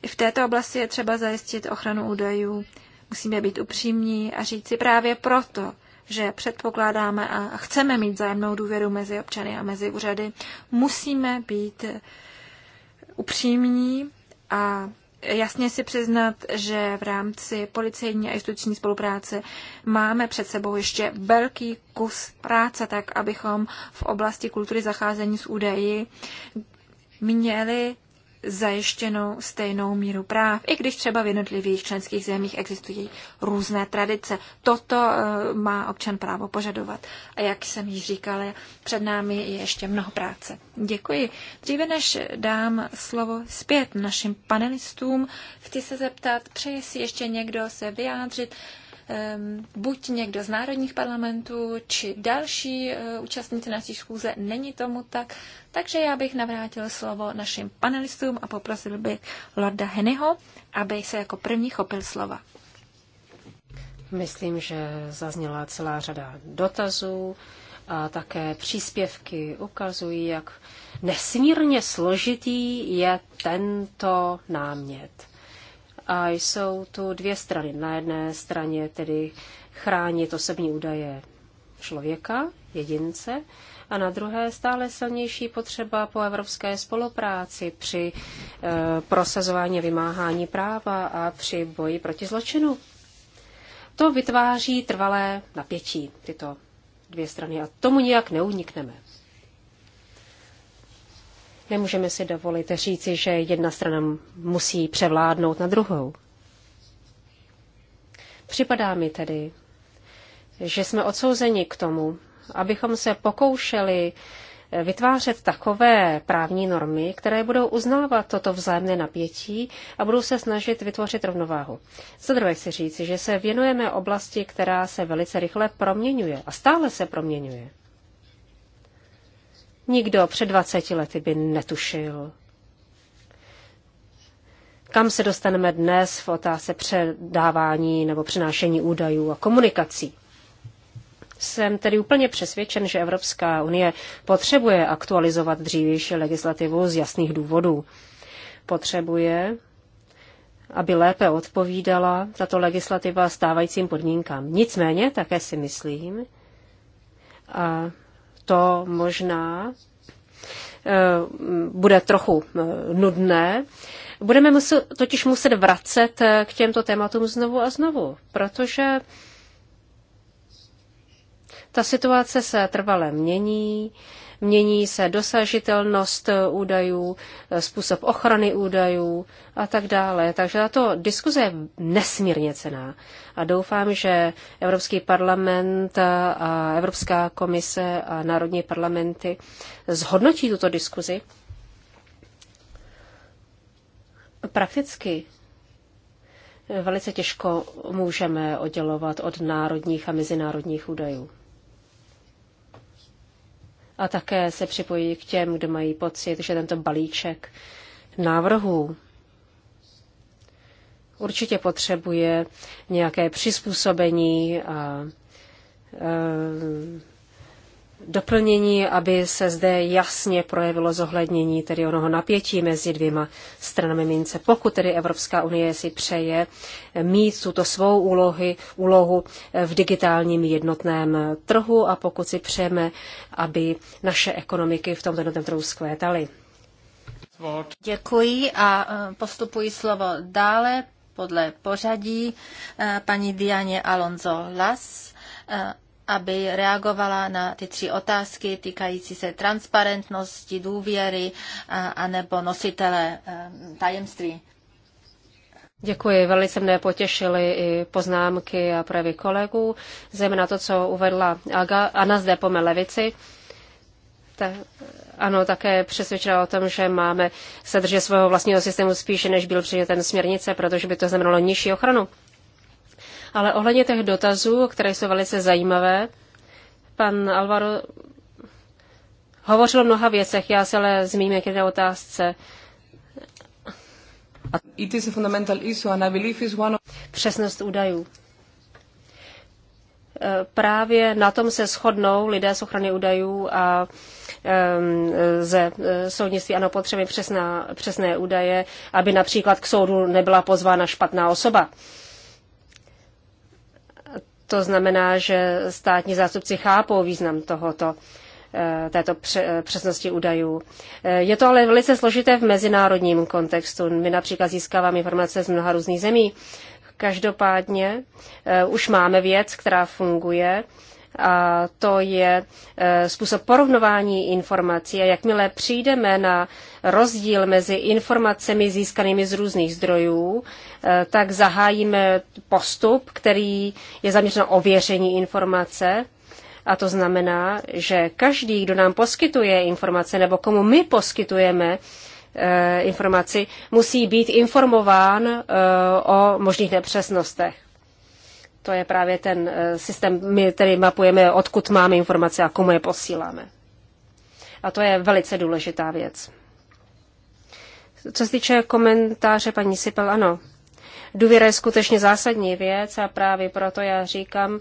I v této oblasti je třeba zajistit ochranu údajů. Musíme být upřímní a říci právě proto, že předpokládáme a chceme mít zájemnou důvěru mezi občany a mezi úřady, musíme být upřímní a jasně si přiznat, že v rámci policejní a instituční spolupráce máme před sebou ještě velký kus práce, tak abychom v oblasti kultury zacházení s údaji měli zajištěnou stejnou míru práv, i když třeba v jednotlivých členských zemích existují různé tradice. Toto eh, má občan právo požadovat. A jak jsem již říkala, před námi je ještě mnoho práce. Děkuji. Dříve než dám slovo zpět našim panelistům, chci se zeptat, přeje si ještě někdo se vyjádřit Ehm, buď někdo z národních parlamentů, či další eh, účastníci naší schůze. Není tomu tak, takže já bych navrátil slovo našim panelistům a poprosil bych Lorda Hennyho, aby se jako první chopil slova. Myslím, že zazněla celá řada dotazů a také příspěvky ukazují, jak nesmírně složitý je tento námět. A jsou tu dvě strany. Na jedné straně tedy chránit osobní údaje člověka, jedince, a na druhé stále silnější potřeba po evropské spolupráci při e, prosazování vymáhání práva a při boji proti zločinu. To vytváří trvalé napětí, tyto dvě strany, a tomu nijak neunikneme. Nemůžeme si dovolit říci, že jedna strana musí převládnout na druhou. Připadá mi tedy, že jsme odsouzeni k tomu, abychom se pokoušeli vytvářet takové právní normy, které budou uznávat toto vzájemné napětí a budou se snažit vytvořit rovnováhu. Za druhé chci říci, že se věnujeme oblasti, která se velice rychle proměňuje a stále se proměňuje. Nikdo před 20 lety by netušil. Kam se dostaneme dnes v otáze předávání nebo přenášení údajů a komunikací? Jsem tedy úplně přesvědčen, že Evropská unie potřebuje aktualizovat dřívější legislativu z jasných důvodů. Potřebuje, aby lépe odpovídala tato legislativa stávajícím podmínkám. Nicméně také si myslím, a to možná eh, bude trochu eh, nudné. Budeme muset, totiž muset vracet eh, k těmto tématům znovu a znovu, protože ta situace se trvale mění, Mění se dosažitelnost údajů, způsob ochrany údajů a tak dále. Takže tato diskuze je nesmírně cená. A doufám, že Evropský parlament a Evropská komise a národní parlamenty zhodnotí tuto diskuzi. Prakticky velice těžko můžeme oddělovat od národních a mezinárodních údajů a také se připojí k těm, kdo mají pocit, že tento balíček návrhů určitě potřebuje nějaké přizpůsobení a doplnění, aby se zde jasně projevilo zohlednění tedy onoho napětí mezi dvěma stranami mince. Pokud tedy Evropská unie si přeje mít tuto svou úlohy, úlohu v digitálním jednotném trhu a pokud si přejeme, aby naše ekonomiky v tomto jednotném trhu zkvétaly. Děkuji a e, postupuji slovo dále podle pořadí e, paní Dianě Alonso Las e, aby reagovala na ty tři otázky týkající se transparentnosti, důvěry a, a nebo nositele eh, tajemství. Děkuji, velice mne potěšily i poznámky a projevy kolegů, zejména to, co uvedla Aga, Anna zde po levici. Ta, ano, také přesvědčila o tom, že máme se držet svého vlastního systému spíše, než byl předmětem směrnice, protože by to znamenalo nižší ochranu ale ohledně těch dotazů, které jsou velice zajímavé, pan Alvaro hovořil o mnoha věcech, já se ale zmíním jak jedné otázce. It is a fundamental issue and I believe one of... Přesnost údajů. E, právě na tom se shodnou lidé z ochrany údajů a ze e, soudnictví ano potřeby přesná, přesné údaje, aby například k soudu nebyla pozvána špatná osoba. To znamená, že státní zástupci chápou význam tohoto eh, této eh, přesnosti údajů. Eh, je to ale velice složité v mezinárodním kontextu. My například získáváme informace z mnoha různých zemí. Každopádně už máme věc, která funguje a to je e, způsob porovnování informací. A jakmile přijdeme na rozdíl mezi informacemi získanými z různých zdrojů, e, tak zahájíme postup, který je zaměřen na ověření informace. A to znamená, že každý, kdo nám poskytuje informace nebo komu my poskytujeme, e, informaci, musí být informován o možných nepřesnostech. To je právě ten eh, systém, my tedy mapujeme, odkud máme informace a komu je posíláme. A to je velice důležitá věc. Co se týče komentáře paní Sipel, ano, důvěra je skutečně zásadní věc a právě proto já říkám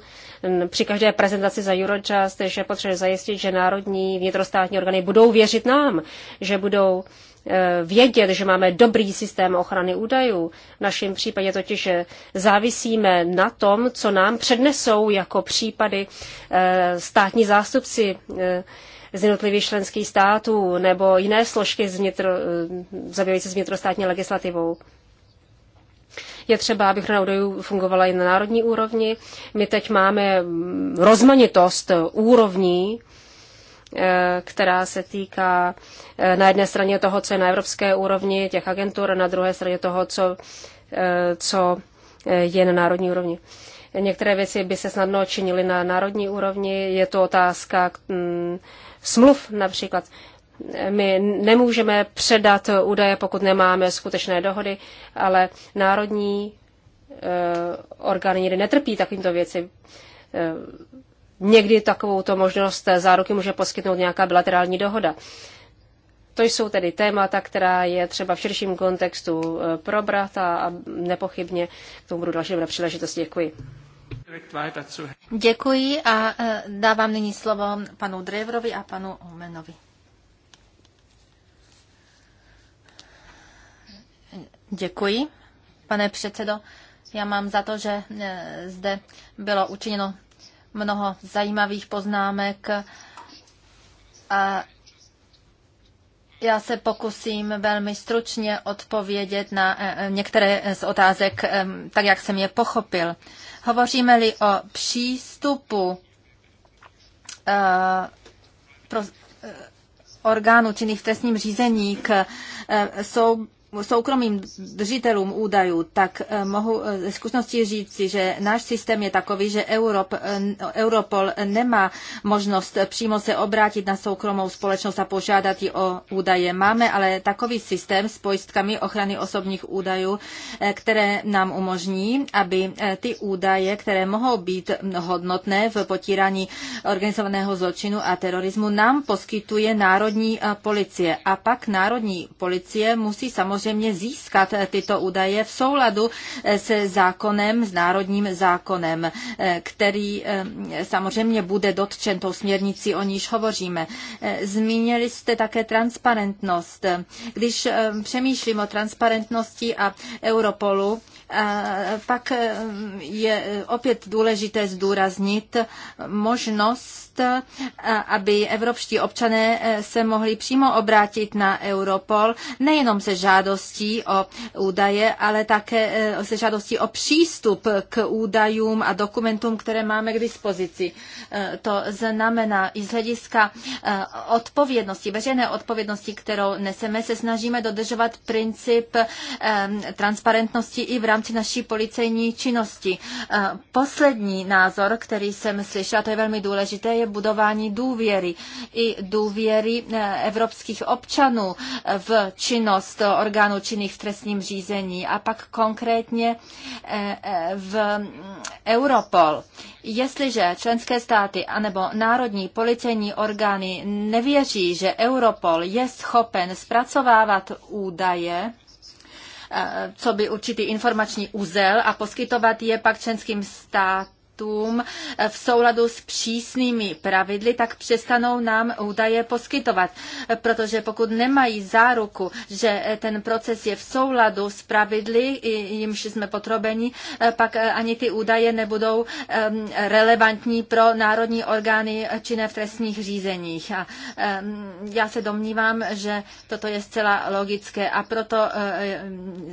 při každé prezentaci za Eurojust, že potřebuje zajistit, že národní vnitrostátní orgány budou věřit nám, že budou Eh, vědět, že máme dobrý systém ochrany údajů. V našem případě totiž eh, závisíme na tom, co nám přednesou jako případy eh, státní zástupci z jednotlivých členských států nebo jiné složky zabývající se vnitrostátní legislativou. Je třeba, aby ochrana údajů fungovala i na národní úrovni. My teď máme mm, rozmanitost úrovní Eh, která se týká eh, na jedné straně toho, co je na evropské úrovni těch agentur, a na druhé straně toho, co, eh, co je na národní úrovni. Některé věci by se snadno činily na národní úrovni. Je to otázka mm, smluv například. My nemůžeme předat údaje, pokud nemáme skutečné dohody, ale národní orgány někdy netrpí takovýmto věci Někdy takovou to možnost záruky může poskytnout nějaká bilaterální dohoda. To jsou tedy témata, která je třeba v širším kontextu e, probrat a nepochybně k tomu budu další dobré příležitosti. Děkuji. Děkuji a e, dávám nyní slovo panu Drevrovi a panu Omenovi. Děkuji, pane předsedo. Já mám za to, že e, zde bylo učiněno mnoho zajímavých poznámek a já se pokusím velmi stručně odpovědět na eh, některé z otázek, eh, tak jak jsem je pochopil. Hovoříme-li o přístupu eh, pro orgánů činných v trestním řízení k sou soukromým držitelům údajů, tak eh, mohu eh, ze zkušenosti říci, že náš systém je takový, že Europ, eh, Europol nemá možnost přímo se obrátit na soukromou společnost a požádat ji o údaje. Máme ale takový systém s pojistkami ochrany osobních údajů, které nám umožní, aby ty údaje, které mohou být hodnotné v potírání organizovaného zločinu a terorismu, nám poskytuje národní policie. A pak národní policie musí samozřejmě samozřejmě získat tyto údaje v souladu se zákonem, s národním zákonem, který eh, samozřejmě bude dotčen tou směrnicí, o níž hovoříme. Eh, zmínili jste také transparentnost. Když eh, přemýšlím o transparentnosti a Europolu, pak eh, je opět důležité zdůraznit možnost, eh, aby evropští občané eh, se mohli přímo obrátit na Europol, nejenom se žádostí o údaje, ale také se žádostí o přístup k údajům a dokumentům, které máme k dispozici. To znamená i z hlediska odpovědnosti, veřejné odpovědnosti, kterou neseme, se snažíme dodržovat princip transparentnosti i v rámci rámci naší policejní činnosti. E, poslední názor, který jsem slyšela, to je velmi důležité, je budování důvěry. I důvěry e, evropských občanů v činnost orgánů činných v trestním řízení a pak konkrétně e, v Europol. Jestliže členské státy anebo národní policejní orgány nevěří, že Europol je schopen zpracovávat údaje, co by určitý informační úzel a poskytovat je pak členským státům státům v souladu s přísnými pravidly, tak přestanou nám údaje poskytovat. Protože pokud nemají záruku, že ten proces je v souladu s pravidly, jimž jsme potrobeni, pak ani ty údaje nebudou relevantní pro národní orgány činné v trestních řízeních. A já se domnívám, že toto je zcela logické a proto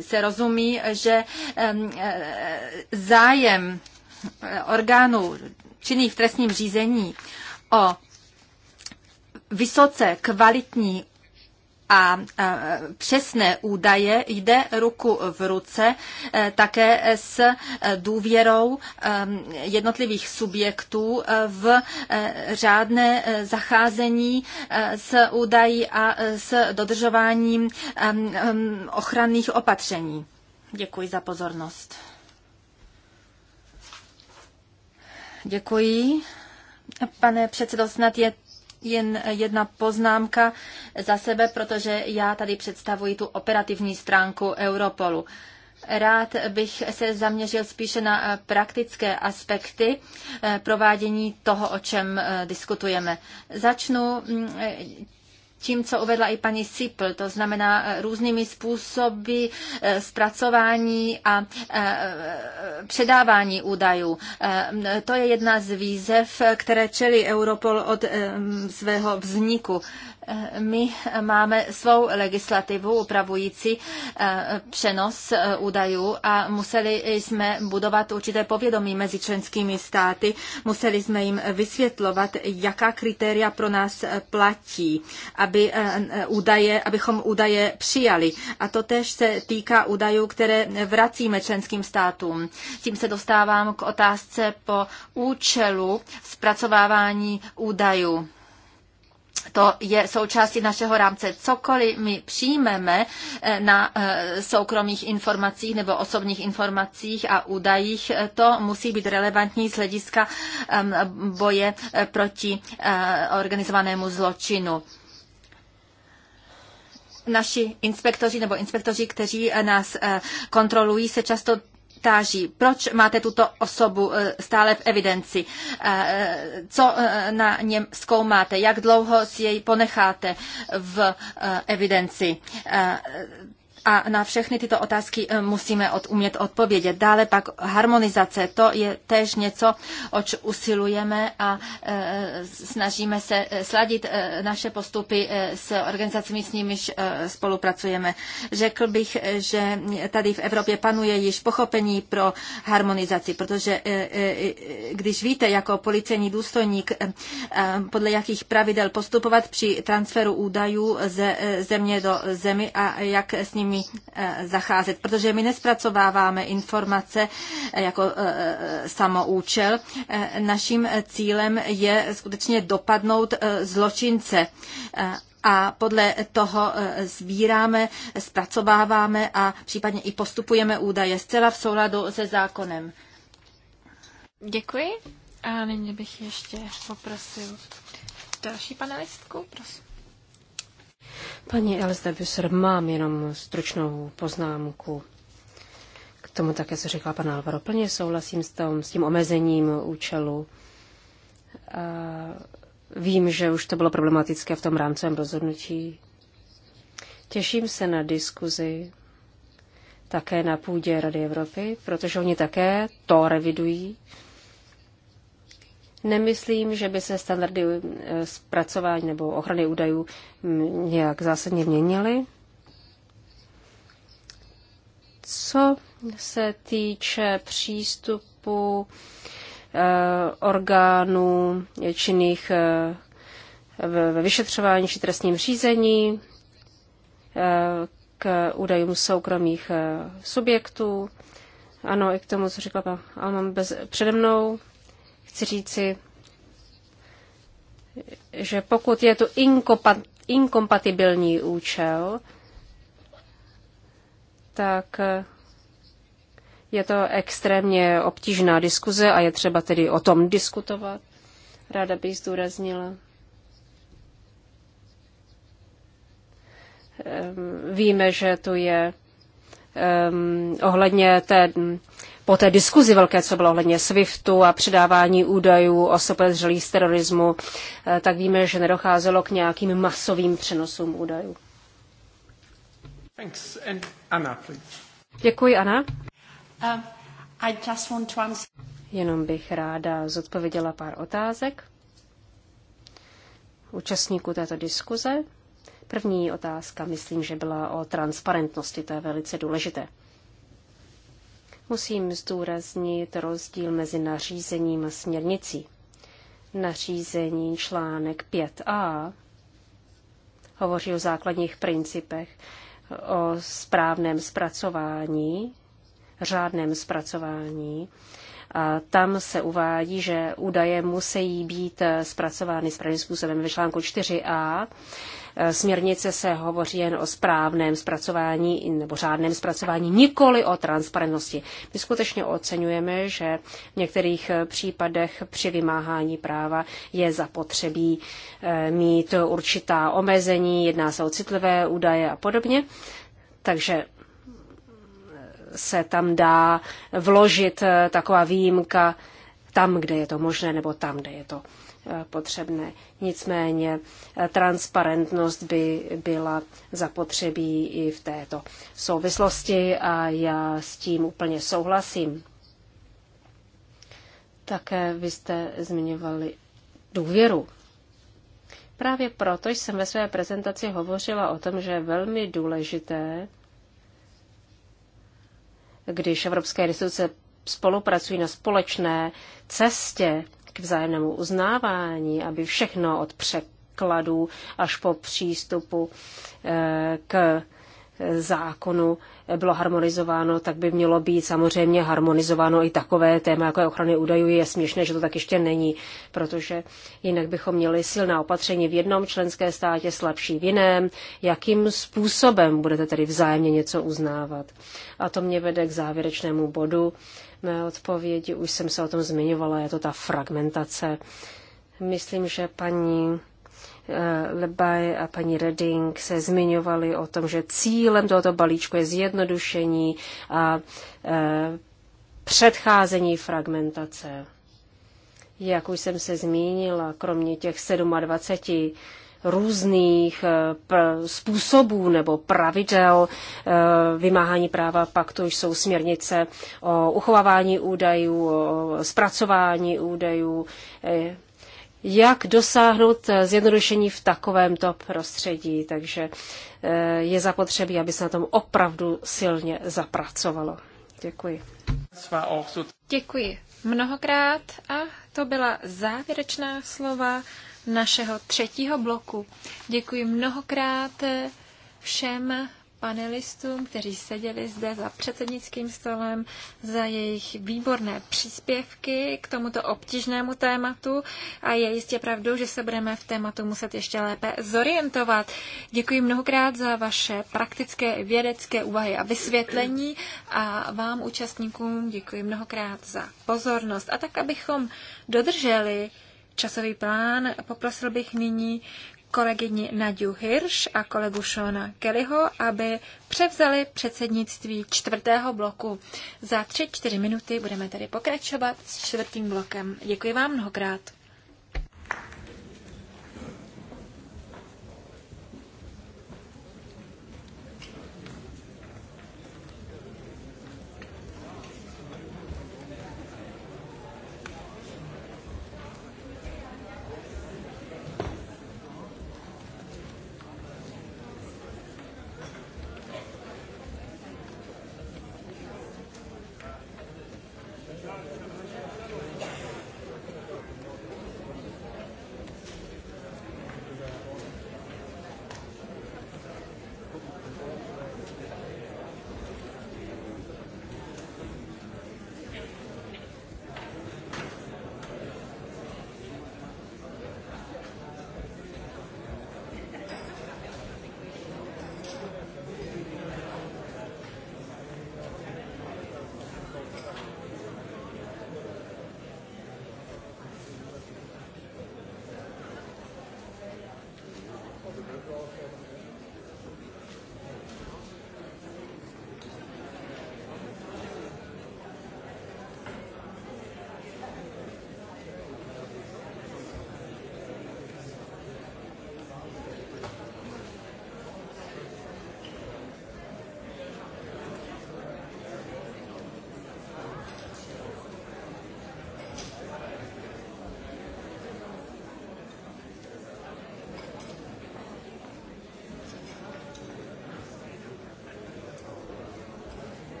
se rozumí, že e, e, zájem orgánů činných v trestním řízení o vysoce kvalitní a přesné údaje jde ruku v ruce e, také s důvěrou e, jednotlivých subjektů e, v řádné zacházení s údají a s dodržováním ochranných opatření. Děkuji za pozornost. Děkuji. Pane předsedo, snad je jen jedna poznámka za sebe, protože já tady představuji tu operativní stránku Europolu. Rád bych se zaměřil spíše na praktické aspekty eh, provádění toho, o čem eh, diskutujeme. Začnu mm, eh, tím, co uvedla i paní Sipl, to znamená eh, různými způsoby eh, zpracování a eh, předávání údajů. To je jedna z výzev, které čelí Europol od svého vzniku. Eh, my máme svou legislativu upravující eh, přenos eh, údajů a museli jsme budovat určité povědomí mezi členskými státy. Museli jsme jim vysvětlovat, jaká kritéria pro nás platí, aby údaje, abychom údaje přijali. A to tež se týká údajů, které vracíme členským státům. Tím se dostávám k otázce po účelu zpracovávání údajů to je součástí našeho rámce. Cokoliv my přijmeme eh, na eh, soukromých informacích nebo osobních informacích a údajích, eh, to musí být relevantní z hlediska boje proti organizovanému zločinu naši inspektoři nebo inspektoři, kteří nás kontrolují, se často táží, proč máte tuto osobu eh, stále v evidenci, eh, eh, co na něm zkoumáte, jak dlouho si jej ponecháte v evidenci. A na všechny tyto otázky eh, musíme od, umět odpovědět. Dále pak harmonizace, to je též něco, oč usilujeme a e, snažíme se eh, sladit e, naše postupy e, s organizacemi, s nimiž e, spolupracujeme. Řekl bych, že tady v Evropě panuje již pochopení pro harmonizaci, protože e, e, když víte jako policejní důstojník, e, podle jakých pravidel postupovat při transferu údajů ze země do zemi a jak s nimi nimi eh, zacházet, protože my nespracováváme informace eh, jako eh, samoučel. Naším cílem je skutečně dopadnout zločince a podle toho sbíráme, zpracováváme a případně i postupujeme údaje zcela v souladu se zákonem. Děkuji. A nyní bych ještě poprosil další panelistku, prosím. Paní Elzda Büsser, mám jenom stručnou poznámku. K tomu také, co řekla pan Alvaro. Plně souhlasím s, tom, s tím omezením účelu. A vím, že už to bylo problematické v tom rámcovém rozhodnutí. Těším se na diskuzi také na půdě Rady Evropy, protože oni také to revidují. Nemyslím, že by se standardy eh, zpracování nebo ochrany údajů mm, nějak zásadně měnily. Co se týče přístupu eh, orgánů činných eh, ve vyšetřování či trestním řízení k údajům soukromých subjektů. Ano, i k tomu, co říkala pan Alman bez, přede mnou chci říci, že pokud je tu inkompatibilní účel, tak je to extrémně obtížná diskuze a je třeba tedy o tom diskutovat. Ráda bych zdůraznila. Ehm, víme, že tu je um, ohledně té po té diskuzi velké, co bylo ohledně SWIFTu a předávání údajů o zřelých z terorismu, eh, tak víme, že nedocházelo k nějakým masovým přenosům údajů. Thanks. And Anna, please. Děkuji, Anna. Uh, I just want to answer... Jenom bych ráda zodpověděla pár otázek účastníků této diskuze. První otázka, myslím, že byla o transparentnosti, to je velice důležité musím zdůraznit rozdíl mezi nařízením a směrnicí. Nařízení článek 5a hovoří o základních principech, o správném zpracování, řádném zpracování. A tam se uvádí, že údaje musí být zpracovány správným způsobem ve článku 4a Eh, směrnice se hovoří jen o správném zpracování nebo řádném zpracování, nikoli o transparentnosti. My skutečně oceňujeme, že v některých eh, případech při vymáhání práva je zapotřebí eh, mít určitá omezení, jedná se o citlivé údaje a podobně. Takže se tam dá vložit taková výjimka tam, kde je to možné, nebo tam, kde je to potřebné. Nicméně eh, transparentnost by byla zapotřebí i v této souvislosti a já s tím úplně souhlasím. Také vy jste zmiňovali důvěru. Právě proto jsem ve své prezentaci hovořila o tom, že je velmi důležité, když evropské instituce spolupracují na společné cestě k vzájemnému uznávání, aby všechno od překladů až po přístupu eh, k zákonu bylo harmonizováno, tak by mělo být samozřejmě harmonizováno i takové téma, jako je ochrany údajů. Je směšné, že to tak ještě není, protože jinak bychom měli silná opatření v jednom členské státě, slabší v jiném. Jakým způsobem budete tedy vzájemně něco uznávat? A to mě vede k závěrečnému bodu, mé odpovědi. Už jsem se o tom zmiňovala, je to ta fragmentace. Myslím, že paní eh, Lebaj a paní Redding se zmiňovali o tom, že cílem tohoto balíčku je zjednodušení a eh, předcházení fragmentace. Jak už jsem se zmínila, kromě těch 27 různých eh, způsobů nebo pravidel eh, vymáhání práva, pak to už jsou směrnice o uchovávání údajů, o zpracování údajů. Eh, jak dosáhnout zjednodušení v takovémto prostředí? Takže je zapotřebí, aby se na tom opravdu silně zapracovalo. Děkuji. Děkuji mnohokrát a to byla závěrečná slova našeho třetího bloku. Děkuji mnohokrát všem panelistům, kteří seděli zde za předsednickým stolem, za jejich výborné příspěvky k tomuto obtížnému tématu a je jistě pravdou, že se budeme v tématu muset ještě lépe zorientovat. Děkuji mnohokrát za vaše praktické vědecké úvahy a vysvětlení a vám účastníkům děkuji mnohokrát za pozornost. A tak, abychom dodrželi časový plán. Poprosil bych nyní kolegyni Nadiu Hirsch a kolegu Šona Kellyho, aby převzali předsednictví čtvrtého bloku. Za tři, čtyři minuty budeme tedy pokračovat s čtvrtým blokem. Děkuji vám mnohokrát.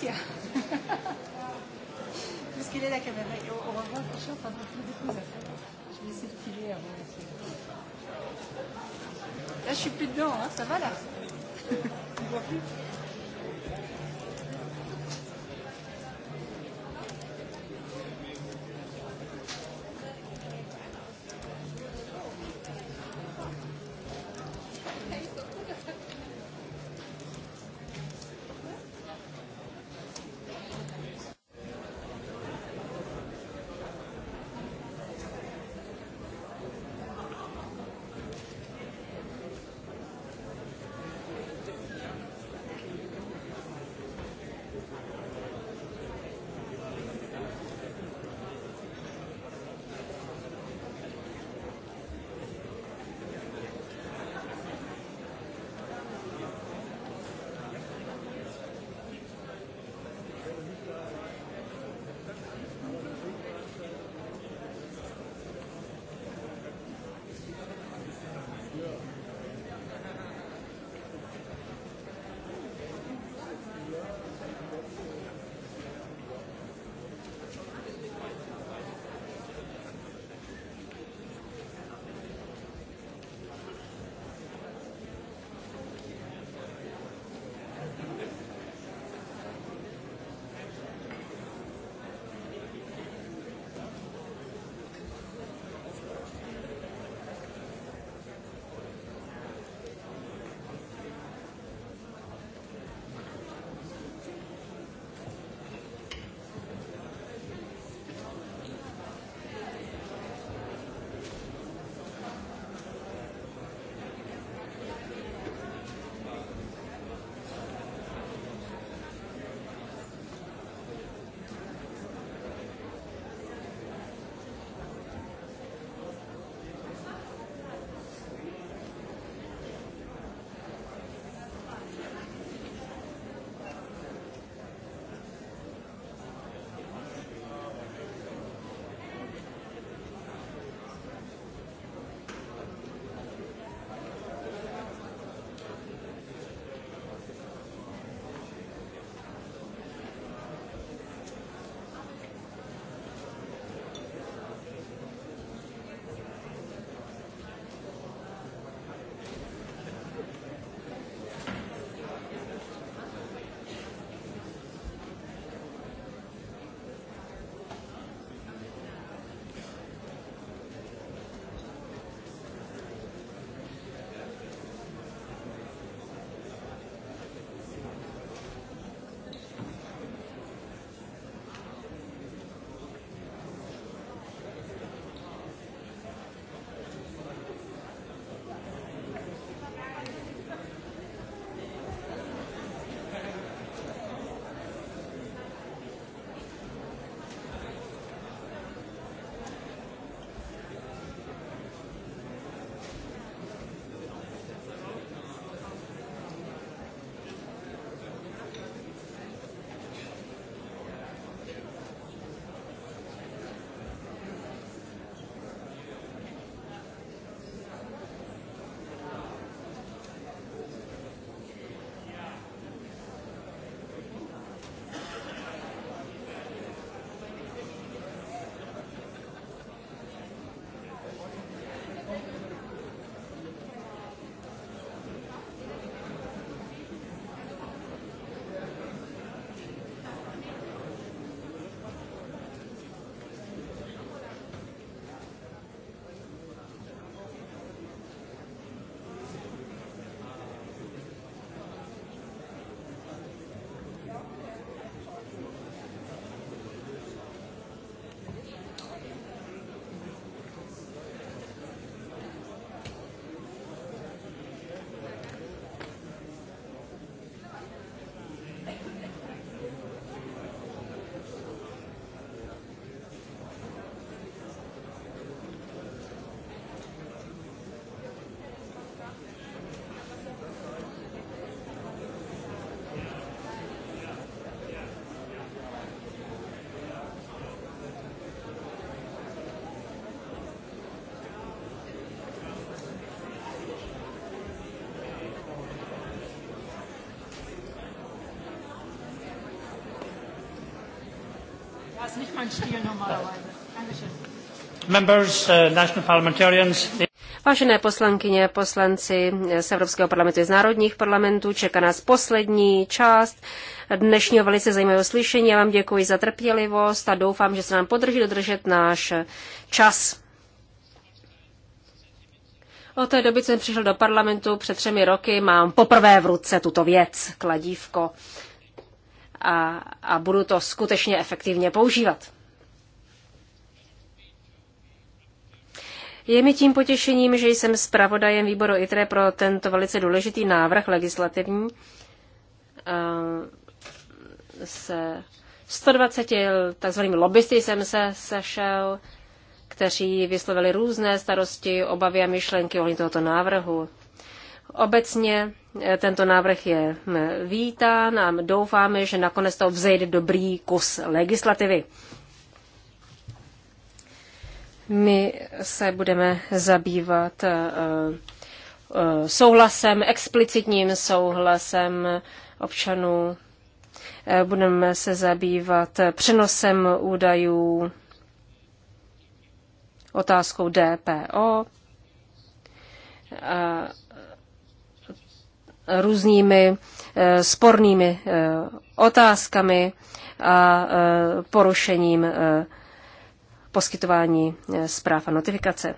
Cynthia. Puisqu'elle est la caméra, et on revoit prochain, on va plus beaucoup à faire. Je vais essayer de filer avant. Là, je suis plus dedans, hein. ça va là Tu ne vois plus nicht mein Stil normalerweise. Uh, Vážené poslankyně, poslanci z Evropského parlamentu i z národních parlamentů, čeká nás poslední část dnešního velice zajímavého slyšení. Já vám děkuji za trpělivost a doufám, že se nám podrží dodržet náš čas. Od té doby, co jsem přišel do parlamentu před třemi roky, mám poprvé v ruce tuto věc, kladívko a, a budu to skutečně efektivně používat. Je mi tím potěšením, že jsem zpravodajem výboru ITRE pro tento velice důležitý návrh legislativní eh, se 120 takzvanými lobbysty jsem se sešel, kteří vyslovili různé starosti, obavy a myšlenky ohledně tohoto návrhu. Obecně eh, tento návrh je hm, vítán a doufáme, že nakonec to vzejde dobrý kus legislativy. My se budeme zabývat eh, eh, souhlasem, explicitním souhlasem občanů. Budeme se zabývat přenosem údajů, otázkou DPO různými eh, spornými eh, otázkami a eh, porušením poskytování zpráv a notifikace.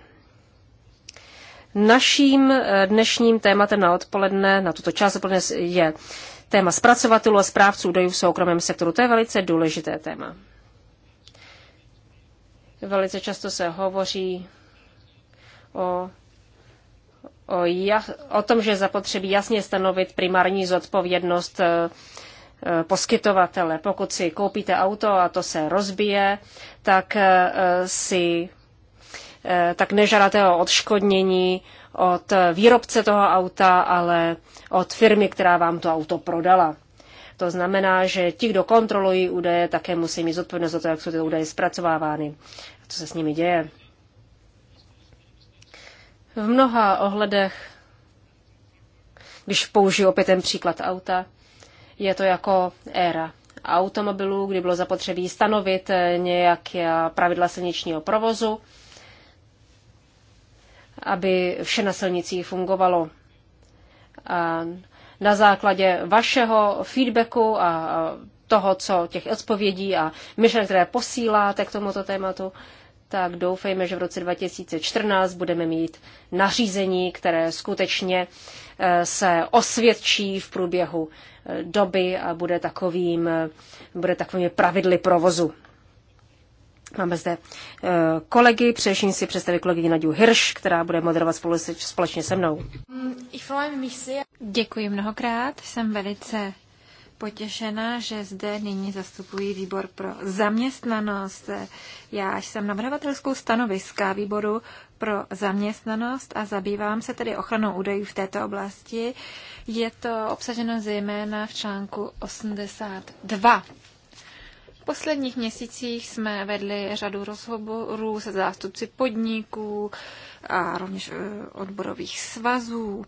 Naším dnešním tématem na odpoledne, na tuto část odpoledne je téma zpracovatelů a zprávců údajů v soukromém sektoru. To je velice důležité téma. Velice často se hovoří o o, o tom, že zapotřebí jasně stanovit primární zodpovědnost eh, eh, poskytovatele. Pokud si koupíte auto a to se rozbije, tak eh, si tak nežádáte o odškodnění od výrobce toho auta, ale od firmy, která vám to auto prodala. To znamená, že ti, kdo kontrolují údaje, také musí mít zodpovědnost za to, jak jsou ty údaje zpracovávány, co se s nimi děje. V mnoha ohledech, když použiju opět ten příklad auta, je to jako éra automobilů, kdy bylo zapotřebí stanovit eh, nějaké pravidla silničního provozu, aby vše na silnicích fungovalo. A na základě vašeho feedbacku a toho, co těch odpovědí a myšlenek, které posíláte k tomuto tématu, tak doufejme, že v roce 2014 budeme mít nařízení, které skutečně eh, se osvědčí v průběhu eh, doby a bude takovým, eh, bude takovým pravidly provozu. Máme zde kolegy, především si představit kolegyni Nadiu Hirš, která bude moderovat společně se mnou. Mm, Děkuji mnohokrát, jsem velice potěšena, že zde nyní zastupují výbor pro zaměstnanost. Já jsem navrhovatelskou stanoviska výboru pro zaměstnanost a zabývám se tedy ochranou údajů v této oblasti. Je to obsaženo zejména v článku 82. V posledních měsících jsme vedli řadu rozhovorů se zástupci podniků a rovněž eh, odborových svazů.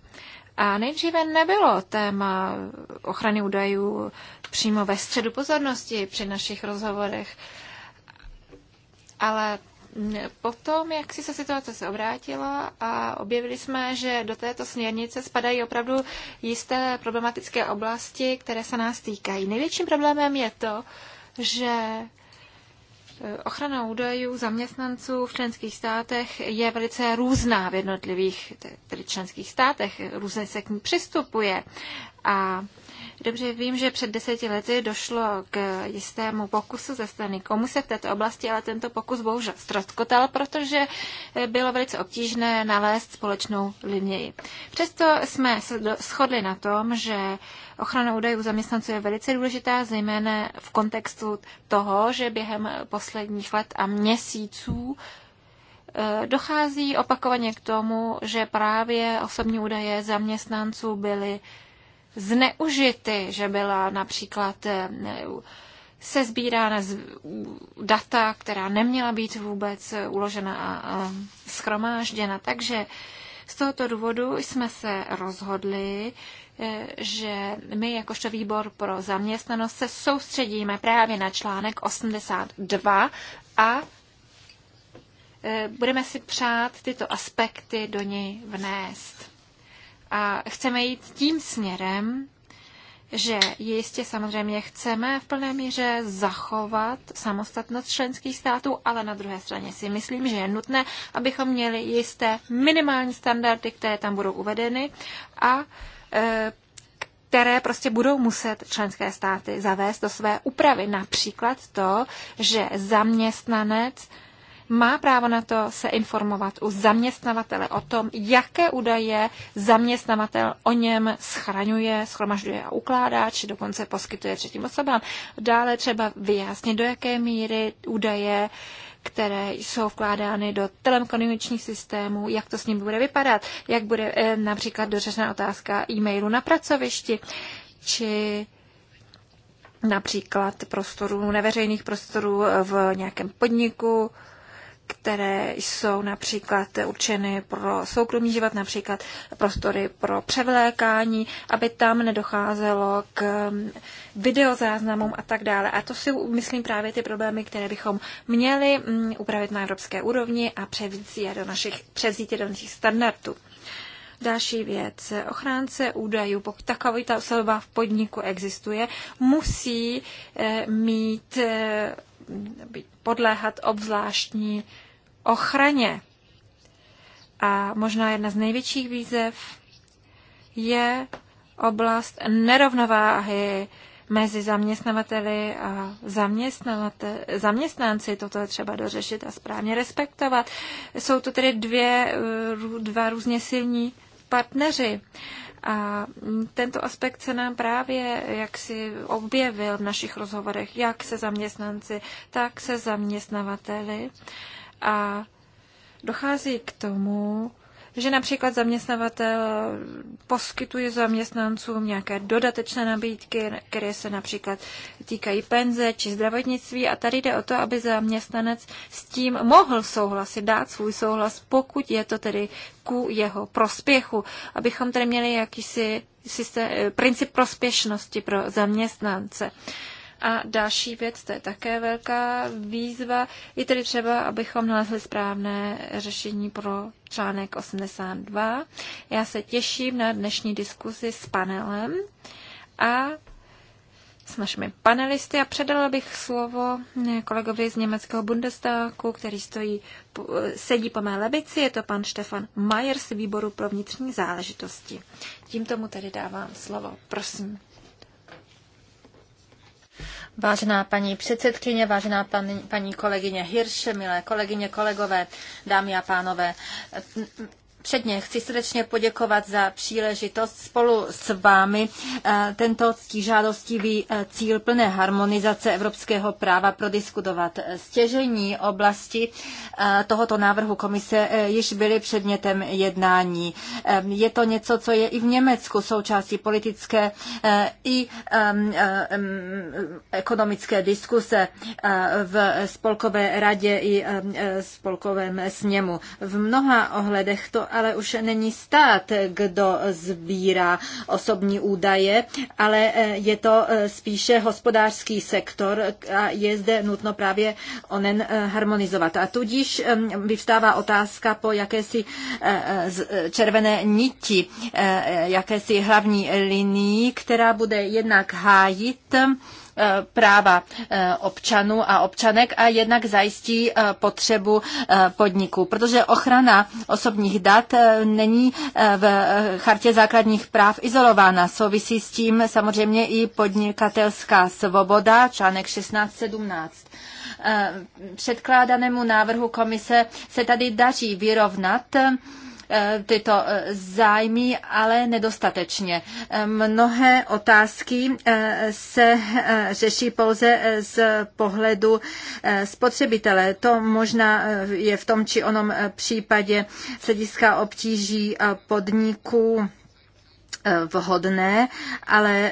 A nejdříve nebylo téma ochrany údajů přímo ve středu pozornosti při našich rozhovorech. Ale Potom, jak si se situace se obrátila a objevili jsme, že do této směrnice spadají opravdu jisté problematické oblasti, které se nás týkají. Největším problémem je to, že Ochrana údajů zaměstnanců v členských státech je velice různá v jednotlivých tedy členských státech, různě se k ní přistupuje a Dobře, vím, že před deseti lety došlo k jistému pokusu ze strany komise v této oblasti, ale tento pokus bohužel ztroskotal, protože eh, bylo velice obtížné nalézt společnou linii. Přesto jsme se shodli na tom, že ochrana údajů zaměstnanců je velice důležitá, zejména v kontextu toho, že během posledních let a měsíců eh, dochází opakovaně k tomu, že právě osobní údaje zaměstnanců byly zneužity, že byla například eh, se sbírána data, která neměla být vůbec eh, uložena a schromážděna. Takže z tohoto důvodu jsme se rozhodli, eh, že my jakožto výbor pro zaměstnanost se soustředíme právě na článek 82 a budeme si přát tyto aspekty do něj vnést. A chceme jít tím směrem, že jistě samozřejmě chceme v plné míře zachovat samostatnost členských států, ale na druhé straně si myslím, že je nutné, abychom měli jisté minimální standardy, které tam budou uvedeny a e, které prostě budou muset členské státy zavést do své úpravy. Například to, že zaměstnanec má právo na to se informovat u zaměstnavatele o tom, jaké údaje zaměstnavatel o něm schraňuje, schromažďuje a ukládá, či dokonce poskytuje třetím osobám. Dále třeba vyjasnit, do jaké míry údaje které jsou vkládány do telekomunikačních systémů, jak to s ním bude vypadat, jak bude eh, například dořešena otázka e-mailu na pracovišti, či například prostorů, neveřejných prostorů v nějakém podniku, které jsou například určeny pro soukromý život, například prostory pro převlékání, aby tam nedocházelo k um, videozáznamům a tak dále. A to si myslím právě ty problémy, které bychom měli um, upravit na evropské úrovni a převzít je do našich, standardů. Další věc. Ochránce údajů, pokud takový ta osoba v podniku existuje, musí eh, mít eh, být podléhat obzvláštní ochraně. A možná jedna z největších výzev je oblast nerovnováhy mezi zaměstnavateli a zaměstnanci. Toto je třeba dořešit a správně respektovat. Jsou to tedy dvě, eh, dva různě silní partneři. A mm, tento aspekt se nám právě jak si objevil v našich rozhovorech, jak se zaměstnanci, tak se zaměstnavateli. A dochází k tomu, že například zaměstnavatel eh, poskytuje zaměstnancům nějaké dodatečné nabídky, které se například týkají penze či zdravotnictví a tady jde o to, aby zaměstnanec s tím mohl souhlasit, dát svůj souhlas, pokud je to tedy ku jeho prospěchu, abychom tady měli jakýsi systém, eh, princip prospěšnosti pro zaměstnance. Uh, a další věc, to je také velká výzva, je tedy třeba, abychom nalezli správné řešení pro článek 82. Já se těším na dnešní diskuzi s panelem a s našimi panelisty a předala bych slovo kolegovi z německého Bundestagu, který stojí, sedí po mé levici, je to pan Stefan Mayer z výboru pro vnitřní záležitosti. Tímto mu tedy dávám slovo. Prosím. Vážená paní předsedkyně, vážená paní, paní kolegyně Hirš, milé kolegyně, kolegové, dámy a pánové, Předně chci srdečně poděkovat za příležitost spolu s vámi eh, tento ctižádostivý eh, cíl plné harmonizace evropského práva prodiskutovat. Stěžení oblasti eh, tohoto návrhu komise již byly předmětem jednání. Je to něco, co je i v Německu součástí politické i ehm, ehm, ekonomické diskuse v spolkové radě i ehm, spolkovém sněmu. V mnoha ohledech to ale už není stát, kdo sbírá osobní údaje, ale eh, je to eh, spíše hospodářský sektor a je zde nutno právě onen eh, harmonizovat. A tudíž ehm, vyvstává otázka po jakési červené niti, jakési hlavní linii, která bude jednak hájit Eh, práva eh, občanů a občanek a jednak zajistí eh, potřebu podniků, protože ochrana osobních dat není v chartě základních práv izolována. Souvisí s tím samozřejmě i podnikatelská svoboda, článek 16.17 předkládanému návrhu komise se tady daří vyrovnat Eh, tyto eh, zájmy, ale nedostatečně. Eh, mnohé otázky se řeší pouze z pohledu spotřebitele. To možná je v tom či onom případě sediska hlediska obtíží podniků vhodné, ale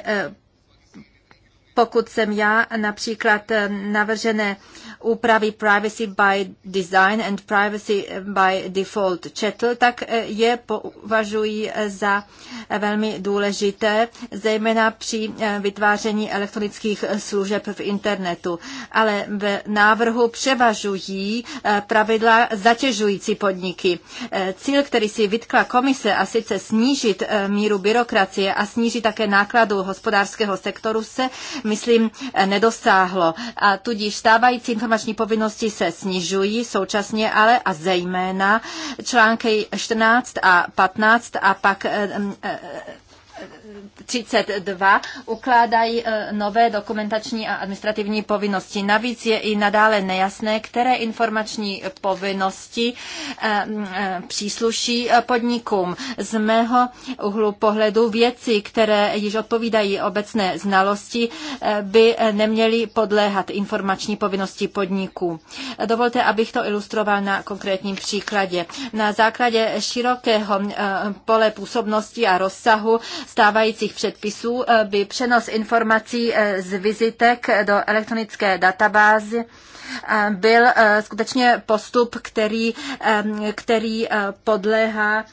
pokud jsem já například eh, navržené úpravy Privacy by Design and Privacy eh, by Default četl, tak eh, je považuji za velmi důležité, zejména při vytváření elektronických služeb v internetu. Ale v návrhu převažují pravidla zatěžující podniky. Cíl, který si vytkla komise, a sice snížit míru byrokracie a snížit také nákladu hospodářského sektoru, se myslím, nedosáhlo. A tudíž stávající informační povinnosti se snižují současně ale a zejména články 14 a 15 a pak eh, eh, 32 ukládají eh, nové dokumentační a administrativní povinnosti. Navíc je i nadále nejasné, které informační povinnosti eh, mm, eh, přísluší podnikům. Z mého uhlu pohledu věci, které již odpovídají obecné znalosti, by neměly podléhat informační povinnosti podniků. Dovolte, abych to ilustroval na konkrétním příkladě. Na základě širokého pole působnosti a rozsahu stávají stávajících předpisů eh, by přenos informací eh, z vizitek do elektronické databázy byl eh, skutečně postup, který, eh, který eh, podléhá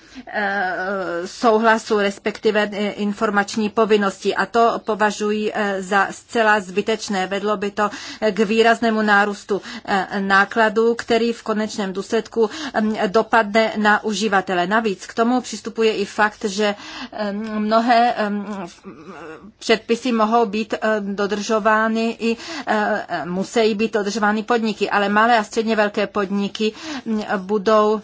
souhlasu, respektive informační povinnosti. A to považuji za zcela zbytečné. Vedlo by to k výraznému nárůstu nákladů, který v konečném důsledku dopadne na uživatele. Navíc k tomu přistupuje i fakt, že mnohé předpisy mohou být dodržovány i musí být dodržovány střední podniky, ale malé a středně velké podniky budou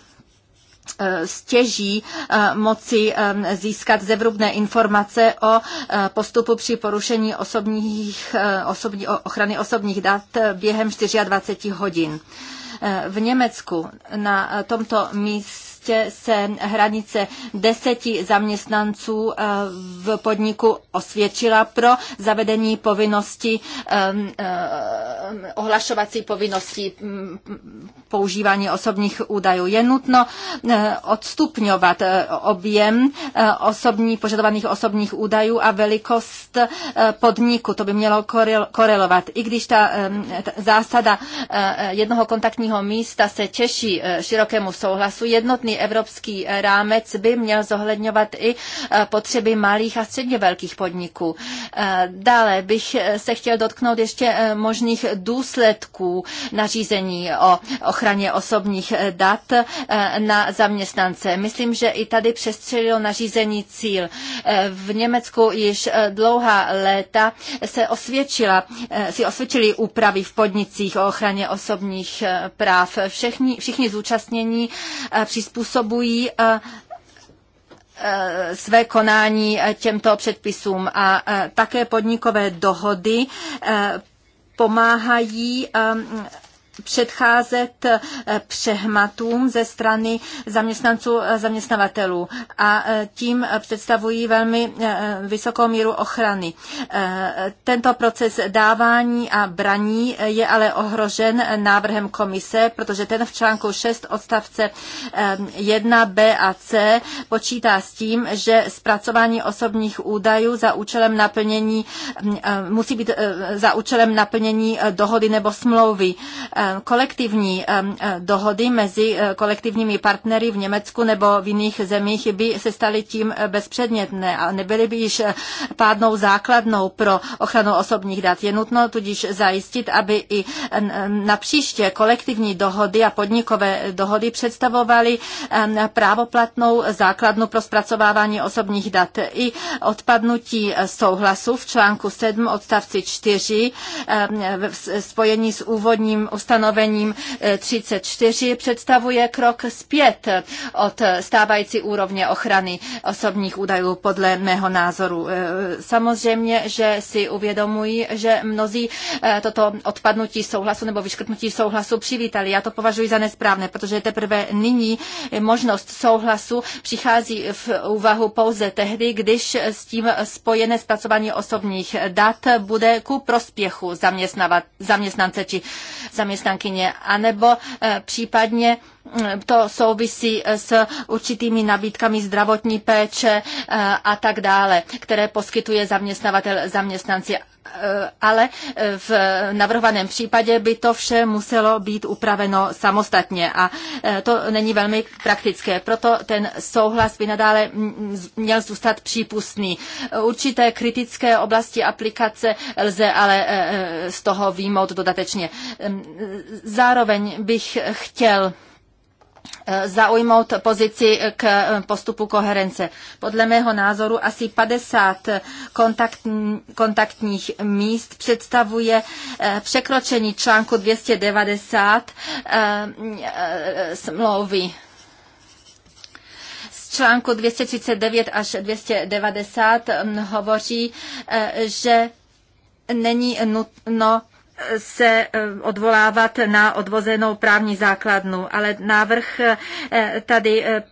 eh, stěží eh, moci eh, získat zevrubné informace o postupu při porušení osobních, osobní, ochrany osobních dat během 24 hodin. V Německu na tomto místě místě se hranice deseti zaměstnanců eh, v podniku osvědčila pro zavedení povinnosti, eh, ohlašovací povinnosti mm, používání osobních údajů. Je nutno eh, odstupňovat objem osobní, požadovaných osobních údajů a velikost podniku. To by mělo korelovat. I když ta zásada jednoho kontaktního místa se těší širokému souhlasu, jednotný evropský rámec by měl zohledňovat i eh, potřeby malých a středně velkých podniků. Eh, dále bych eh, se chtěl dotknout ještě možných důsledků nařízení o ochraně osobních dat na zaměstnance. Myslím, že i tady přestřelilo nařízení cíl. V Německu již dlouhá léta se osvědčila, si osvědčili úpravy v podnicích o ochraně osobních práv. Všichni, všichni zúčastnění přispívají přizpůsobují eh, eh, své konání eh, těmto předpisům a také podnikové dohody pomáhají předcházet eh, přehmatům ze strany zaměstnanců eh, zaměstnavatelů a eh, tím představují velmi vysokou míru ochrany. Tento proces dávání a braní je ale ohrožen návrhem komise, protože ten v článku 6 odstavce 1b a c počítá s tím, že zpracování osobních údajů za účelem naplnění musí být za účelem naplnění dohody nebo smlouvy Eh, kolektivní eh, eh, dohody mezi kolektivními partnery v Německu nebo v jiných zemích by se staly tím bezpředmětné a nebyly by již pádnou základnou pro ochranu osobních dat. Je nutno tudíž zajistit, aby i na příště kolektivní dohody a podnikové dohody představovaly právoplatnou základnu pro zpracovávání osobních dat. I odpadnutí souhlasu v článku 7 odstavci 4 v spojení s úvodním ustanovením ustanovením 34 eh, představuje krok zpět od stávající úrovně ochrany osobních údajů podle mého názoru. Eh, samozřejmě, že si uvědomují, že mnozí eh, toto odpadnutí souhlasu nebo vyškrtnutí souhlasu přivítali. Já to považuji za nesprávné, protože teprve nyní možnost souhlasu přichází v úvahu pouze tehdy, když s tím spojené zpracování osobních dat bude ku prospěchu zaměstnance či zaměstnance zaměstnankyně, anebo eh, případně mm, to souvisí eh, s určitými nabídkami zdravotní péče eh, a tak dále, které poskytuje zaměstnavatel zaměstnanci. Eh, ale eh, v navrhovaném případě by to vše muselo být upraveno samostatně a eh, to není velmi praktické. Proto ten souhlas by nadále mm, měl zůstat přípustný. Určité kritické oblasti aplikace lze ale z toho výmout dodatečně. Ehm, zároveň bych chtěl Eh, zaujmout pozici k eh, postupu koherence. Podle mého názoru asi 50 eh, kontakt, kontaktních míst představuje překročení článku 290 smlouvy článku 239 až 290 hm, hovoří, že není nutno se eh, odvolávat na odvozenou právní základnu, ale návrh eh, tady eh,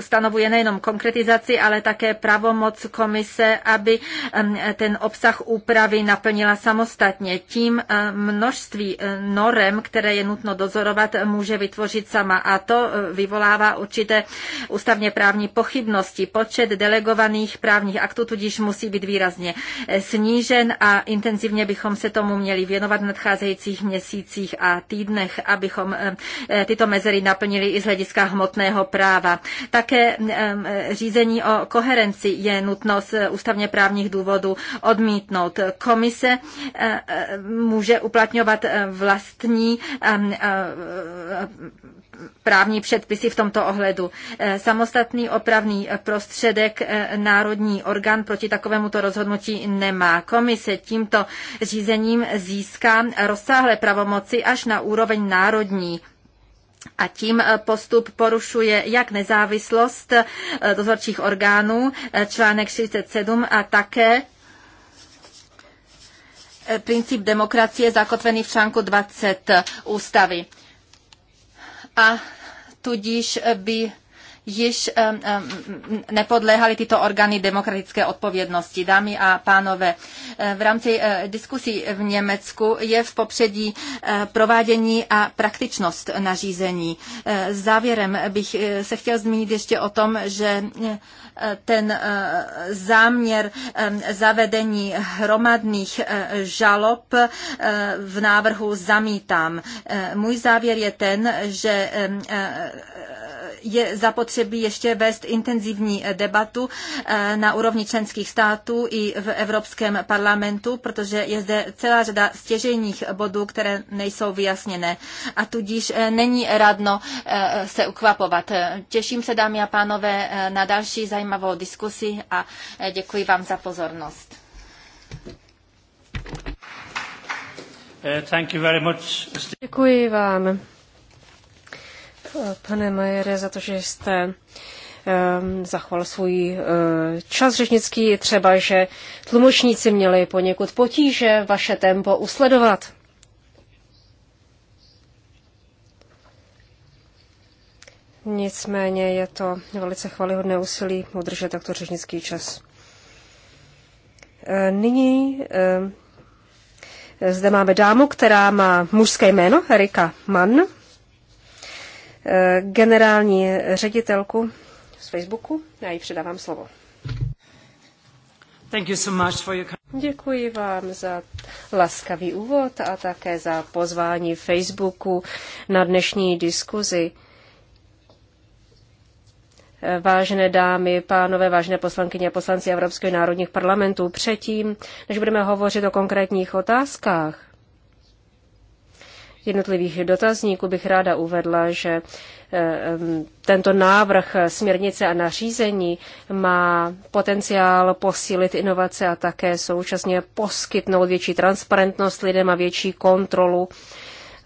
stanovuje nejenom konkretizaci, ale také pravomoc komise, aby ehm, ten obsah úpravy naplnila samostatně. Tím množství norem, které je nutno dozorovat, může vytvořit sama a to vyvolává určité ústavně právní pochybnosti. Počet delegovaných právních aktů tudíž musí být výrazně snížen a intenzivně bychom se tomu měli věnovat pracovat v nadcházejících měsících a týdnech, abychom eh, tyto mezery naplnili i z hlediska hmotného práva. Také eh, řízení o koherenci je nutno z ústavně právních důvodů odmítnout. Komise eh, může uplatňovat vlastní právní předpisy v tomto ohledu. Eh, samostatný opravný prostředek eh, národní orgán proti takovémuto rozhodnutí nemá. Komise tímto řízením získá rozsáhlé pravomoci až na úroveň národní a tím eh, postup porušuje jak nezávislost dozorčích orgánů, článek 67 a také princip demokracie zakotvený v článku 20 ústavy a tudíž by již eh, eh, nepodléhaly tyto orgány demokratické odpovědnosti. Dámy a pánové, eh, v rámci diskusí v Německu je v popředí provádění a praktičnost nařízení. Závěrem bych se chtěl zmínit ještě o tom, že ten záměr zavedení hromadných žalob v návrhu zamítám. Můj závěr je ten, že je zapotřebí zapotřebí ještě vést intenzivní eh, debatu eh, na úrovni členských států i v Evropském parlamentu, protože je zde celá řada stěžejních bodů, které nejsou vyjasněné a tudíž eh, není radno se ukvapovat. Těším se, dámy a pánové, na další zajímavou diskusi a děkuji vám za pozornost. Děkuji vám pane Majere, za to, že jste ehm, zachoval svůj eh, čas řečnický, třeba, že tlumočníci měli poněkud potíže vaše tempo usledovat. Nicméně je to velice chvalihodné úsilí udržet takto řečnický čas. Eh, nyní ehm, zde máme dámu, která má mužské jméno, Erika Mann. Eh, generální ředitelku z Facebooku. Já jí předávám slovo. Thank you so much for your... Děkuji vám za laskavý úvod a také za pozvání Facebooku na dnešní diskuzi. Eh, vážené dámy, pánové, vážené poslankyně a poslanci Evropského národních parlamentů, předtím, než budeme hovořit o konkrétních otázkách, jednotlivých dotazníků bych ráda uvedla, že eh, tento návrh směrnice a nařízení má potenciál posílit inovace a také současně poskytnout větší transparentnost lidem a větší kontrolu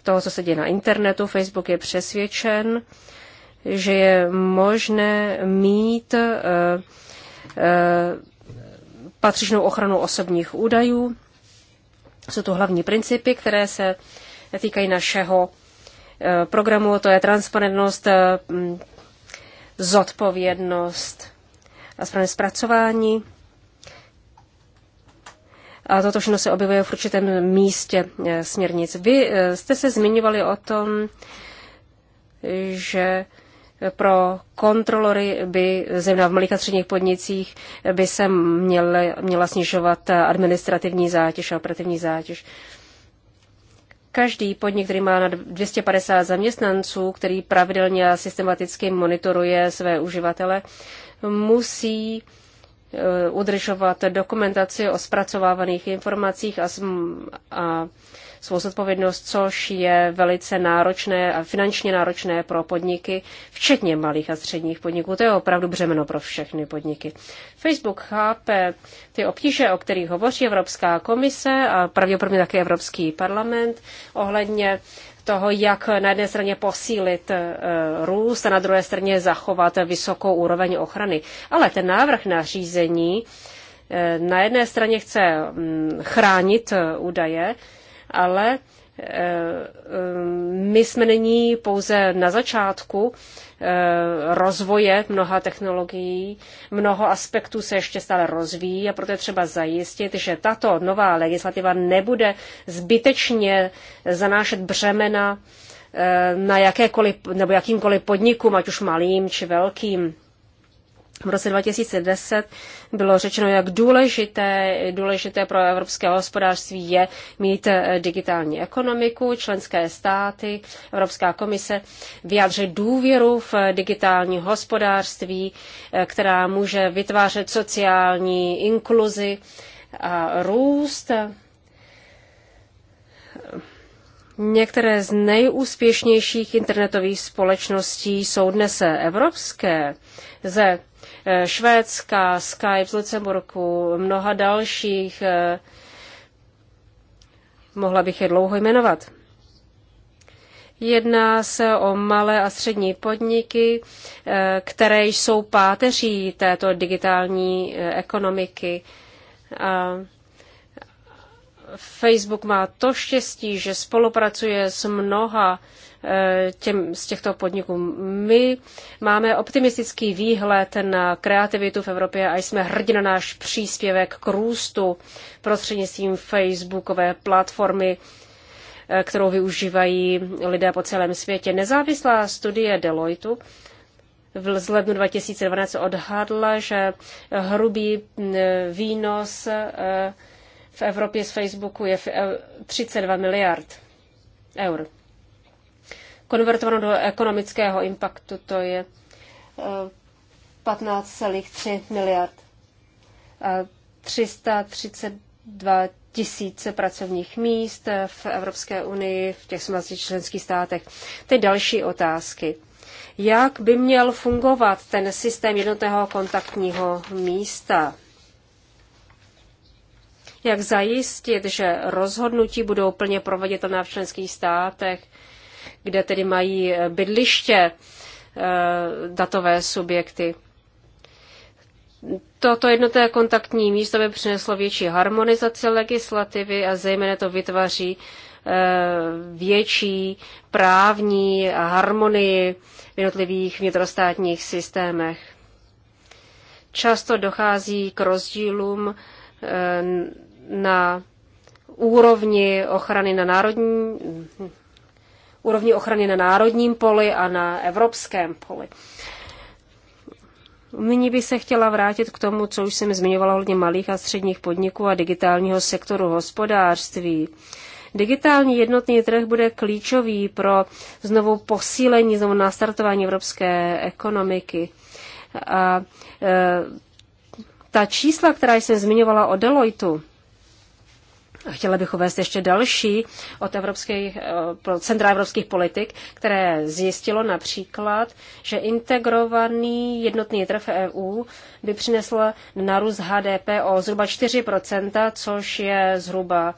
toho, co se děje na internetu. Facebook je přesvědčen, že je možné mít eh, eh, patřičnou ochranu osobních údajů. Jsou to hlavní principy, které se týkají našeho eh, programu, to je transparentnost, eh, zodpovědnost a správné zpracování. A toto všechno se objevuje v určitém místě eh, směrnic. Vy jste se zmiňovali o tom, že pro kontrolory by, zejména v malých a středních podnicích, by se měla, měla snižovat administrativní zátěž a operativní zátěž. Uh, Každý podnik, který má na 250 zaměstnanců, který pravidelně a systematicky monitoruje své uživatele, musí eh, udržovat dokumentaci o zpracovávaných informacích a, a svou zodpovědnost, což je velice náročné a finančně náročné pro podniky, včetně malých a středních podniků. To je opravdu břemeno pro všechny podniky. Facebook chápe ty obtíže, o kterých hovoří Evropská komise a pravděpodobně také Evropský parlament ohledně toho, jak na jedné straně posílit eh, růst a na druhé straně zachovat vysokou úroveň ochrany. Ale ten návrh na řízení eh, na jedné straně chce mm, chránit eh, údaje, ale eh, my jsme nyní pouze na začátku eh, rozvoje mnoha technologií, mnoho aspektů se ještě stále rozvíjí a proto je třeba zajistit, že tato nová legislativa nebude zbytečně zanášet břemena eh, na jakékoliv, nebo jakýmkoliv podnikům, ať už malým či velkým v roce 2010 bylo řečeno, jak důležité, důležité pro evropské hospodářství je mít eh, digitální ekonomiku. Členské státy, Evropská komise vyjádřit důvěru v digitální hospodářství, eh, která může vytvářet sociální inkluzi a růst. Některé z nejúspěšnějších internetových společností jsou dnes eh, evropské. Ze Eh, Švédska, Skype z Lucemburku, mnoha dalších. Eh, mohla bych je dlouho jmenovat. Jedná se o malé a střední podniky, eh, které jsou páteří této digitální ekonomiky. A Facebook má to štěstí, že spolupracuje s mnoha Eh, těm, z těchto podniků. My máme optimistický výhled na kreativitu v Evropě a jsme hrdí na náš příspěvek k růstu prostřednictvím facebookové platformy, eh, kterou využívají lidé po celém světě. Nezávislá studie Deloitu v lednu 2012 odhadla, že hrubý mm, výnos eh, v Evropě z Facebooku je 32 miliard eur konvertováno do ekonomického impaktu. To je 15,3 eh, miliard. 332 eh, tisíce pracovních míst eh, v Evropské unii, v těch 17 členských státech. Teď další otázky. Jak by měl fungovat ten systém jednotného kontaktního místa? Jak zajistit, že rozhodnutí budou plně proveditelná v členských státech? kde tedy mají eh, bydliště eh, datové subjekty. Toto jednoté kontaktní místo by přineslo větší harmonizaci legislativy a zejména to vytváří eh, větší právní harmonii v jednotlivých vnitrostátních systémech. Často dochází k rozdílům na úrovni ochrany na národní, úrovni ochrany na národním poli a na evropském poli. Nyní bych se chtěla vrátit k tomu, co už jsem zmiňovala hodně malých a středních podniků a digitálního sektoru hospodářství. Digitální jednotný trh bude klíčový pro znovu posílení, znovu nastartování evropské ekonomiky. A, e, ta čísla, která jsem zmiňovala o Deloitu, Chtěla bych uvést ještě další od evropských, eh, centra evropských politik, které zjistilo například, že integrovaný jednotný trh EU by přinesl narůst HDP o zhruba 4%, což je zhruba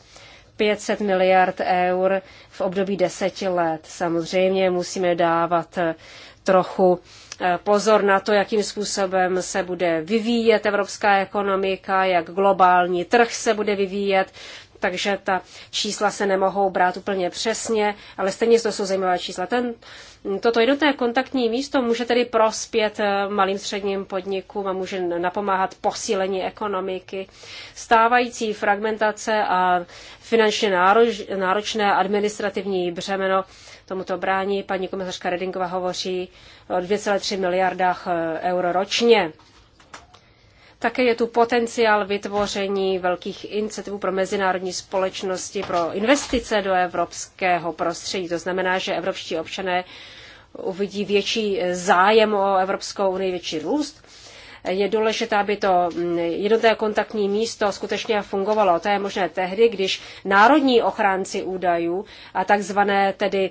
500 miliard eur v období deseti let. Samozřejmě musíme dávat eh, trochu eh, pozor na to, jakým způsobem se bude vyvíjet evropská ekonomika, jak globální trh se bude vyvíjet, takže ta čísla se nemohou brát úplně přesně, ale stejně to jsou zajímavá čísla. Ten, toto jednotné kontaktní místo může tedy prospět eh, malým středním podnikům a může napomáhat posílení ekonomiky. Stávající fragmentace a finančně náročné administrativní břemeno tomuto brání. Paní komisařka Redingová hovoří o 2,3 miliardách eh, euro ročně. Také je tu potenciál vytvoření velkých iniciativ pro mezinárodní společnosti, pro investice do evropského prostředí. To znamená, že evropští občané uvidí větší zájem o Evropskou unii, větší růst. Je důležité, aby to mm, jednotné kontaktní místo skutečně fungovalo. To je možné tehdy, když národní ochránci údajů a takzvané tedy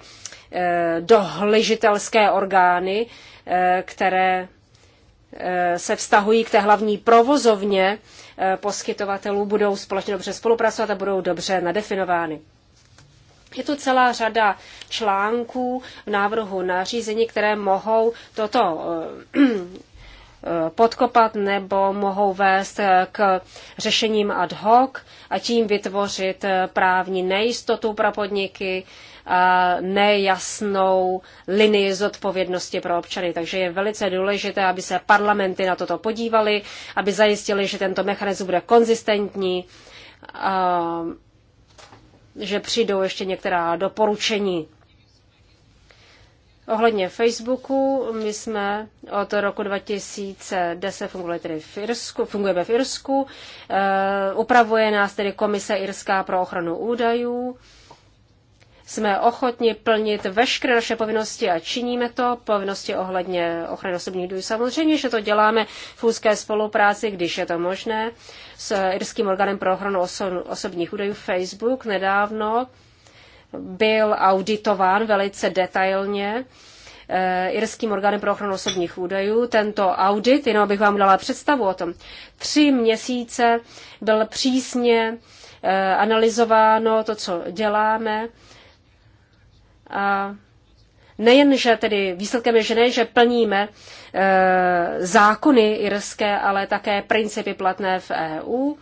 eh, dohležitelské orgány, eh, které Eh, se vztahují k té hlavní provozovně eh, poskytovatelů, budou společně dobře spolupracovat a budou dobře nadefinovány. Je tu celá řada článků v návrhu nařízení, které mohou toto eh, podkopat nebo mohou vést k řešením ad hoc a tím vytvořit právní nejistotu pro podniky, nejasnou linii zodpovědnosti pro občany. Takže je velice důležité, aby se parlamenty na toto podívali, aby zajistili, že tento mechanismus bude konzistentní, že přijdou ještě některá doporučení. Ohledně Facebooku, my jsme od roku 2010 fungovali tedy v Irsku, fungujeme v Irsku. Uh, upravuje nás tedy Komise Irská pro ochranu údajů jsme ochotni plnit veškeré naše povinnosti a činíme to, povinnosti ohledně ochrany osobních údajů. Samozřejmě, že to děláme v úzké spolupráci, když je to možné, s irským orgánem pro ochranu oso- osobních údajů Facebook nedávno byl auditován velice detailně eh, irským orgánem pro ochranu osobních údajů. Tento audit, jenom abych vám dala představu o tom, tři měsíce byl přísně eh, analyzováno to, co děláme nejen, že tedy výsledkem je, že ne, že plníme e, zákony irské, ale také principy platné v EU. E,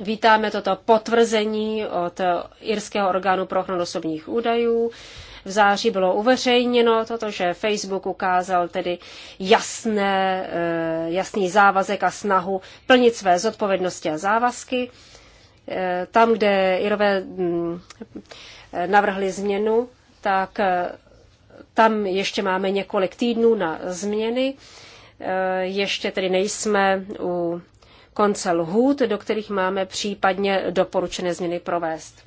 vítáme toto potvrzení od irského orgánu pro ochranu osobních údajů. V září bylo uveřejněno toto, že Facebook ukázal tedy jasné, e, jasný závazek a snahu plnit své zodpovědnosti a závazky. Eh, tam, kde Irové mm, navrhli změnu, tak eh, tam ještě máme několik týdnů na změny. Eh, ještě tedy nejsme u konce lhůt, do kterých máme případně doporučené změny provést.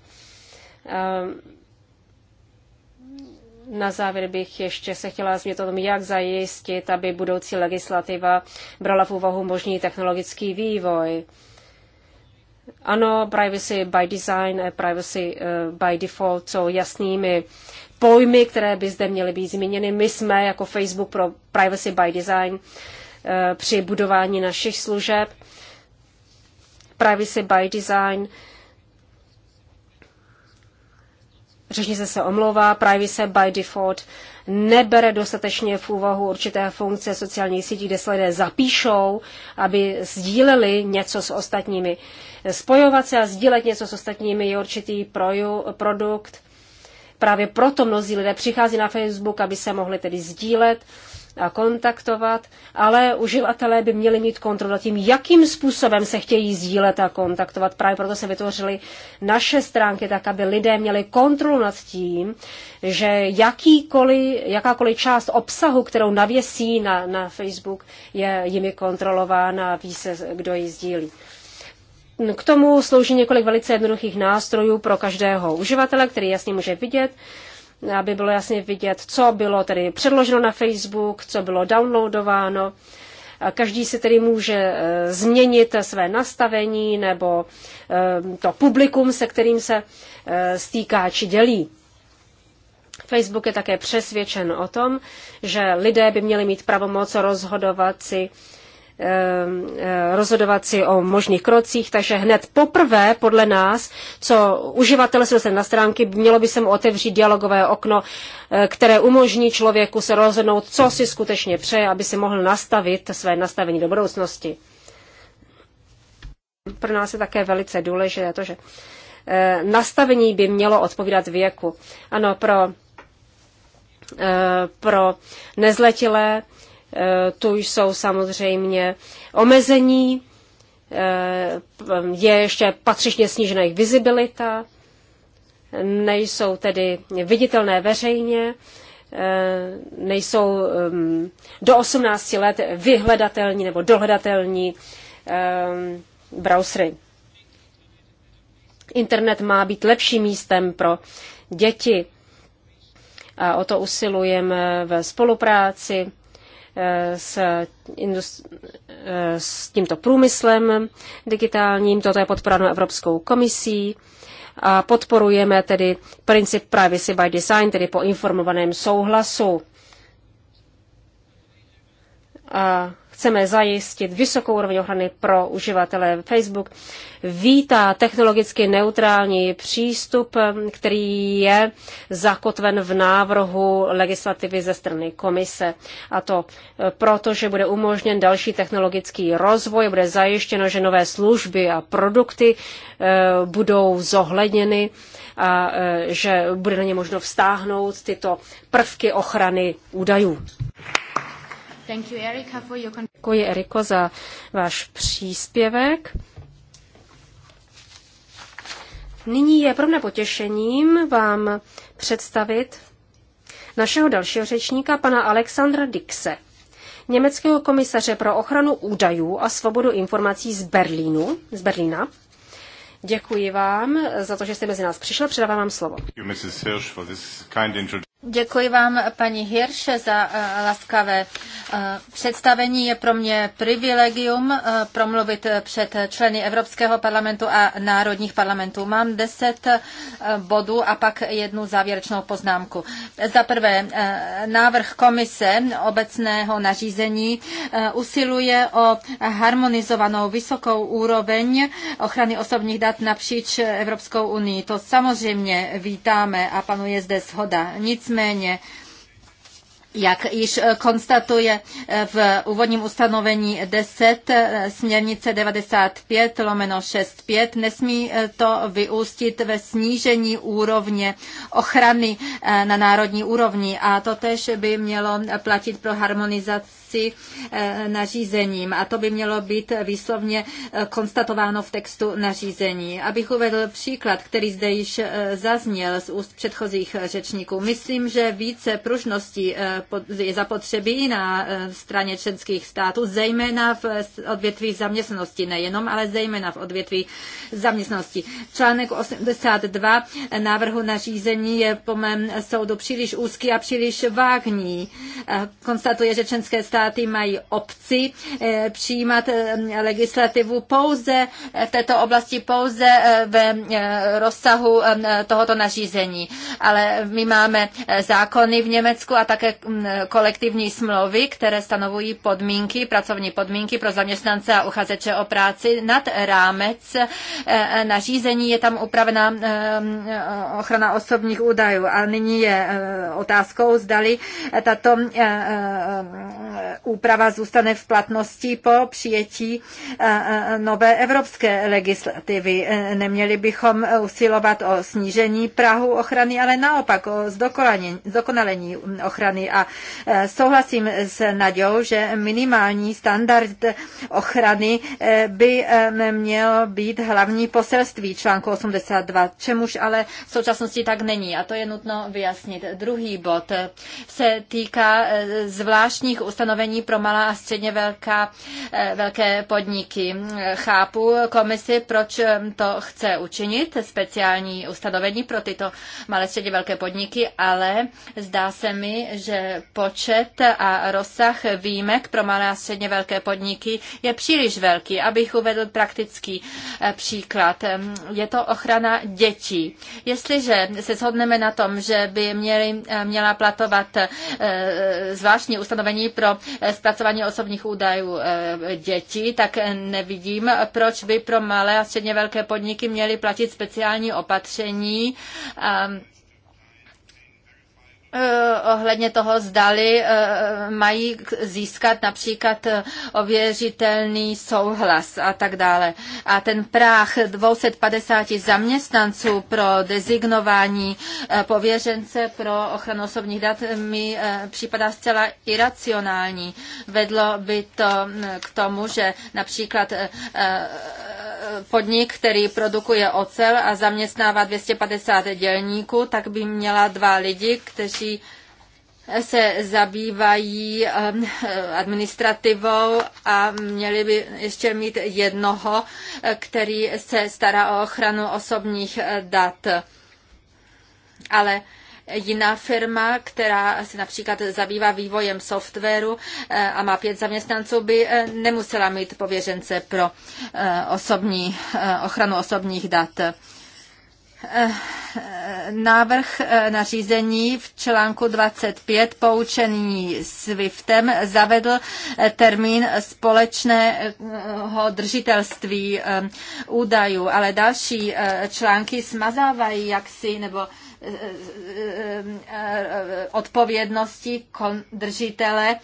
Na závěr bych ještě se chtěla zmínit o tom, jak zajistit, aby budoucí legislativa brala v úvahu možný technologický vývoj. Ano, privacy by design a eh, privacy eh, by default jsou jasnými pojmy, které by zde měly být zmíněny. My jsme jako Facebook pro privacy by design eh, při budování našich služeb. Privacy by design Řečnice se omlouvá, privacy by default nebere dostatečně v úvahu určité funkce sociálních sítí, kde se lidé zapíšou, aby sdíleli něco s ostatními. Spojovat se a sdílet něco s ostatními je určitý proju, produkt. Právě proto mnozí lidé přichází na Facebook, aby se mohli tedy sdílet a kontaktovat, ale uživatelé by měli mít kontrolu nad tím, jakým způsobem se chtějí sdílet a kontaktovat. Právě proto se vytvořily naše stránky tak, aby lidé měli kontrolu nad tím, že jakákoliv část obsahu, kterou navěsí na, na Facebook, je jimi kontrolována a ví se, kdo ji sdílí. K tomu slouží několik velice jednoduchých nástrojů pro každého uživatele, který jasně může vidět, aby bylo jasně vidět, co bylo tedy předloženo na Facebook, co bylo downloadováno. Každý si tedy může e, změnit své nastavení nebo e, to publikum, se kterým se e, stýká či dělí. Facebook je také přesvědčen o tom, že lidé by měli mít pravomoc rozhodovat si, Ehm, eh, rozhodovat si o možných krocích, takže hned poprvé podle nás, co uživatel se na stránky, mělo by se mu otevřít dialogové okno, eh, které umožní člověku se rozhodnout, co si skutečně přeje, aby si mohl nastavit své nastavení do budoucnosti. Pro nás je také velice důležité to, že eh, nastavení by mělo odpovídat věku. Ano, pro, pro nezletilé Eh, tu jsou samozřejmě omezení, eh, je ještě patřičně snížená jejich vizibilita, nejsou tedy viditelné veřejně, eh, nejsou ehm, do 18 let vyhledatelní nebo dohledatelní ehm, browsery. Internet má být lepším místem pro děti. A o to usilujeme ve spolupráci s, eh, s tímto průmyslem digitálním. Toto je podporáno Evropskou komisí. A podporujeme tedy princip privacy by design, tedy po informovaném souhlasu. A Chceme zajistit vysokou úroveň ochrany pro uživatele. Facebook vítá technologicky neutrální přístup, který je zakotven v návrhu legislativy ze strany komise. A to proto, že bude umožněn další technologický rozvoj, bude zajištěno, že nové služby a produkty eh, budou zohledněny a eh, že bude na ně možno vstáhnout tyto prvky ochrany údajů. Děkuji, Eriko, za váš příspěvek. Nyní je pro mne potěšením vám představit našeho dalšího řečníka, pana Alexandra Dixe, německého komisaře pro ochranu údajů a svobodu informací z Berlínu, z Berlína. Děkuji vám za to, že jste mezi nás přišel. Předávám vám slovo. Děkuji vám, paní Hirše, za eh, laskavé eh, představení. Je pro mě privilegium eh, promluvit před členy Evropského parlamentu a národních parlamentů. Mám deset bodů a pak jednu závěrečnou poznámku. Za prvé, návrh komise obecného nařízení usiluje o harmonizovanou vysokou úroveň ochrany osobních dat napříč Evropskou unii. To samozřejmě vítáme a panuje zde shoda. Nic Nicméně jak již eh, konstatuje eh, v úvodním ustanovení 10 eh, směrnice 95 lomeno 65, nesmí to vyústit ve snížení úrovně ochrany na národní úrovni a to tež by mělo platit pro harmonizaci sankcí eh, nařízením. A to by mělo být výslovně eh, konstatováno v textu nařízení. Abych uvedl příklad, který zde již eh, zazněl z úst předchozích řečníků. Myslím, že více pružnosti je zapotřebí na straně členských států, zejména v odvětví zaměstnanosti, nejenom, ale zejména v odvětví zaměstnanosti. Článek 82 návrhu nařízení je po mém soudu příliš úzký a příliš vágní. Konstatuje, že členské státy státy mají obci eh, přijímat eh, legislativu pouze eh, v této oblasti, pouze ve rozsahu tohoto nařízení. Ale my máme zákony v Německu a také mm, kolektivní smlouvy, které stanovují podmínky, pracovní podmínky pro zaměstnance a uchazeče o práci nad rámec nařízení. Je tam upravená ochrana osobních údajů. A nyní je otázkou, zdali tato úprava zůstane v platnosti po přijetí eh, eh, nové evropské legislativy. Eh, neměli bychom usilovat o snížení Prahu ochrany, ale naopak o zdokonalení ochrany. A souhlasím s Nadějou, že minimální standard ochrany by měl být hlavní poselství článku 82, čemuž ale v současnosti tak není. A to je nutno vyjasnit. Druhý bod se týká zvláštních ustanovení vybavení pro malá a středně velká, eh, velké podniky. Chápu komisi, proč eh, to chce učinit, speciální ustanovení pro tyto malé středně velké podniky, ale zdá se mi, že počet a rozsah výjimek pro malé a středně velké podniky je příliš velký. Abych uvedl praktický eh, příklad. Je to ochrana dětí. Jestliže se shodneme na tom, že by měli, měla platovat zvláštní ustanovení pro zpracování osobních údajů eh, dětí, tak nevidím, proč by pro malé a středně velké podniky měly platit speciální opatření ehm, Eh, ohledně toho, zdali eh, mají získat například eh, ověřitelný souhlas a tak dále. A ten práh 250 zaměstnanců pro dezignování pověřence pro ochranu osobních dat mi připadá zcela iracionální. Vedlo by to mm, k tomu, že například podnik, který produkuje ocel a zaměstnává 250 dělníků, tak by měla dva lidi, kteří se zabývají ehm, administrativou a měli by ještě mít jednoho, který se stará o ochranu osobních dat. Ale jiná firma, která se například zabývá vývojem softwaru eh, a má pět zaměstnanců, by eh, nemusela mít pověřence pro eh, osobní, ochranu osobních dat návrh nařízení v článku 25 poučený SWIFTem zavedl termín společného držitelství údajů, ale další články smazávají jaksi nebo odpovědnosti držitele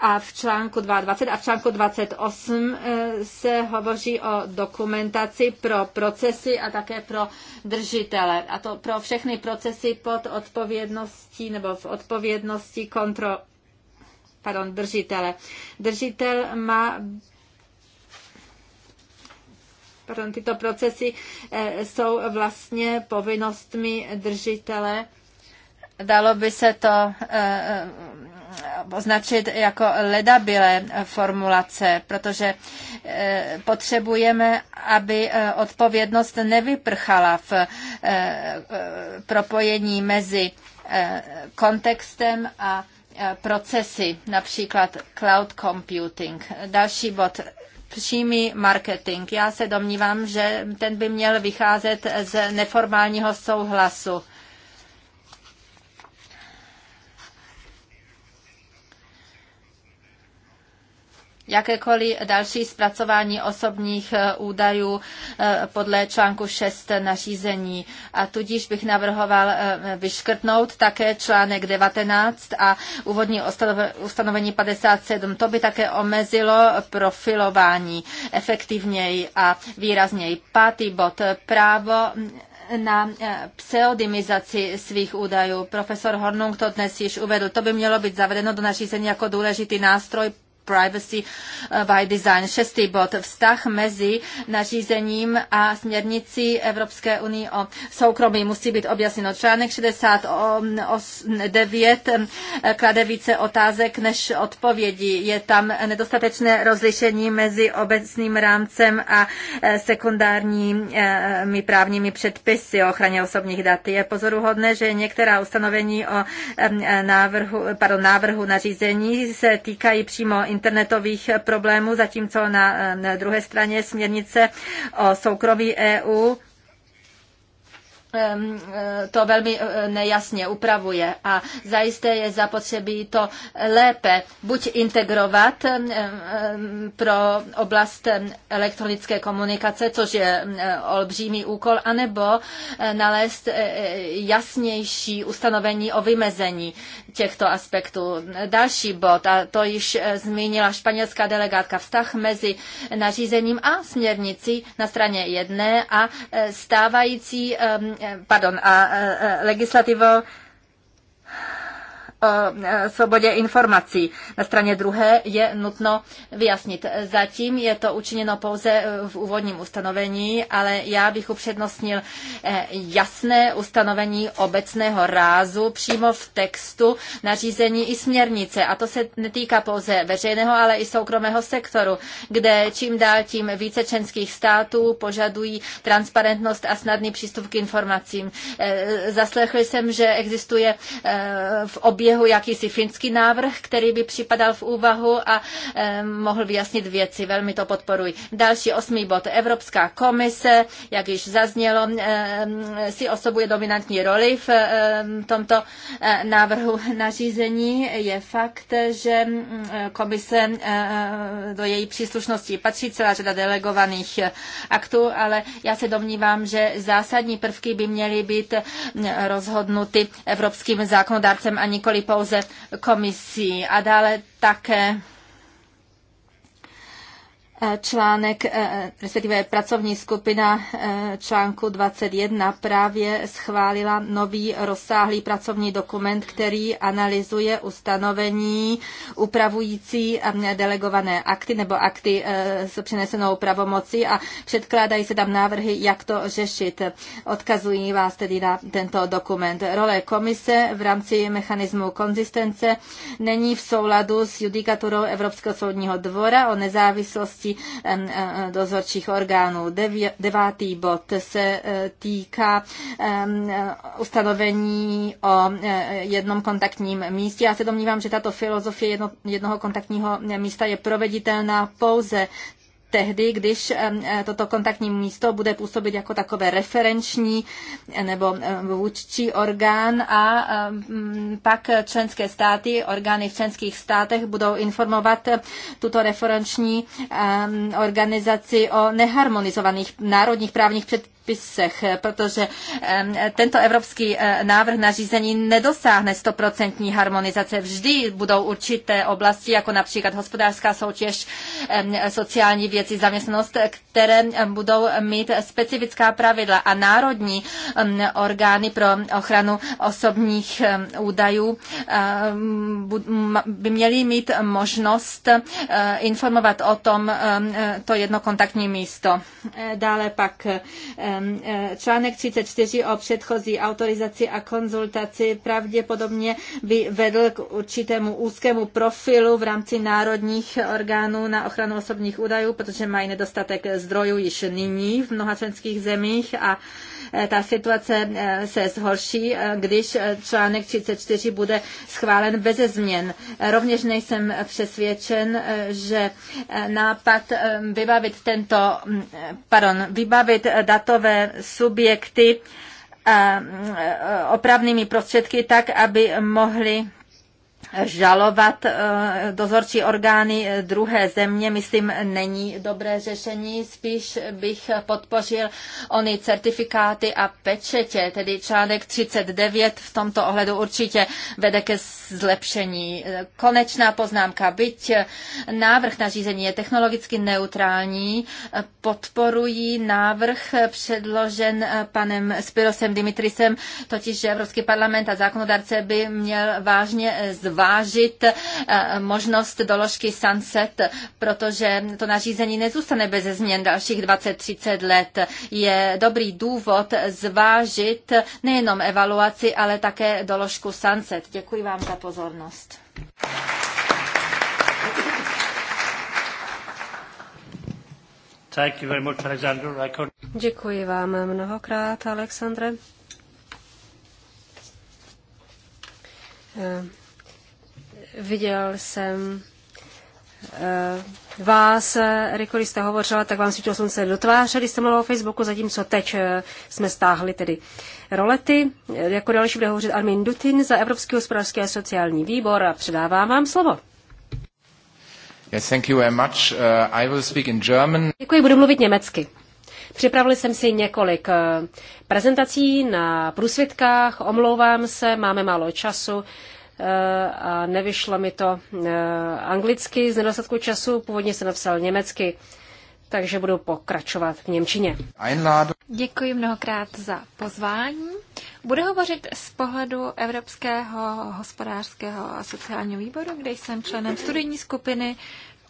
a v článku 22 a v článku 28 eh, se hovoří o dokumentaci pro procesy a také pro držitele. A to pro všechny procesy pod odpovědností nebo v odpovědnosti kontro, pardon, držitele. Držitel má pardon, tyto procesy eh, jsou vlastně povinnostmi držitele. Dalo by se to eh, eh, označit jako ledabilé formulace, protože potřebujeme, aby odpovědnost nevyprchala v propojení mezi kontextem a procesy, například cloud computing. Další bod přímý marketing. Já se domnívám, že ten by měl vycházet z neformálního souhlasu. jakékoliv další zpracování osobních eh, údajů eh, podle článku 6 nařízení. A tudíž bych navrhoval eh, vyškrtnout také článek 19 a úvodní ustanovení 57. To by také omezilo profilování efektivněji a výrazněji. Pátý bod. Právo na pseudimizaci svých údajů. Profesor Hornung to dnes již uvedl. To by mělo být zavedeno do nařízení jako důležitý nástroj Privacy eh, by Design. Šestý bod. Vztah mezi nařízením a směrnicí Evropské unie o soukromí musí být objasněno. Článek 69 eh, klade více otázek než odpovědí. Je tam nedostatečné rozlišení mezi obecným rámcem a eh, sekundárními právními předpisy o ochraně osobních dat. Je pozoruhodné, že některá ustanovení o návrhu, pardon, návrhu nařízení se týkají přímo internetových problémů, zatímco na, na druhé straně směrnice o soukromí EU Eh, to velmi eh, nejasně upravuje a zajisté je zapotřebí to lépe buď integrovat pro oblast elektronické komunikace, což je olbřímý úkol, anebo eh, nalézt jasnější ustanovení o vymezení těchto aspektů. Další bod, a to již zmínila španělská delegátka, vztah mezi nařízením a směrnicí na straně jedné a stávající Eh, pardon, a eh, eh, legislativou o eh, svobodě informací. Na straně druhé je nutno vyjasnit. Zatím je to učiněno pouze eh, v úvodním ustanovení, ale já bych upřednostnil eh, jasné ustanovení obecného rázu přímo v textu nařízení i směrnice. A to se netýká pouze veřejného, ale i soukromého sektoru, kde čím dál tím více členských států požadují transparentnost a snadný přístup k informacím. Zaslechl jsem, že existuje v obě běhu jakýsi finský návrh, který by připadal v úvahu a eh, mohl vyjasnit věci. Velmi to podporuji. Další osmý bod. Evropská komise, jak již zaznělo, eh, si osobuje dominantní roli v eh, tomto návrhu nařízení. Je fakt, že mm, komise do její příslušnosti patří celá řada delegovaných aktů, ale já se domnívám, že zásadní prvky by měly být mm, rozhodnuty evropským zákonodárcem a nikoli nikoli pouze komisí a dále také E, článek, e, respektive pracovní skupina e, článku 21 právě schválila nový rozsáhlý pracovní dokument, který analyzuje ustanovení upravující um, delegované akty nebo akty s přenesenou pravomocí a předkládají se tam návrhy, jak to řešit. Odkazují vás tedy na tento dokument. Role komise v rámci mechanismu konzistence není v souladu s judikaturou Evropského soudního dvora o nezávislosti činnosti eh, dozorčích orgánů. Devátý bod se eh, týká eh, ustanovení o jednom kontaktním místě. Já se domnívám, že tato filozofie jednoho kontaktního místa je proveditelná pouze tehdy, když e, toto kontaktní místo bude působit jako takové referenční e, nebo e, vůdčí orgán a pak členské státy, orgány v členských státech budou informovat tuto referenční organizaci o neharmonizovaných národních právních předpisech předpisech, protože tento evropský eh, návrh nařízení nedosáhne stoprocentní harmonizace. Vždy budou určité oblasti, jako například hospodářská soutěž, sociální věci, zaměstnanost, které budou mít specifická pravidla a národní orgány pro ochranu osobních údajů by měly mít možnost eh, informovat o tom to jedno kontaktní místo. Eh, dále pak Článek 34 o předchozí autorizaci a konzultaci pravděpodobně by vedl k určitému úzkému profilu v rámci národních orgánů na ochranu osobních údajů, protože mají nedostatek zdrojů již nyní v mnoha členských zemích a Eh, ta situace eh, se zhorší, eh, když článek 34 bude schválen bez změn. Rovněž nejsem přesvědčen, že nápad vybavit tento, mm, pardon, vybavit datové subjekty opravnými prostředky tak, aby mohli žalovat eh, dozorčí orgány eh, druhé země, myslím, není dobré řešení. Spíš bych podpořil ony certifikáty a pečetě, tedy článek 39 v tomto ohledu určitě vede ke zlepšení. Konečná poznámka. Byť návrh řízení je technologicky neutrální, podporují návrh předložen eh, panem Spirosem Dimitrisem, totiž že Evropský parlament a zákonodárce by měl vážně zvážit zvážit eh, možnost doložky sunset, protože to nařízení nezůstane bez změn dalších 20-30 let. Je dobrý důvod zvážit nejenom evaluaci, ale také doložku sunset. Děkuji vám za pozornost. Děkuji vám mnohokrát, Alexandre. Eh, Viděl jsem eh, vás, eh, Riko, když jste hovořila, tak vám svítilo slunce do tváře, když jste mluvila o Facebooku, zatímco teď eh, jsme stáhli tedy rolety. Jako další bude hovořit Armin Dutin za Evropský hospodářský a sociální výbor a předávám vám slovo. Yes, thank you very much. Uh, I will speak in German. Děkuji, budu mluvit německy. Připravili jsem si několik prezentací na průsvědkách, omlouvám se, máme málo času. Eh, a nevyšlo mi to eh, anglicky z nedostatku času, původně jsem napsal německy, takže budu pokračovat v Němčině. Děkuji mnohokrát za pozvání. Budu hovořit z pohledu Evropského hospodářského a sociálního výboru, kde jsem členem studijní skupiny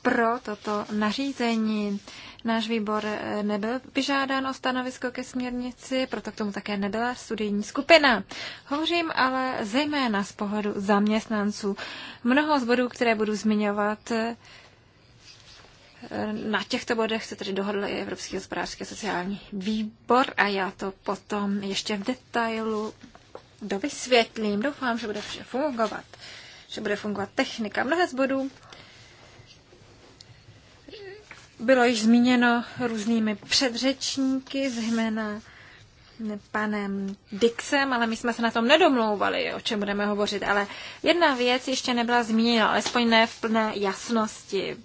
pro toto nařízení. Náš výbor eh, nebyl vyžádán o stanovisko ke směrnici, proto k tomu také nebyla studijní skupina. Hovořím ale zejména z pohledu zaměstnanců. Mnoho z bodů, které budu zmiňovat, eh, na těchto bodech se tedy dohodl i Evropský hospodářský a sociální výbor a já to potom ještě v detailu dovysvětlím. Doufám, že bude vše fungovat, že bude fungovat technika. Mnohé z bodů bylo již zmíněno různými předřečníky, zejména panem Dixem, ale my jsme se na tom nedomlouvali, o čem budeme hovořit. Ale jedna věc ještě nebyla zmíněna, alespoň ne v plné jasnosti.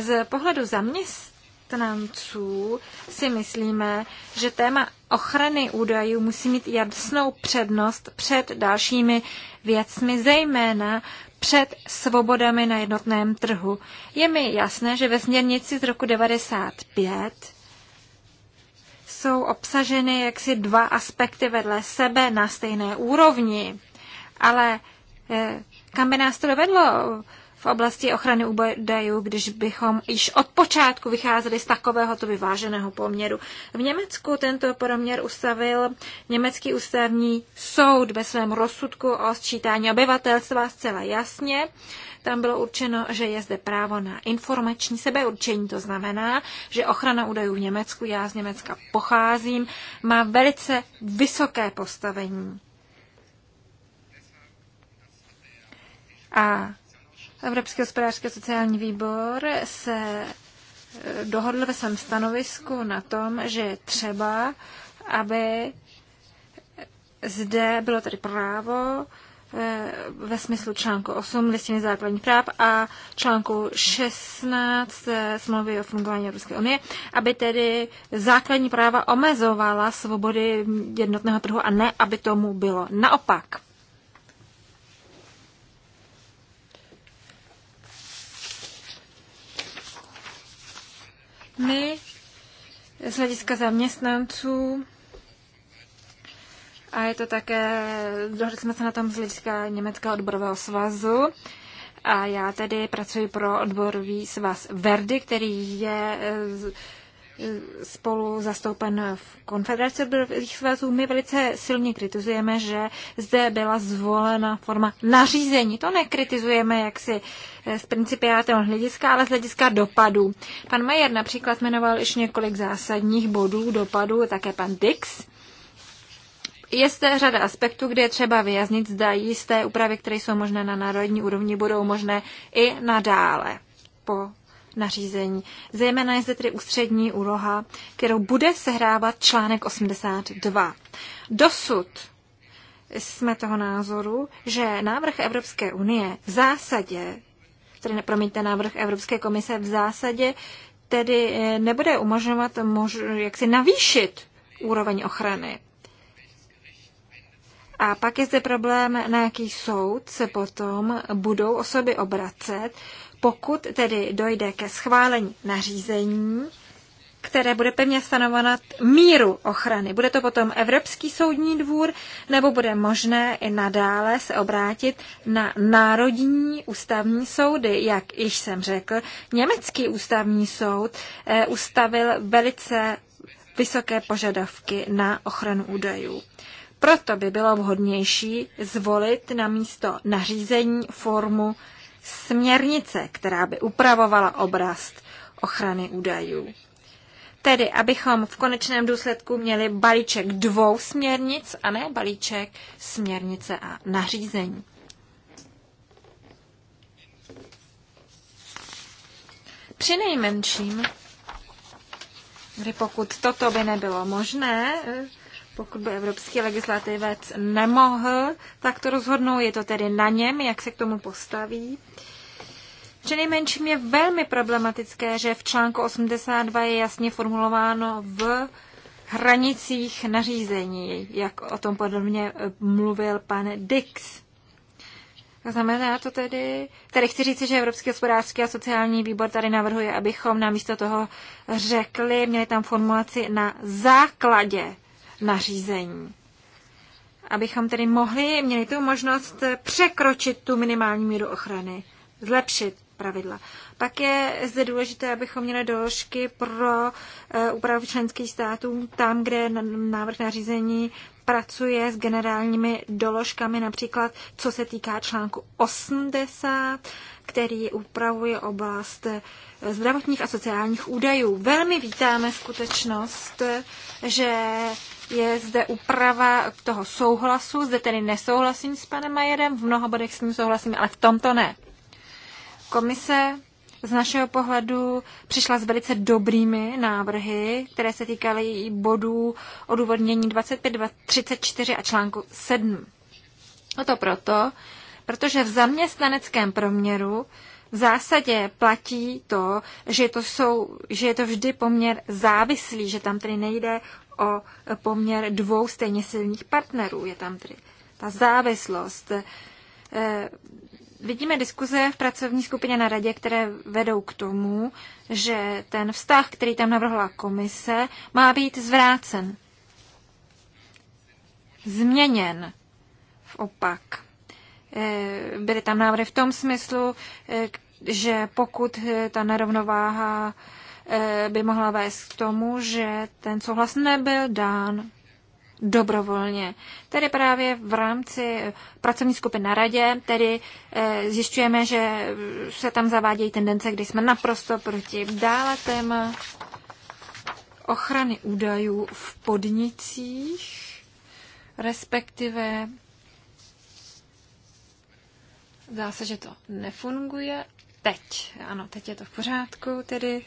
Z pohledu zaměst zaměstnanců si myslíme, že téma ochrany údajů musí mít jasnou přednost před dalšími věcmi, zejména před svobodami na jednotném trhu. Je mi jasné, že ve směrnici z roku 95 jsou obsaženy jaksi dva aspekty vedle sebe na stejné úrovni, ale eh, kam by nás to dovedlo? v oblasti ochrany údajů, když bychom již od počátku vycházeli z takovéhoto vyváženého poměru. V Německu tento poměr ustavil Německý ústavní soud ve svém rozsudku o sčítání obyvatelstva zcela jasně. Tam bylo určeno, že je zde právo na informační sebeurčení. To znamená, že ochrana údajů v Německu, já z Německa pocházím, má velice vysoké postavení. A Evropský hospodářský sociální výbor se eh, dohodl ve svém stanovisku na tom, že třeba, aby zde bylo tedy právo eh, ve smyslu článku 8 listiny základních práv a článku 16 eh, smlouvy o fungování Evropské unie, aby tedy základní práva omezovala svobody jednotného trhu a ne, aby tomu bylo naopak. My z hlediska zaměstnanců a je to také, dohodli jsme se na tom z hlediska Německého odborového svazu a já tedy pracuji pro odborový svaz Verdi, který je eh, spolu zastoupen v Konfederaci odborových svazů, my velice silně kritizujeme, že zde byla zvolena forma nařízení. To nekritizujeme jaksi eh, z principiálního hlediska, ale z hlediska dopadů. Pan Majer například jmenoval již několik zásadních bodů dopadů, také pan Dix. Je zde řada aspektů, kde je třeba vyjasnit, zda jisté úpravy, které jsou možné na národní úrovni, budou možné i nadále po nařízení. Zejména je zde tedy ústřední úloha, kterou bude sehrávat článek 82. Dosud jsme toho názoru, že návrh Evropské unie v zásadě, tedy nepromiňte návrh Evropské komise, v zásadě tedy eh, nebude umožňovat mož, jak si navýšit úroveň ochrany. A pak je zde problém, na jaký soud se potom budou osoby obracet, pokud tedy dojde ke schválení nařízení, které bude pevně stanovat míru ochrany. Bude to potom Evropský soudní dvůr, nebo bude možné i nadále se obrátit na národní ústavní soudy. Jak již jsem řekl, německý ústavní soud eh, ustavil velice vysoké požadavky na ochranu údajů. Proto by bylo vhodnější zvolit na místo nařízení formu směrnice, která by upravovala obraz ochrany údajů. Tedy, abychom v konečném důsledku měli balíček dvou směrnic a ne balíček směrnice a nařízení. Při nejmenším, kdy pokud toto by nebylo možné, pokud by evropský legislativec nemohl, tak to rozhodnou, je to tedy na něm, jak se k tomu postaví. Přinejmenším je velmi problematické, že v článku 82 je jasně formulováno v hranicích nařízení, jak o tom podobně eh, mluvil pan Dix. Znamená to tedy, tady chci říct, že Evropský hospodářský a sociální výbor tady navrhuje, abychom místo toho řekli, měli tam formulaci na základě nařízení. Abychom tedy mohli, měli tu možnost překročit tu minimální míru ochrany, zlepšit pravidla. Pak je zde důležité, abychom měli doložky pro eh, úpravu členských států tam, kde návrh nařízení pracuje s generálními doložkami, například co se týká článku 80, který upravuje oblast eh, zdravotních a sociálních údajů. Velmi vítáme skutečnost, že je zde úprava toho souhlasu, zde tedy nesouhlasím s panem Majerem, v mnoha bodech s ním souhlasím, ale v tomto ne. Komise z našeho pohledu přišla s velice dobrými návrhy, které se týkaly i bodů odůvodnění 25, 34 a článku 7. A to proto, protože v zaměstnaneckém proměru v zásadě platí to, že to, jsou, že je to vždy poměr závislý, že tam tedy nejde o poměr dvou stejně silných partnerů. Je tam tedy ta závislost. E, vidíme diskuze v pracovní skupině na radě, které vedou k tomu, že ten vztah, který tam navrhla komise, má být zvrácen, změněn v opak. E, byly tam návrhy v tom smyslu, e, že pokud ta nerovnováha Eh, by mohla vést k tomu, že ten souhlas nebyl dán dobrovolně. Tedy právě v rámci pracovní skupiny na radě, tedy eh, zjišťujeme, že se tam zavádějí tendence, kdy jsme naprosto proti. Dále téma ochrany údajů v podnicích, respektive zdá se, že to nefunguje. Teď, ano, teď je to v pořádku, tedy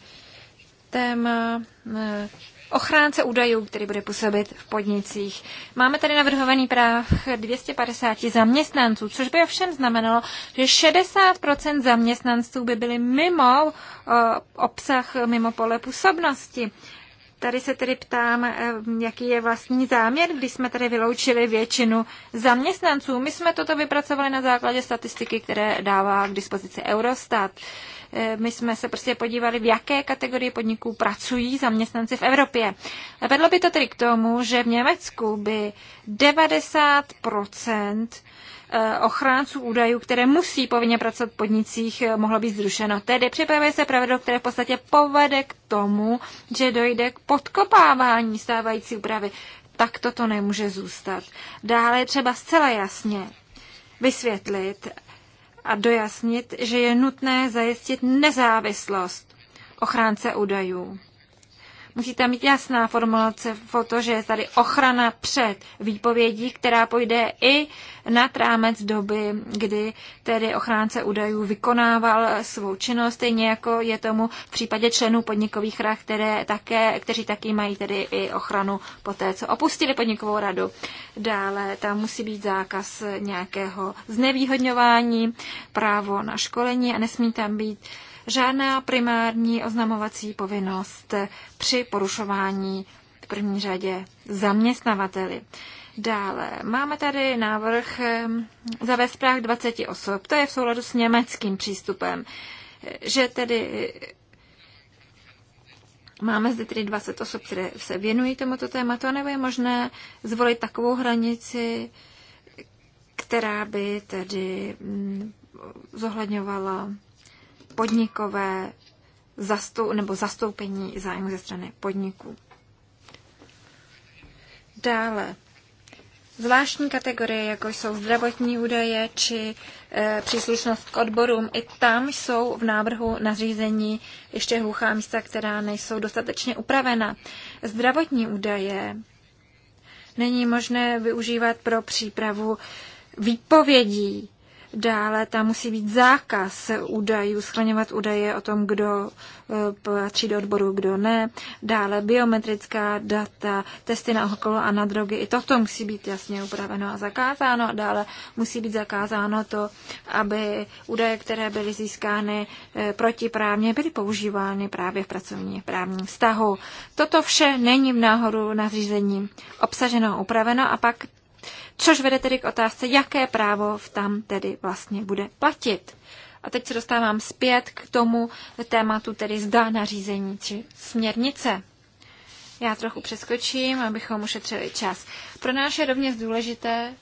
téma eh, ochránce údajů, který bude působit v podnicích. Máme tady navrhovaný práv 250 zaměstnanců, což by ovšem znamenalo, že 60% zaměstnanců by byly mimo eh, obsah, mimo pole působnosti. Tady se tedy ptám, eh, jaký je vlastní záměr, když jsme tady vyloučili většinu zaměstnanců. My jsme toto vypracovali na základě statistiky, které dává k dispozici Eurostat. Uh, Eh, my jsme se prostě podívali, v jaké kategorii podniků pracují zaměstnanci v Evropě. Vedlo by to tedy k tomu, že v Německu by 90 eh, ochránců údajů, které musí povinně pracovat v podnicích, eh, mohlo být zrušeno. Tedy připravuje se pravidlo, které v podstatě povede k tomu, že dojde k podkopávání stávající úpravy. Tak toto nemůže zůstat. Dále je třeba zcela jasně vysvětlit a dojasnit, že je nutné zajistit nezávislost ochránce údajů. Musí tam být jasná formulace o to, že je tady ochrana před výpovědí, která půjde i na rámec doby, kdy tedy ochránce údajů vykonával svou činnost, stejně jako je tomu v případě členů podnikových rad, které také, kteří taky mají tedy i ochranu po té, co opustili podnikovou radu. Dále tam musí být zákaz nějakého znevýhodňování, právo na školení a nesmí tam být žádná primární oznamovací povinnost při porušování v první řadě zaměstnavateli. Dále máme tady návrh zavést práh 20 osob. To je v souladu s německým přístupem, že tedy Máme zde tedy 20 osob, které se věnují tomuto tématu, nebo je možné zvolit takovou hranici, která by tedy mm, zohledňovala podnikové zastou, nebo zastoupení zájmu ze strany podniků. Dále. Zvláštní kategorie, jako jsou zdravotní údaje či e, příslušnost k odborům, i tam jsou v návrhu nařízení ještě hluchá místa, která nejsou dostatečně upravena. Zdravotní údaje není možné využívat pro přípravu výpovědí Dále tam musí být zákaz údajů, schraňovat údaje o tom, kdo e, patří do odboru, kdo ne. Dále biometrická data, testy na alkohol a na drogy. I toto musí být jasně upraveno a zakázáno. Dále musí být zakázáno to, aby údaje, které byly získány e, protiprávně, byly používány právě v pracovní právním vztahu. Toto vše není v náhodu nařízení obsaženo a upraveno a pak Což vede tedy k otázce, jaké právo v tam tedy vlastně bude platit. A teď se dostávám zpět k tomu tématu, tedy zda nařízení či směrnice. Já trochu přeskočím, abychom ušetřili čas. Pro nás je rovněž důležité,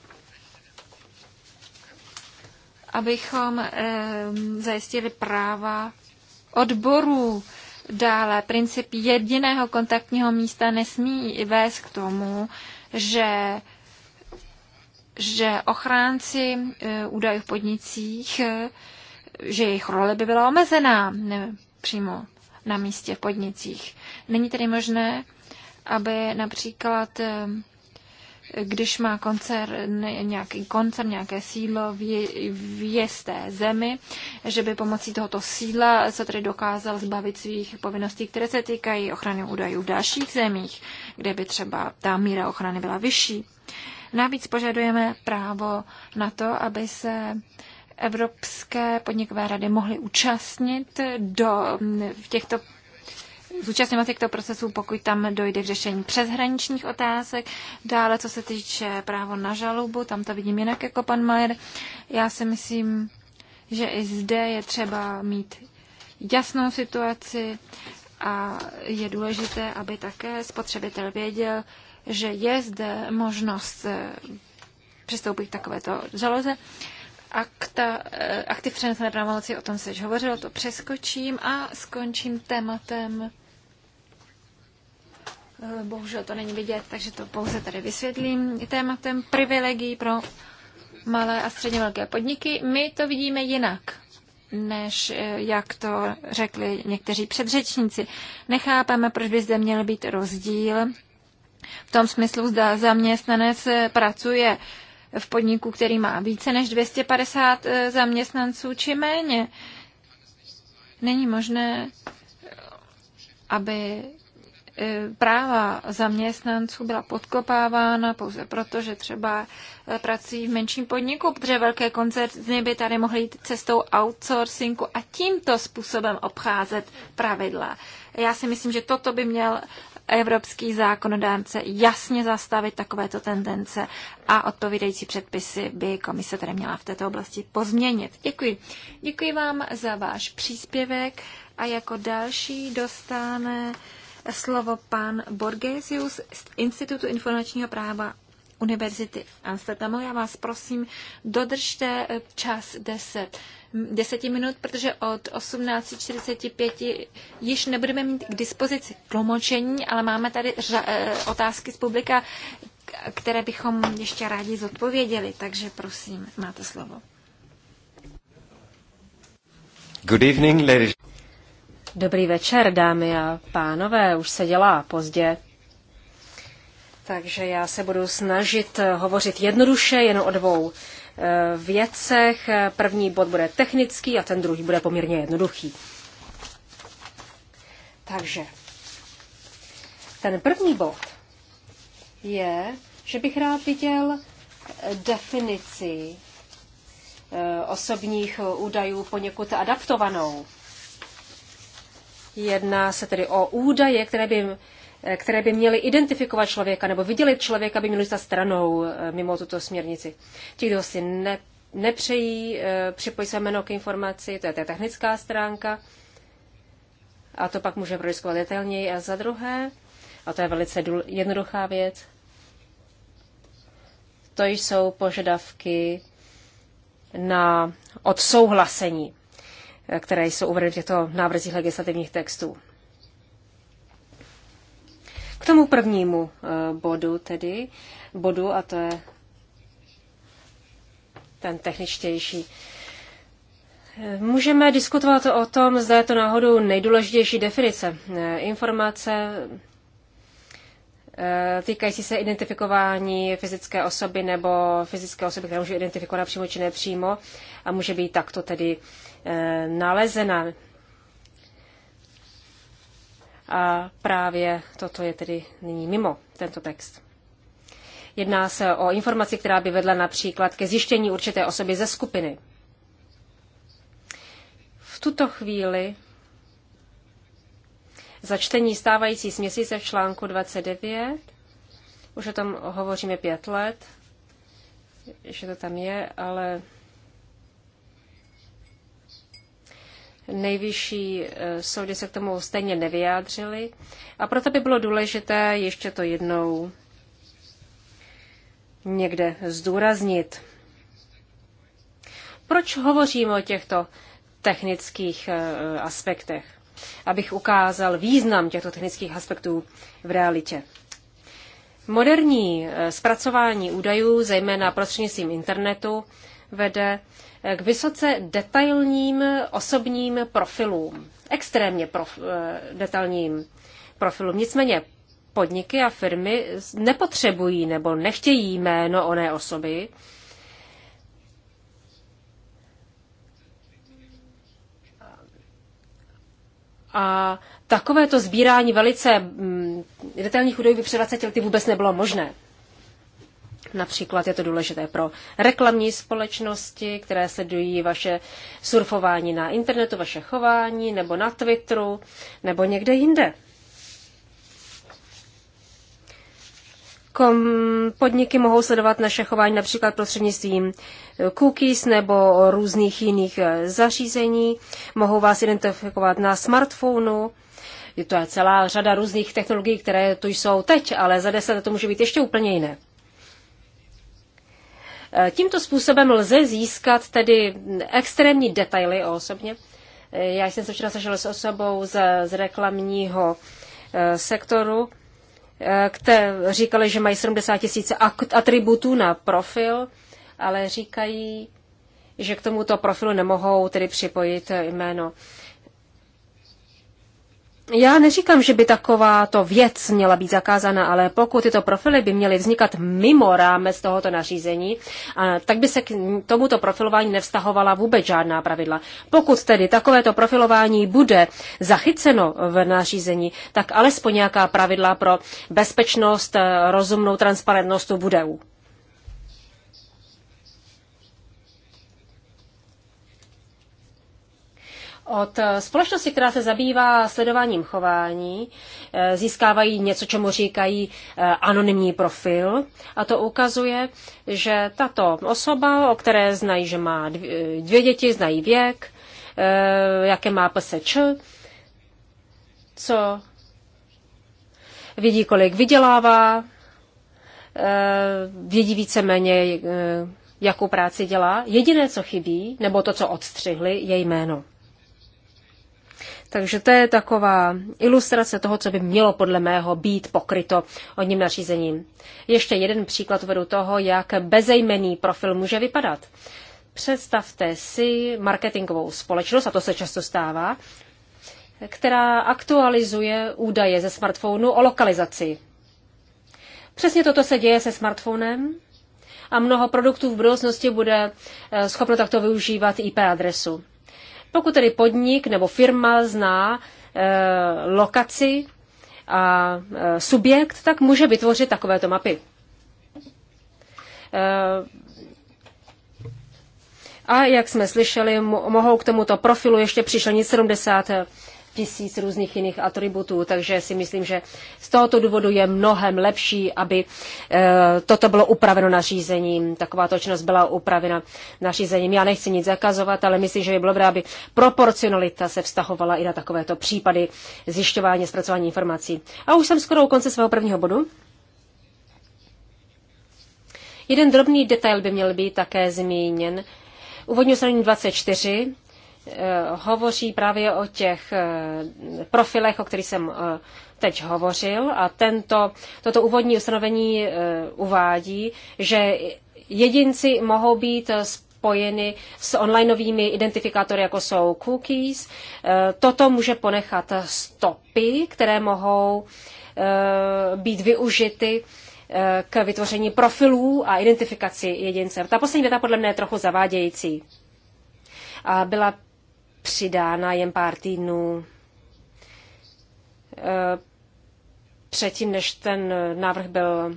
abychom eh, zajistili práva odborů. Dále princip jediného kontaktního místa nesmí vést k tomu, že že ochránci eh, údajů v podnicích, eh, že jejich role by byla omezená ne, přímo na místě v podnicích. Není tedy možné, aby například eh, když má koncern, nějaký koncern, nějaké sídlo v, v jisté zemi, že by pomocí tohoto sídla se tedy dokázal zbavit svých povinností, které se týkají ochrany údajů v dalších zemích, kde by třeba ta míra ochrany byla vyšší. Navíc požadujeme právo na to, aby se Evropské podnikové rady mohly účastnit do, v těchto zúčastňovat těchto procesů, pokud tam dojde k řešení přeshraničních otázek. Dále, co se týče právo na žalobu, tam to vidím jinak jako pan Majer. Já si myslím, že i zde je třeba mít jasnou situaci a je důležité, aby také spotřebitel věděl, že je zde možnost eh, přistoupit k takovéto žaloze. Akta, eh, akty přenesené pravomoci, o tom se již hovořilo, to přeskočím a skončím tématem. Eh, bohužel to není vidět, takže to pouze tady vysvětlím. Tématem privilegií pro malé a středně velké podniky. My to vidíme jinak než jak to řekli někteří předřečníci. Nechápeme, proč by zde měl být rozdíl v tom smyslu, zda zaměstnanec eh, pracuje v podniku, který má více než 250 eh, zaměstnanců či méně. Není možné, eh, aby práva zaměstnanců byla podkopávána pouze proto, že třeba prací v menším podniku, protože velké koncerny by tady mohly jít cestou outsourcingu a tímto způsobem obcházet pravidla. Já si myslím, že toto by měl evropský zákonodárce jasně zastavit takovéto tendence a odpovídající předpisy by komise tedy měla v této oblasti pozměnit. Děkuji. Děkuji vám za váš příspěvek a jako další dostane slovo pan Borgesius z Institutu informačního práva univerzity v Amsterdamu. Já vás prosím, dodržte eh, čas 10, 10 minut, protože od 18.45 již nebudeme mít k dispozici tlumočení, ale máme tady eh, otázky z publika, které bychom ještě rádi zodpověděli. Takže prosím, máte slovo. Good evening, ladies. Dobrý večer, dámy a pánové. Už se dělá pozdě. Takže já se budu snažit hovořit jednoduše, jen o dvou eh, věcech. První bod bude technický a ten druhý bude poměrně jednoduchý. Takže ten první bod je, že bych rád viděl eh, definici eh, osobních údajů poněkud adaptovanou. Jedná se tedy o údaje, které by které by měly identifikovat člověka nebo vydělit člověka, by měly za stranou eh, mimo tuto směrnici. Ti, kdo si ne, nepřejí eh, připojit své jméno k informaci, to je ta technická stránka, a to pak může prodiskovat detailněji. A za druhé, a to je velice důl, jednoduchá věc, to jsou požadavky na odsouhlasení, eh, které jsou uvedeny v těchto návrzích legislativních textů tomu prvnímu eh, bodu tedy, bodu a to je ten techničtější. Eh, můžeme diskutovat o tom, zda je to náhodou nejdůležitější definice. Eh, informace týkající se identifikování fyzické osoby nebo fyzické osoby, která může identifikovat přímo či nepřímo a může být takto tedy nalezena. A právě toto je tedy nyní mimo tento text. Jedná se o informaci, která by vedla například ke zjištění určité osoby ze skupiny. V tuto chvíli začtení stávající se v článku 29, už o tom hovoříme pět let, že to tam je, ale Nejvyšší eh, soudy se k tomu stejně nevyjádřili a proto by bylo důležité ještě to jednou někde zdůraznit. Proč hovořím o těchto technických eh, aspektech? Abych ukázal význam těchto technických aspektů v realitě. Moderní eh, zpracování údajů, zejména prostřednictvím internetu, vede k vysoce detailním osobním profilům, extrémně prof, eh, detailním profilům. Nicméně podniky a firmy nepotřebují nebo nechtějí jméno oné osoby, A takovéto sbírání velice mm, detailních údajů by před 20 lety vůbec nebylo možné. Například je to důležité pro reklamní společnosti, které sledují vaše surfování na internetu, vaše chování, nebo na Twitteru, nebo někde jinde. Kom, podniky mohou sledovat naše chování například prostřednictvím eh, cookies nebo různých jiných eh, zařízení. Mohou vás identifikovat na smartphonu. Je to celá řada různých technologií, které tu jsou teď, ale za deset to může být ještě úplně jiné. Tímto způsobem lze získat tedy extrémní detaily o osobně. Já jsem se včera sešel s osobou z, z reklamního eh, sektoru, eh, které říkali, že mají 70 tisíc atributů na profil, ale říkají, že k tomuto profilu nemohou tedy připojit jméno já neříkám, že by takováto věc měla být zakázána, ale pokud tyto profily by měly vznikat mimo rámec tohoto nařízení, tak by se k tomuto profilování nevztahovala vůbec žádná pravidla. Pokud tedy takovéto profilování bude zachyceno v nařízení, tak alespoň nějaká pravidla pro bezpečnost, rozumnou transparentnost tu budou. Od eh, společnosti, která se zabývá sledováním chování, eh, získávají něco, čemu říkají eh, anonymní profil. A to ukazuje, že tato osoba, o které znají, že má dvě děti, znají věk, jaké má PSČ, co vidí, kolik vydělává, více víceméně, jakou práci dělá. Jediné, co chybí, nebo to, co odstřihli, je jméno. Takže to je taková ilustrace toho, co by mělo podle mého být pokryto odním nařízením. Ještě jeden příklad vedu toho, jak bezejmený profil může vypadat. Představte si marketingovou společnost, a to se často stává, která aktualizuje údaje ze smartphonu o lokalizaci. Přesně toto se děje se smartphonem a mnoho produktů v budoucnosti bude eh, schopno takto využívat IP adresu. Pokud tedy podnik nebo firma zná eh, lokaci a eh, subjekt, tak může vytvořit takovéto mapy. Eh, a jak jsme slyšeli, mohou k tomuto profilu ještě přišlenit 70 tisíc různých jiných atributů, takže si myslím, že z tohoto důvodu je mnohem lepší, aby eh, toto bylo upraveno nařízením, taková točnost byla upravena nařízením. Já nechci nic zakazovat, ale myslím, že by bylo dobré, aby proporcionalita se vztahovala i na takovéto případy zjišťování a zpracování informací. A už jsem skoro u konce svého prvního bodu. Jeden drobný detail by měl být také zmíněn. Uvodní ustanovení 24 Eh, hovoří právě o těch eh, profilech, o kterých jsem eh, teď hovořil a tento, toto úvodní ustanovení uvádí, že jedinci mohou být spojeny s onlineovými identifikátory, jako jsou cookies. Toto může ponechat stopy, které mohou být využity k vytvoření profilů a identifikaci jedince. Ta poslední věta podle mě je trochu zavádějící. A byla přidána jen pár týdnů eh, předtím, než ten návrh byl eh,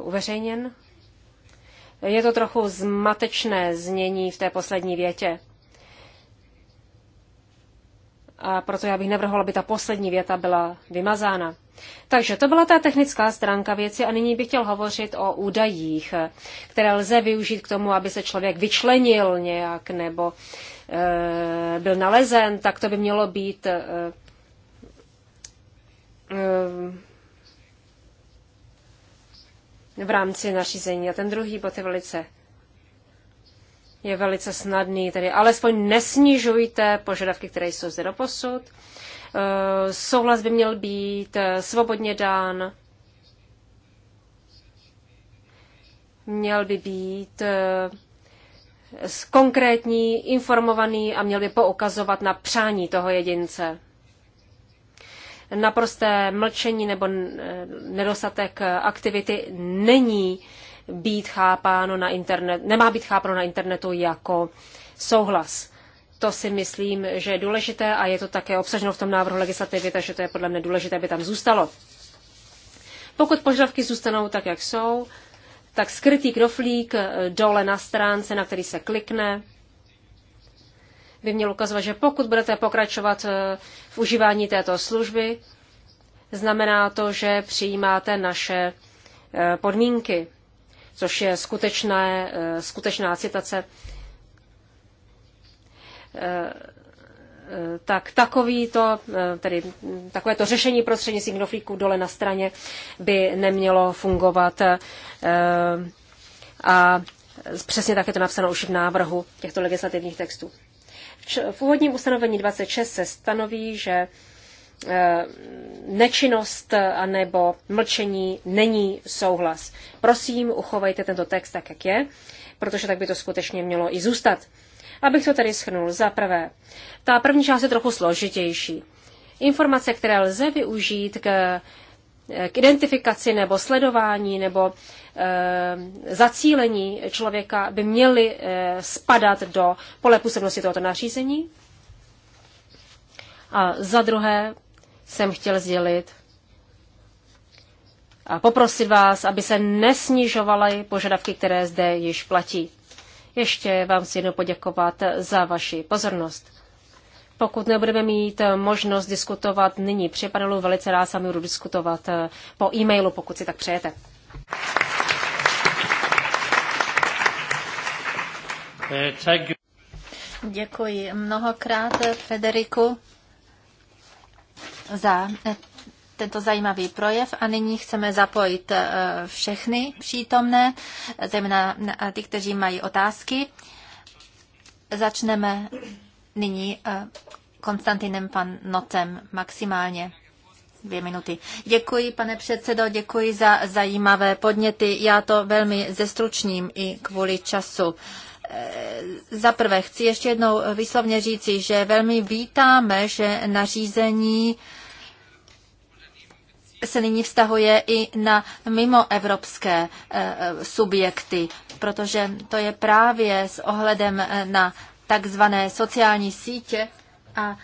uveřejněn. Je to trochu zmatečné znění v té poslední větě. A proto já bych navrhovala, aby ta poslední věta byla vymazána. Takže to byla ta technická stránka věci a nyní bych chtěl hovořit o údajích, které lze využít k tomu, aby se člověk vyčlenil nějak nebo uh, Eh, byl nalezen, tak to by mělo být eh, eh, v rámci nařízení. A ten druhý bod je velice je velice snadný, tedy alespoň nesnižujte požadavky, které jsou zde doposud. Souhlas by měl být svobodně dán, měl by být konkrétní, informovaný a měl by poukazovat na přání toho jedince. Naprosté mlčení nebo nedostatek aktivity není být chápáno na internet, nemá být chápáno na internetu jako souhlas. To si myslím, že je důležité a je to také obsaženo v tom návrhu legislativy, takže to je podle mě důležité, aby tam zůstalo. Pokud požadavky zůstanou tak, jak jsou, tak skrytý knoflík eh, dole na stránce, na který se klikne, by měl ukazovat, že pokud budete pokračovat eh, v užívání této služby, znamená to, že přijímáte naše eh, podmínky, což je skutečné, skutečná citace tak to, e, tedy takové to řešení prostřednictvím knoflíků dole na straně by nemělo fungovat. E, a přesně tak je to napsáno už v návrhu těchto legislativních textů. V úvodním ustanovení 26 se stanoví, že e, nečinnost anebo mlčení není souhlas. Prosím, uchovejte tento text tak, jak je, protože tak by to skutečně mělo i zůstat. Abych to tedy schrnul, za prvé, ta první část je trochu složitější. Informace, které lze využít k, k identifikaci nebo sledování nebo e, zacílení člověka, by měly e, spadat do pole působnosti tohoto nařízení. A za druhé jsem chtěl sdělit, a poprosit vás, aby se nesnižovaly požadavky, které zde již platí. Ještě vám chci jednou poděkovat za vaši pozornost. Pokud nebudeme mít možnost diskutovat nyní při panelu, velice rád sami budu diskutovat eh, po e-mailu, pokud si tak přejete. Děkuji mnohokrát, Federiku, za tento zajímavý projev a nyní chceme zapojit eh, všechny přítomné, zejména eh, ty, kteří mají otázky. Začneme nyní eh, Konstantinem pan Nocem maximálně dvě minuty. Děkuji, pane předsedo, děkuji za zajímavé podněty. Já to velmi zestručním i kvůli času. Za prvé chci ještě jednou výslovně říci, že velmi vítáme, že nařízení se nyní vztahuje i na mimoevropské eh, eh, subjekty, protože to je právě s ohledem eh, na takzvané sociální sítě a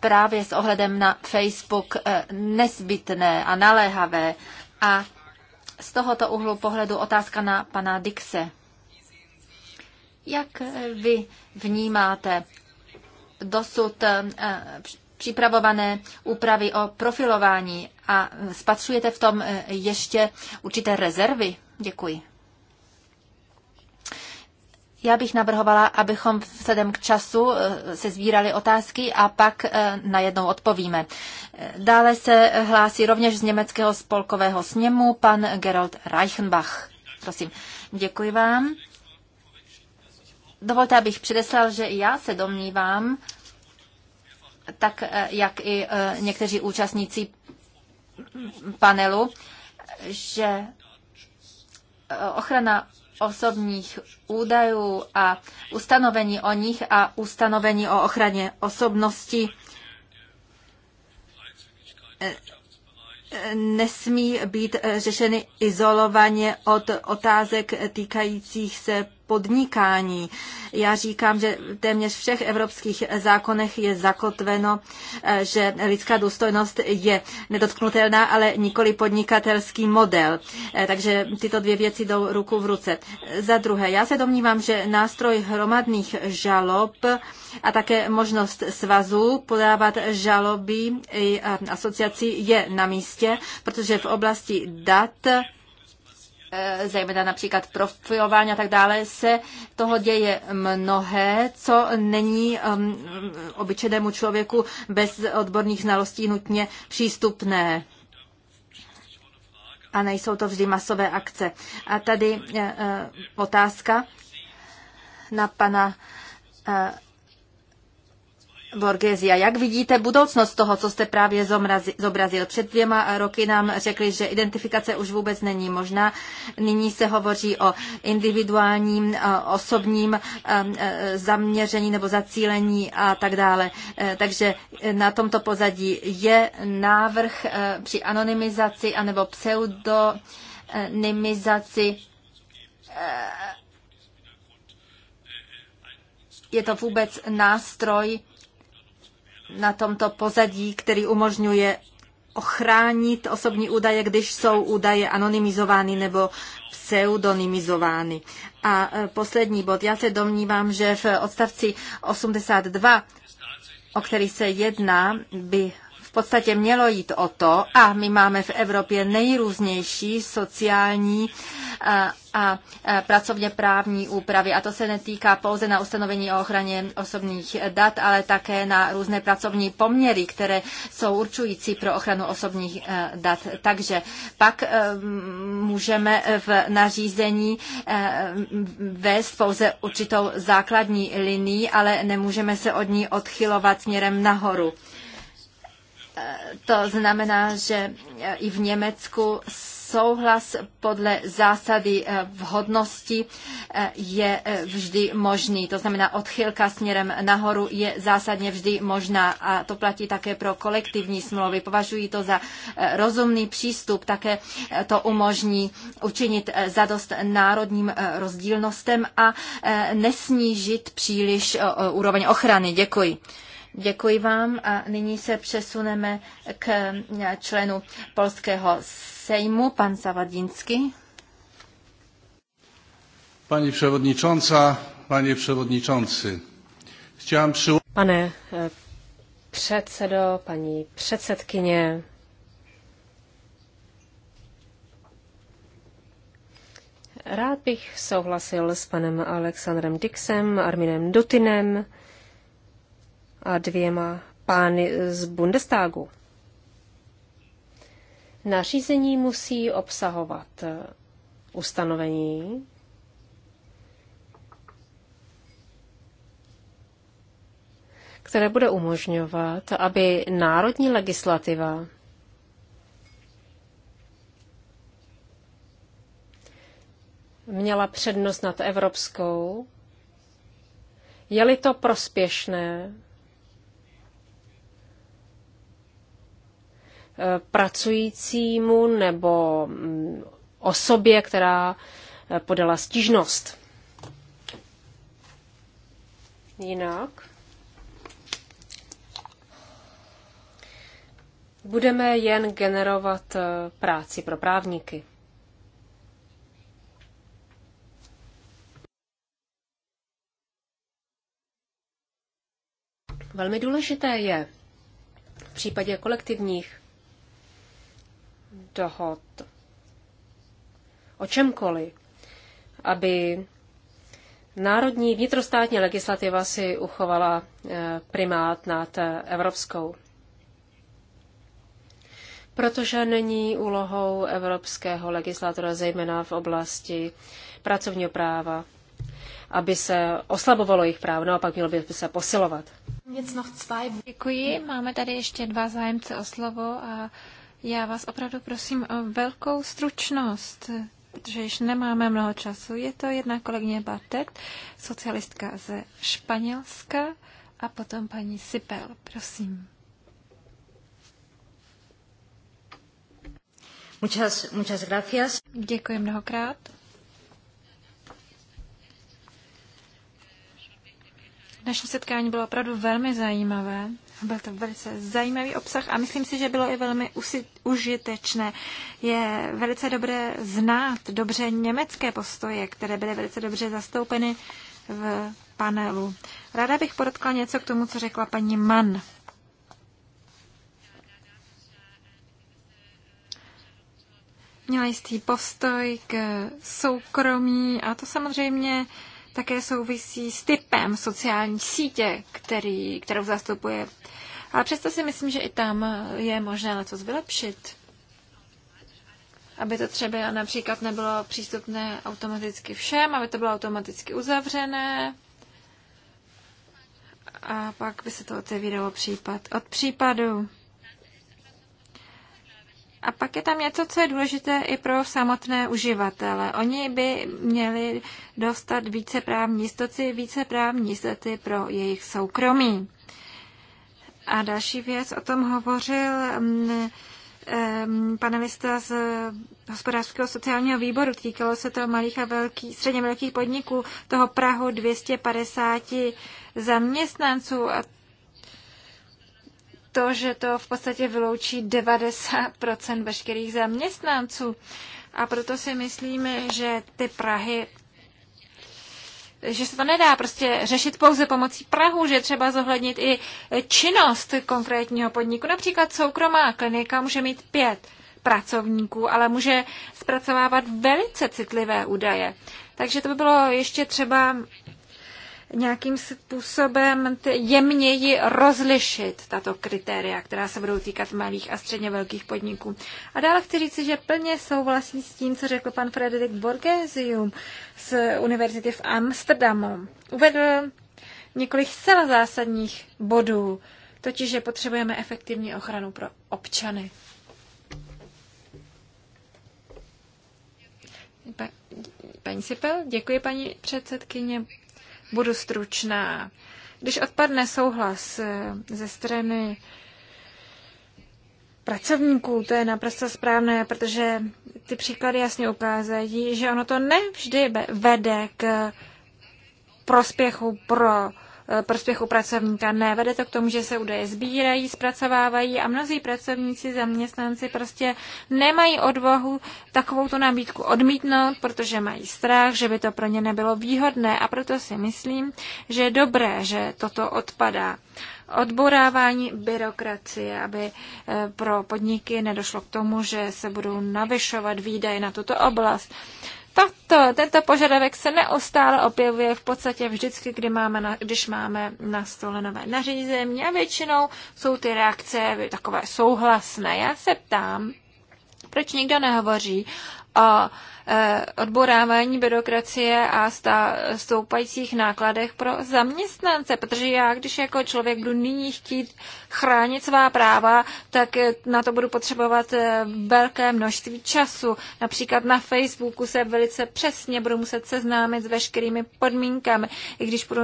právě s ohledem na Facebook nezbytné a naléhavé. A z tohoto úhlu pohledu otázka na pana Dixe. Jak vy vnímáte dosud připravované úpravy o profilování a spatřujete v tom eh, ještě určité rezervy? Děkuji. Já bych navrhovala, abychom vzhledem k času eh, se zvírali otázky a pak eh, najednou odpovíme. Dále se hlásí rovněž z německého spolkového sněmu pan Gerold Reichenbach. Prosím, děkuji vám. Dovolte, abych předeslal, že já se domnívám, tak eh, jak i eh, někteří účastníci panelu, že eh, ochrana osobních údajů a ustanovení o nich a ustanovení o ochraně osobnosti nesmí být řešeny izolovaně od otázek týkajících se podnikání. Já říkám, že téměř v všech evropských zákonech je zakotveno, eh, že lidská důstojnost je nedotknutelná, ale nikoli podnikatelský model. Eh, takže tyto dvě věci jdou ruku v ruce. Za druhé, já se domnívám, že nástroj hromadných žalob a také možnost svazů podávat žaloby i eh, asociací je na místě, protože v oblasti dat Eh, zejména například profilování a tak dále, se toho děje mnohé, co není um, obyčejnému člověku bez odborných znalostí nutně přístupné a nejsou to vždy masové akce. A tady eh, eh, otázka na pana Borgesia, jak vidíte budoucnost toho, co jste právě zobrazil? Před dvěma roky nám řekli, že identifikace už vůbec není možná. Nyní se hovoří o individuálním, eh, osobním eh, eh, zaměření nebo zacílení a tak dále. Takže na tomto pozadí je návrh při anonymizaci anebo pseudonymizaci je to vůbec nástroj, na tomto pozadí, který umožňuje ochránit osobní údaje, když jsou údaje anonymizovány nebo pseudonymizovány. A e, poslední bod. Já se domnívám, že v odstavci 82, o který se jedná, by v podstatě mělo jít o to, a my máme v Evropě nejrůznější sociální a pracovně právní úpravy. A to se netýká pouze na ustanovení o ochraně osobních dat, ale také na různé pracovní poměry, které jsou určující pro ochranu osobních e, dat. Takže pak e, můžeme v nařízení e, vést pouze určitou základní linii, ale nemůžeme se od ní odchylovat směrem nahoru. To znamená, že i v Německu souhlas podle zásady eh, vhodnosti eh, je eh, vždy možný. To znamená, odchylka směrem nahoru je zásadně vždy možná a to platí také pro kolektivní smlouvy. Považuji to za rozumný přístup, také to umožní učinit zadost národním rozdílnostem a nesnížit příliš úroveň ochrany. Děkuji. Děkuji vám a nyní se přesuneme k členu Polského sejmu, pan Savadinský. Pani przewodnicząca, panie przewodniczący. Chciałem przy... Pane e, předsedo, paní předsedkyně, Rád bych souhlasil s panem Alexandrem Dixem, Arminem Dutinem, a dvěma pány z Bundestagu. Nařízení musí obsahovat eh, ustanovení, které bude umožňovat, aby národní legislativa měla přednost nad evropskou, je-li to prospěšné pracujícímu nebo mm, osobě, která eh, podala stížnost. Jinak budeme jen generovat eh, práci pro právníky. Velmi důležité je v případě kolektivních dohod o čemkoliv, aby národní vnitrostátní legislativa si uchovala eh, primát nad eh, evropskou. Protože není úlohou evropského legislatora, zejména v oblasti pracovního práva, aby se oslabovalo jejich právo, pak mělo by se posilovat. Děkuji. Máme tady ještě dva zájemce o slovo a já vás opravdu prosím o velkou stručnost, protože již nemáme mnoho času. Je to jedna kolegyně Bartet, socialistka ze Španělska a potom paní Sipel. Prosím. Muchas, muchas gracias. Děkuji mnohokrát. Naše setkání bylo opravdu velmi zajímavé. Byl to velice zajímavý obsah a myslím si, že bylo i velmi užitečné. Je velice dobré znát dobře německé postoje, které byly velice dobře zastoupeny v panelu. Ráda bych podotkla něco k tomu, co řekla paní Mann. Měla jistý postoj k soukromí a to samozřejmě také souvisí s typem sociální sítě, který, kterou zastupuje. Ale přesto si myslím, že i tam je možné něco zvylepšit. Aby to třeba například nebylo přístupné automaticky všem, aby to bylo automaticky uzavřené. A pak by se to otevíralo případ od případu. A pak je tam něco, co je důležité i pro samotné uživatele. Oni by měli dostat více právní jistoty, více právní jistoty pro jejich soukromí. A další věc, o tom hovořil mm, panelista z hospodářského sociálního výboru. Týkalo se to malých a velký, středně velkých podniků, toho Prahu 250 zaměstnanců. A to, že to v podstatě vyloučí 90% veškerých zaměstnanců. A proto si myslíme, že ty Prahy že se to nedá prostě řešit pouze pomocí Prahu, že třeba zohlednit i činnost konkrétního podniku. Například soukromá klinika může mít pět pracovníků, ale může zpracovávat velice citlivé údaje. Takže to by bylo ještě třeba nějakým způsobem jemněji rozlišit tato kritéria, která se budou týkat malých a středně velkých podniků. A dále chci říci, že plně souhlasí s tím, co řekl pan Frederik Borgesium z Univerzity v Amsterdamu. Uvedl několik zcela zásadních bodů, totiž, že potřebujeme efektivní ochranu pro občany. Pa, paní Sipel, děkuji paní předsedkyně. Budu stručná. Když odpadne souhlas eh, ze strany pracovníků, to je naprosto správné, protože ty příklady jasně ukázají, že ono to nevždy vede k prospěchu pro Eh, prospěchu pracovníka. Ne, vede to k tomu, že se údaje sbírají, zpracovávají a mnozí pracovníci, zaměstnanci prostě nemají odvahu takovou tu nabídku odmítnout, protože mají strach, že by to pro ně nebylo výhodné a proto si myslím, že je dobré, že toto odpadá odborávání byrokracie, aby eh, pro podniky nedošlo k tomu, že se budou navyšovat výdaje na tuto oblast tato, tento požadavek se neustále objevuje v podstatě vždycky, kdy máme na, když máme na stole nové nařízení a většinou jsou ty reakce takové souhlasné. Já se ptám, proč nikdo nehovoří o e, odborávání byrokracie a stoupajících nákladech pro zaměstnance, protože já, když jako člověk budu nyní chtít chránit svá práva, tak na to budu potřebovat e, velké množství času. Například na Facebooku se velice přesně budu muset seznámit s veškerými podmínkami. I když budu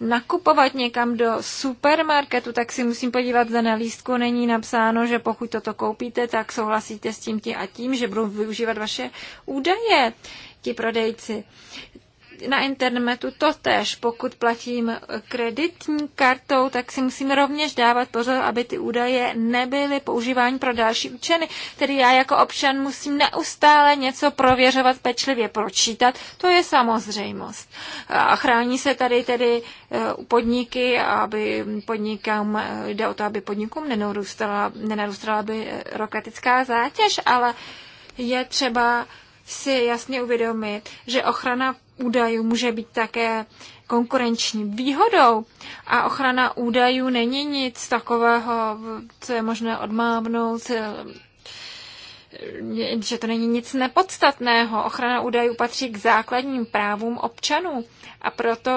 nakupovat někam do supermarketu, tak si musím podívat, zda na lístku není napsáno, že pokud toto koupíte, tak souhlasíte s tím tím a tím, že budu využívat vaše údaje, ti prodejci. Na internetu to tež. Pokud platím kreditní kartou, tak si musím rovněž dávat pozor, aby ty údaje nebyly používány pro další účely. Tedy já jako občan musím neustále něco prověřovat, pečlivě pročítat. To je samozřejmost. A chrání se tady tedy e, podniky, aby podnikám, e, jde o to, aby podnikům nenarůstala, nenarůstala by e, byrokratická zátěž, ale je třeba si jasně uvědomit, že ochrana údajů může být také konkurenční výhodou a ochrana údajů není nic takového, co je možné odmávnout, že to není nic nepodstatného. Ochrana údajů patří k základním právům občanů a proto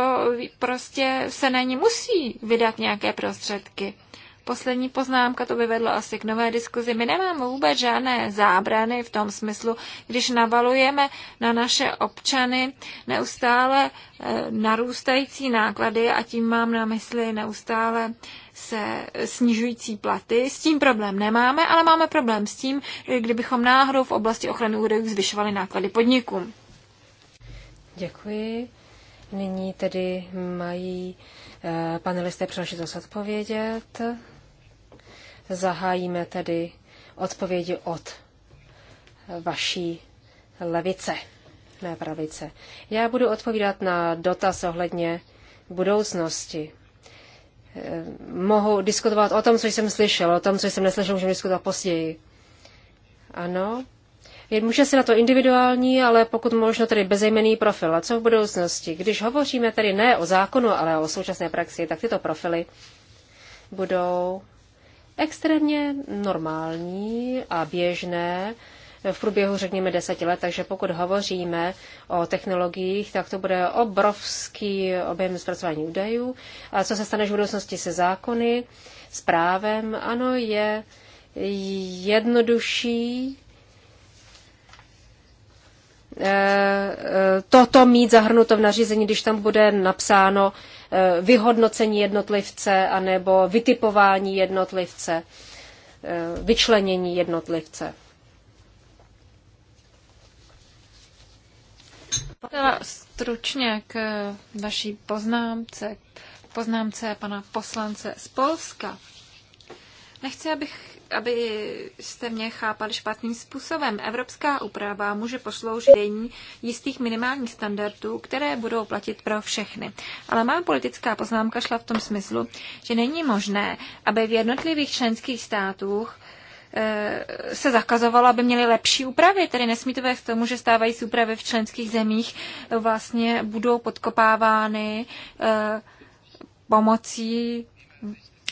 prostě se na ní musí vydat nějaké prostředky poslední poznámka, to by vedlo asi k nové diskuzi. My nemáme vůbec žádné zábrany v tom smyslu, když navalujeme na naše občany neustále eh, narůstající náklady a tím mám na mysli neustále se snižující platy. S tím problém nemáme, ale máme problém s tím, kdybychom náhodou v oblasti ochrany údajů zvyšovali náklady podnikům. Děkuji. Nyní tedy mají eh, panelisté příležitost odpovědět. Zahájíme tedy odpovědi od vaší levice, ne pravice. Já budu odpovídat na dotaz ohledně budoucnosti. Eh, mohu diskutovat o tom, co jsem slyšel, o tom, co jsem neslyšel, můžeme diskutovat později. Ano. Může se na to individuální, ale pokud možno tedy bezejmený profil. A co v budoucnosti? Když hovoříme tedy ne o zákonu, ale o současné praxi, tak tyto profily budou extrémně normální a běžné v průběhu, řekněme, deseti let. Takže pokud hovoříme o technologiích, tak to bude obrovský objem zpracování údajů. A co se stane v budoucnosti se zákony, s právem? Ano, je jednodušší eh, eh, toto mít zahrnuto v nařízení, když tam bude napsáno, Eh, vyhodnocení jednotlivce anebo vytipování jednotlivce, eh, vyčlenění jednotlivce. Teda stručně k vaší poznámce, poznámce pana poslance z Polska. Nechci, abych aby jste mě chápali špatným způsobem. Evropská úprava může posloužit jistých minimálních standardů, které budou platit pro všechny. Ale má politická poznámka šla v tom smyslu, že není možné, aby v jednotlivých členských státech eh, se zakazovalo, aby měli lepší úpravy. Tedy nesmí to vést k tomu, že stávající úpravy v členských zemích vlastně budou podkopávány eh, pomocí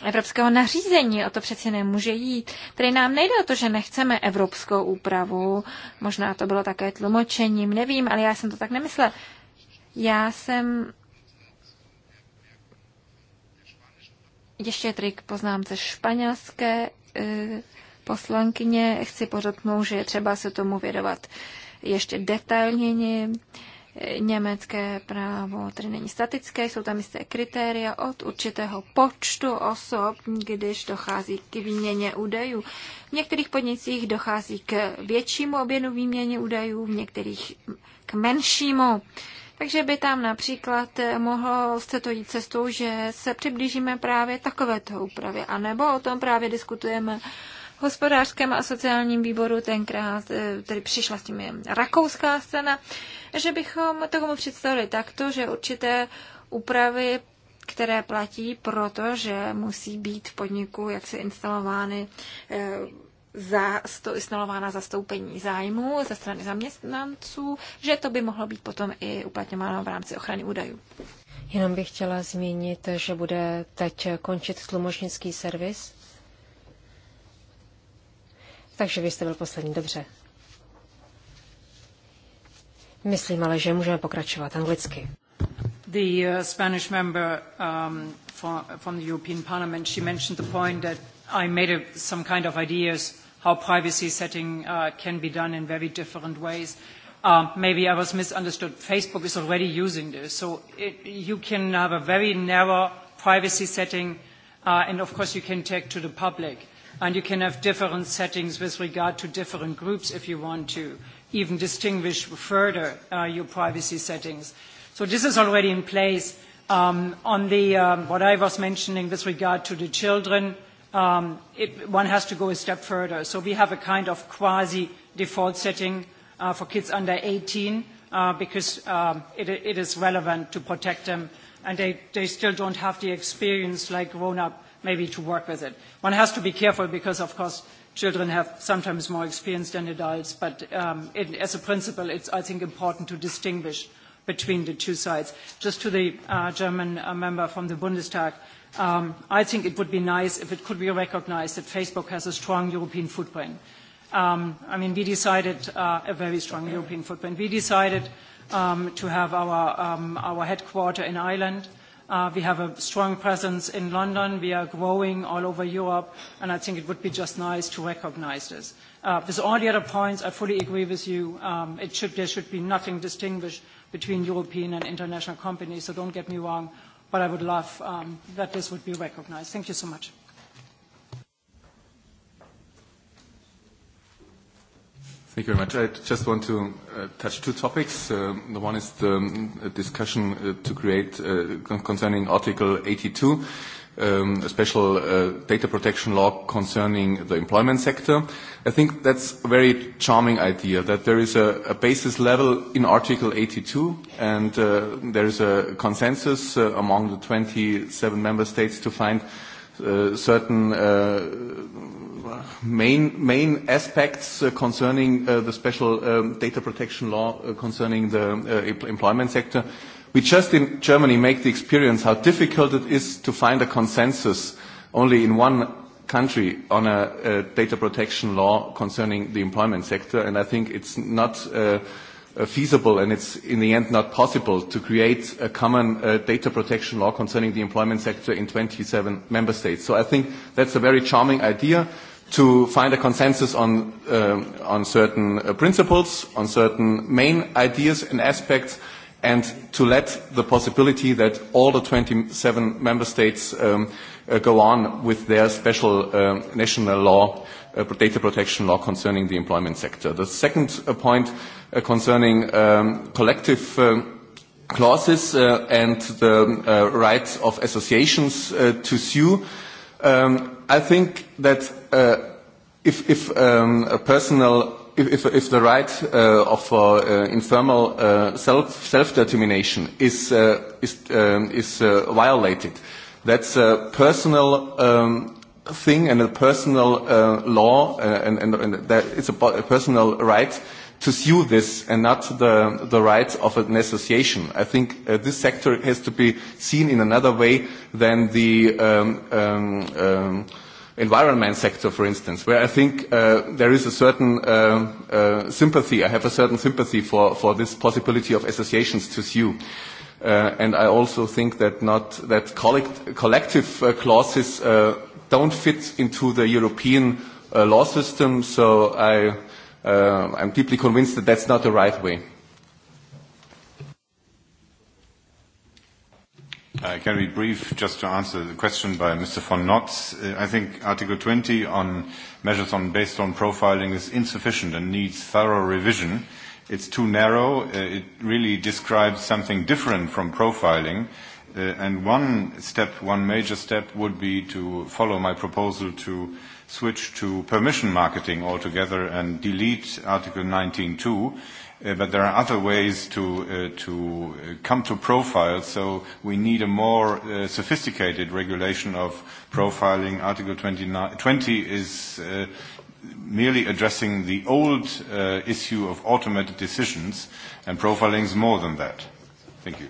evropského nařízení. O to přeci nemůže jít. Tady nám nejde o to, že nechceme evropskou úpravu. Možná to bylo také tlumočením, nevím, ale já jsem to tak nemyslela. Já jsem ještě trik poznámce španělské eh, poslankyně. Chci pořadnout, že je třeba se tomu vědovat ještě detailněji německé právo tedy není statické, jsou tam jisté kritéria od určitého počtu osob, když dochází k výměně údajů. V některých podnicích dochází k většímu objemu výměně údajů, v některých k menšímu. Takže by tam například mohlo se to jít cestou, že se přiblížíme právě takovéto úpravě, anebo o tom právě diskutujeme hospodářském a sociálním výboru tenkrát eh, tedy přišla s tím rakouská scéna, že bychom tomu představili takto, že určité úpravy které platí, protože musí být v podniku jaksi instalovány eh, za, sto, instalována zastoupení zájmu ze strany zaměstnanců, že to by mohlo být potom i uplatňováno v rámci ochrany údajů. Jenom bych chtěla zmínit, že bude teď končit tlumočnický servis takže vy jste byl poslední, dobře. Myslím ale, že můžeme pokračovat anglicky. The uh, Spanish member um, for, from the European Parliament, she mentioned the point that I made a, some kind of ideas how privacy setting uh, can be done in very different ways. Uh, maybe I was misunderstood. Facebook is already using this. So it, you can have a very narrow privacy setting, uh, and of course you can take to the public and you can have different settings with regard to different groups if you want to even distinguish further uh, your privacy settings. So this is already in place. Um, on the, um, what I was mentioning with regard to the children, um, it, one has to go a step further. So we have a kind of quasi-default setting uh, for kids under 18 uh, because um, it, it is relevant to protect them and they, they still don't have the experience like grown-up maybe to work with it. One has to be careful because, of course, children have sometimes more experience than adults, but um, it, as a principle, it's, I think, important to distinguish between the two sides. Just to the uh, German uh, member from the Bundestag, um, I think it would be nice if it could be recognized that Facebook has a strong European footprint. Um, I mean, we decided uh, a very strong European footprint. We decided um, to have our, um, our headquarter in Ireland – Uh, we have a strong presence in London. We are growing all over Europe, and I think it would be just nice to recognize this. with all the other points, I fully agree with you. Um, there should be nothing distinguished between European and international companies, so don't get me wrong, but I would love um, that this would be recognized. Thank you so much. Thank you very much. I just want to uh, touch two topics. Uh, the one is the um, discussion uh, to create concerning Article 82, um, a special data protection law concerning the employment sector. I think that's a very charming idea that there is a, basis level in Article 82 and there is a consensus among the 27 member states to find certain main, aspects uh, concerning uh, the special um, data protection law uh, concerning the employment sector. We just in Germany make the experience how difficult it is to find a consensus only in one country on a, data protection law concerning the employment sector, and I think it's not feasible and it's in the end not possible to create a common data protection law concerning the employment sector in 27 member states. So I think that's a very charming idea to find a consensus on, uh, on certain uh, principles, on certain main ideas and aspects, and to let the possibility that all the 27 member states um, uh, go on with their special uh, national law, uh, data protection law concerning the employment sector. The second uh, point uh, concerning um, collective uh, clauses uh, and the uh, rights of associations uh, to sue. Um, i think that uh, if, if um, a personal if, if, if the right uh, of uh, uh, informal uh, self self determination is uh, is um, is uh, violated, that's a personal um, thing and a personal uh, law, uh, and, and, and that it's a, a personal right to sue this and not the, the rights of an association. I think uh, this sector has to be seen in another way than the um, um, um, environment sector, for instance, where I think uh, there is a certain uh, uh, sympathy. I have a certain sympathy for, for this possibility of associations to sue. Uh, and I also think that not that collect, collective uh, clauses uh, don't fit into the European uh, law system. So I uh, I'm deeply convinced that that's not the right way. Uh, can be brief just to answer the question by Mr. von Notz. Uh, I think Article 20 on measures on based on profiling is insufficient and needs thorough revision. It's too narrow. Uh, it really describes something different from profiling. Uh, and one step, one major step would be to follow my proposal to uh, switch to permission marketing altogether and delete Article 19.2. Uh, but there are other ways to, uh, to uh, come to profiles, so we need a more uh, sophisticated regulation of profiling. Article 20 is uh, merely addressing the old uh, issue of automated decisions, and profiling is more than that. Thank you.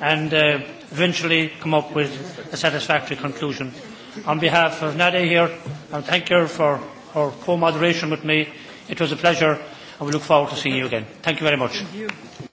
and uh, eventually come up with a satisfactory conclusion. On behalf of Nadia here, I thank her for her co-moderation with me. It was a pleasure, and we look forward to seeing you again. Thank you very much. Thank you.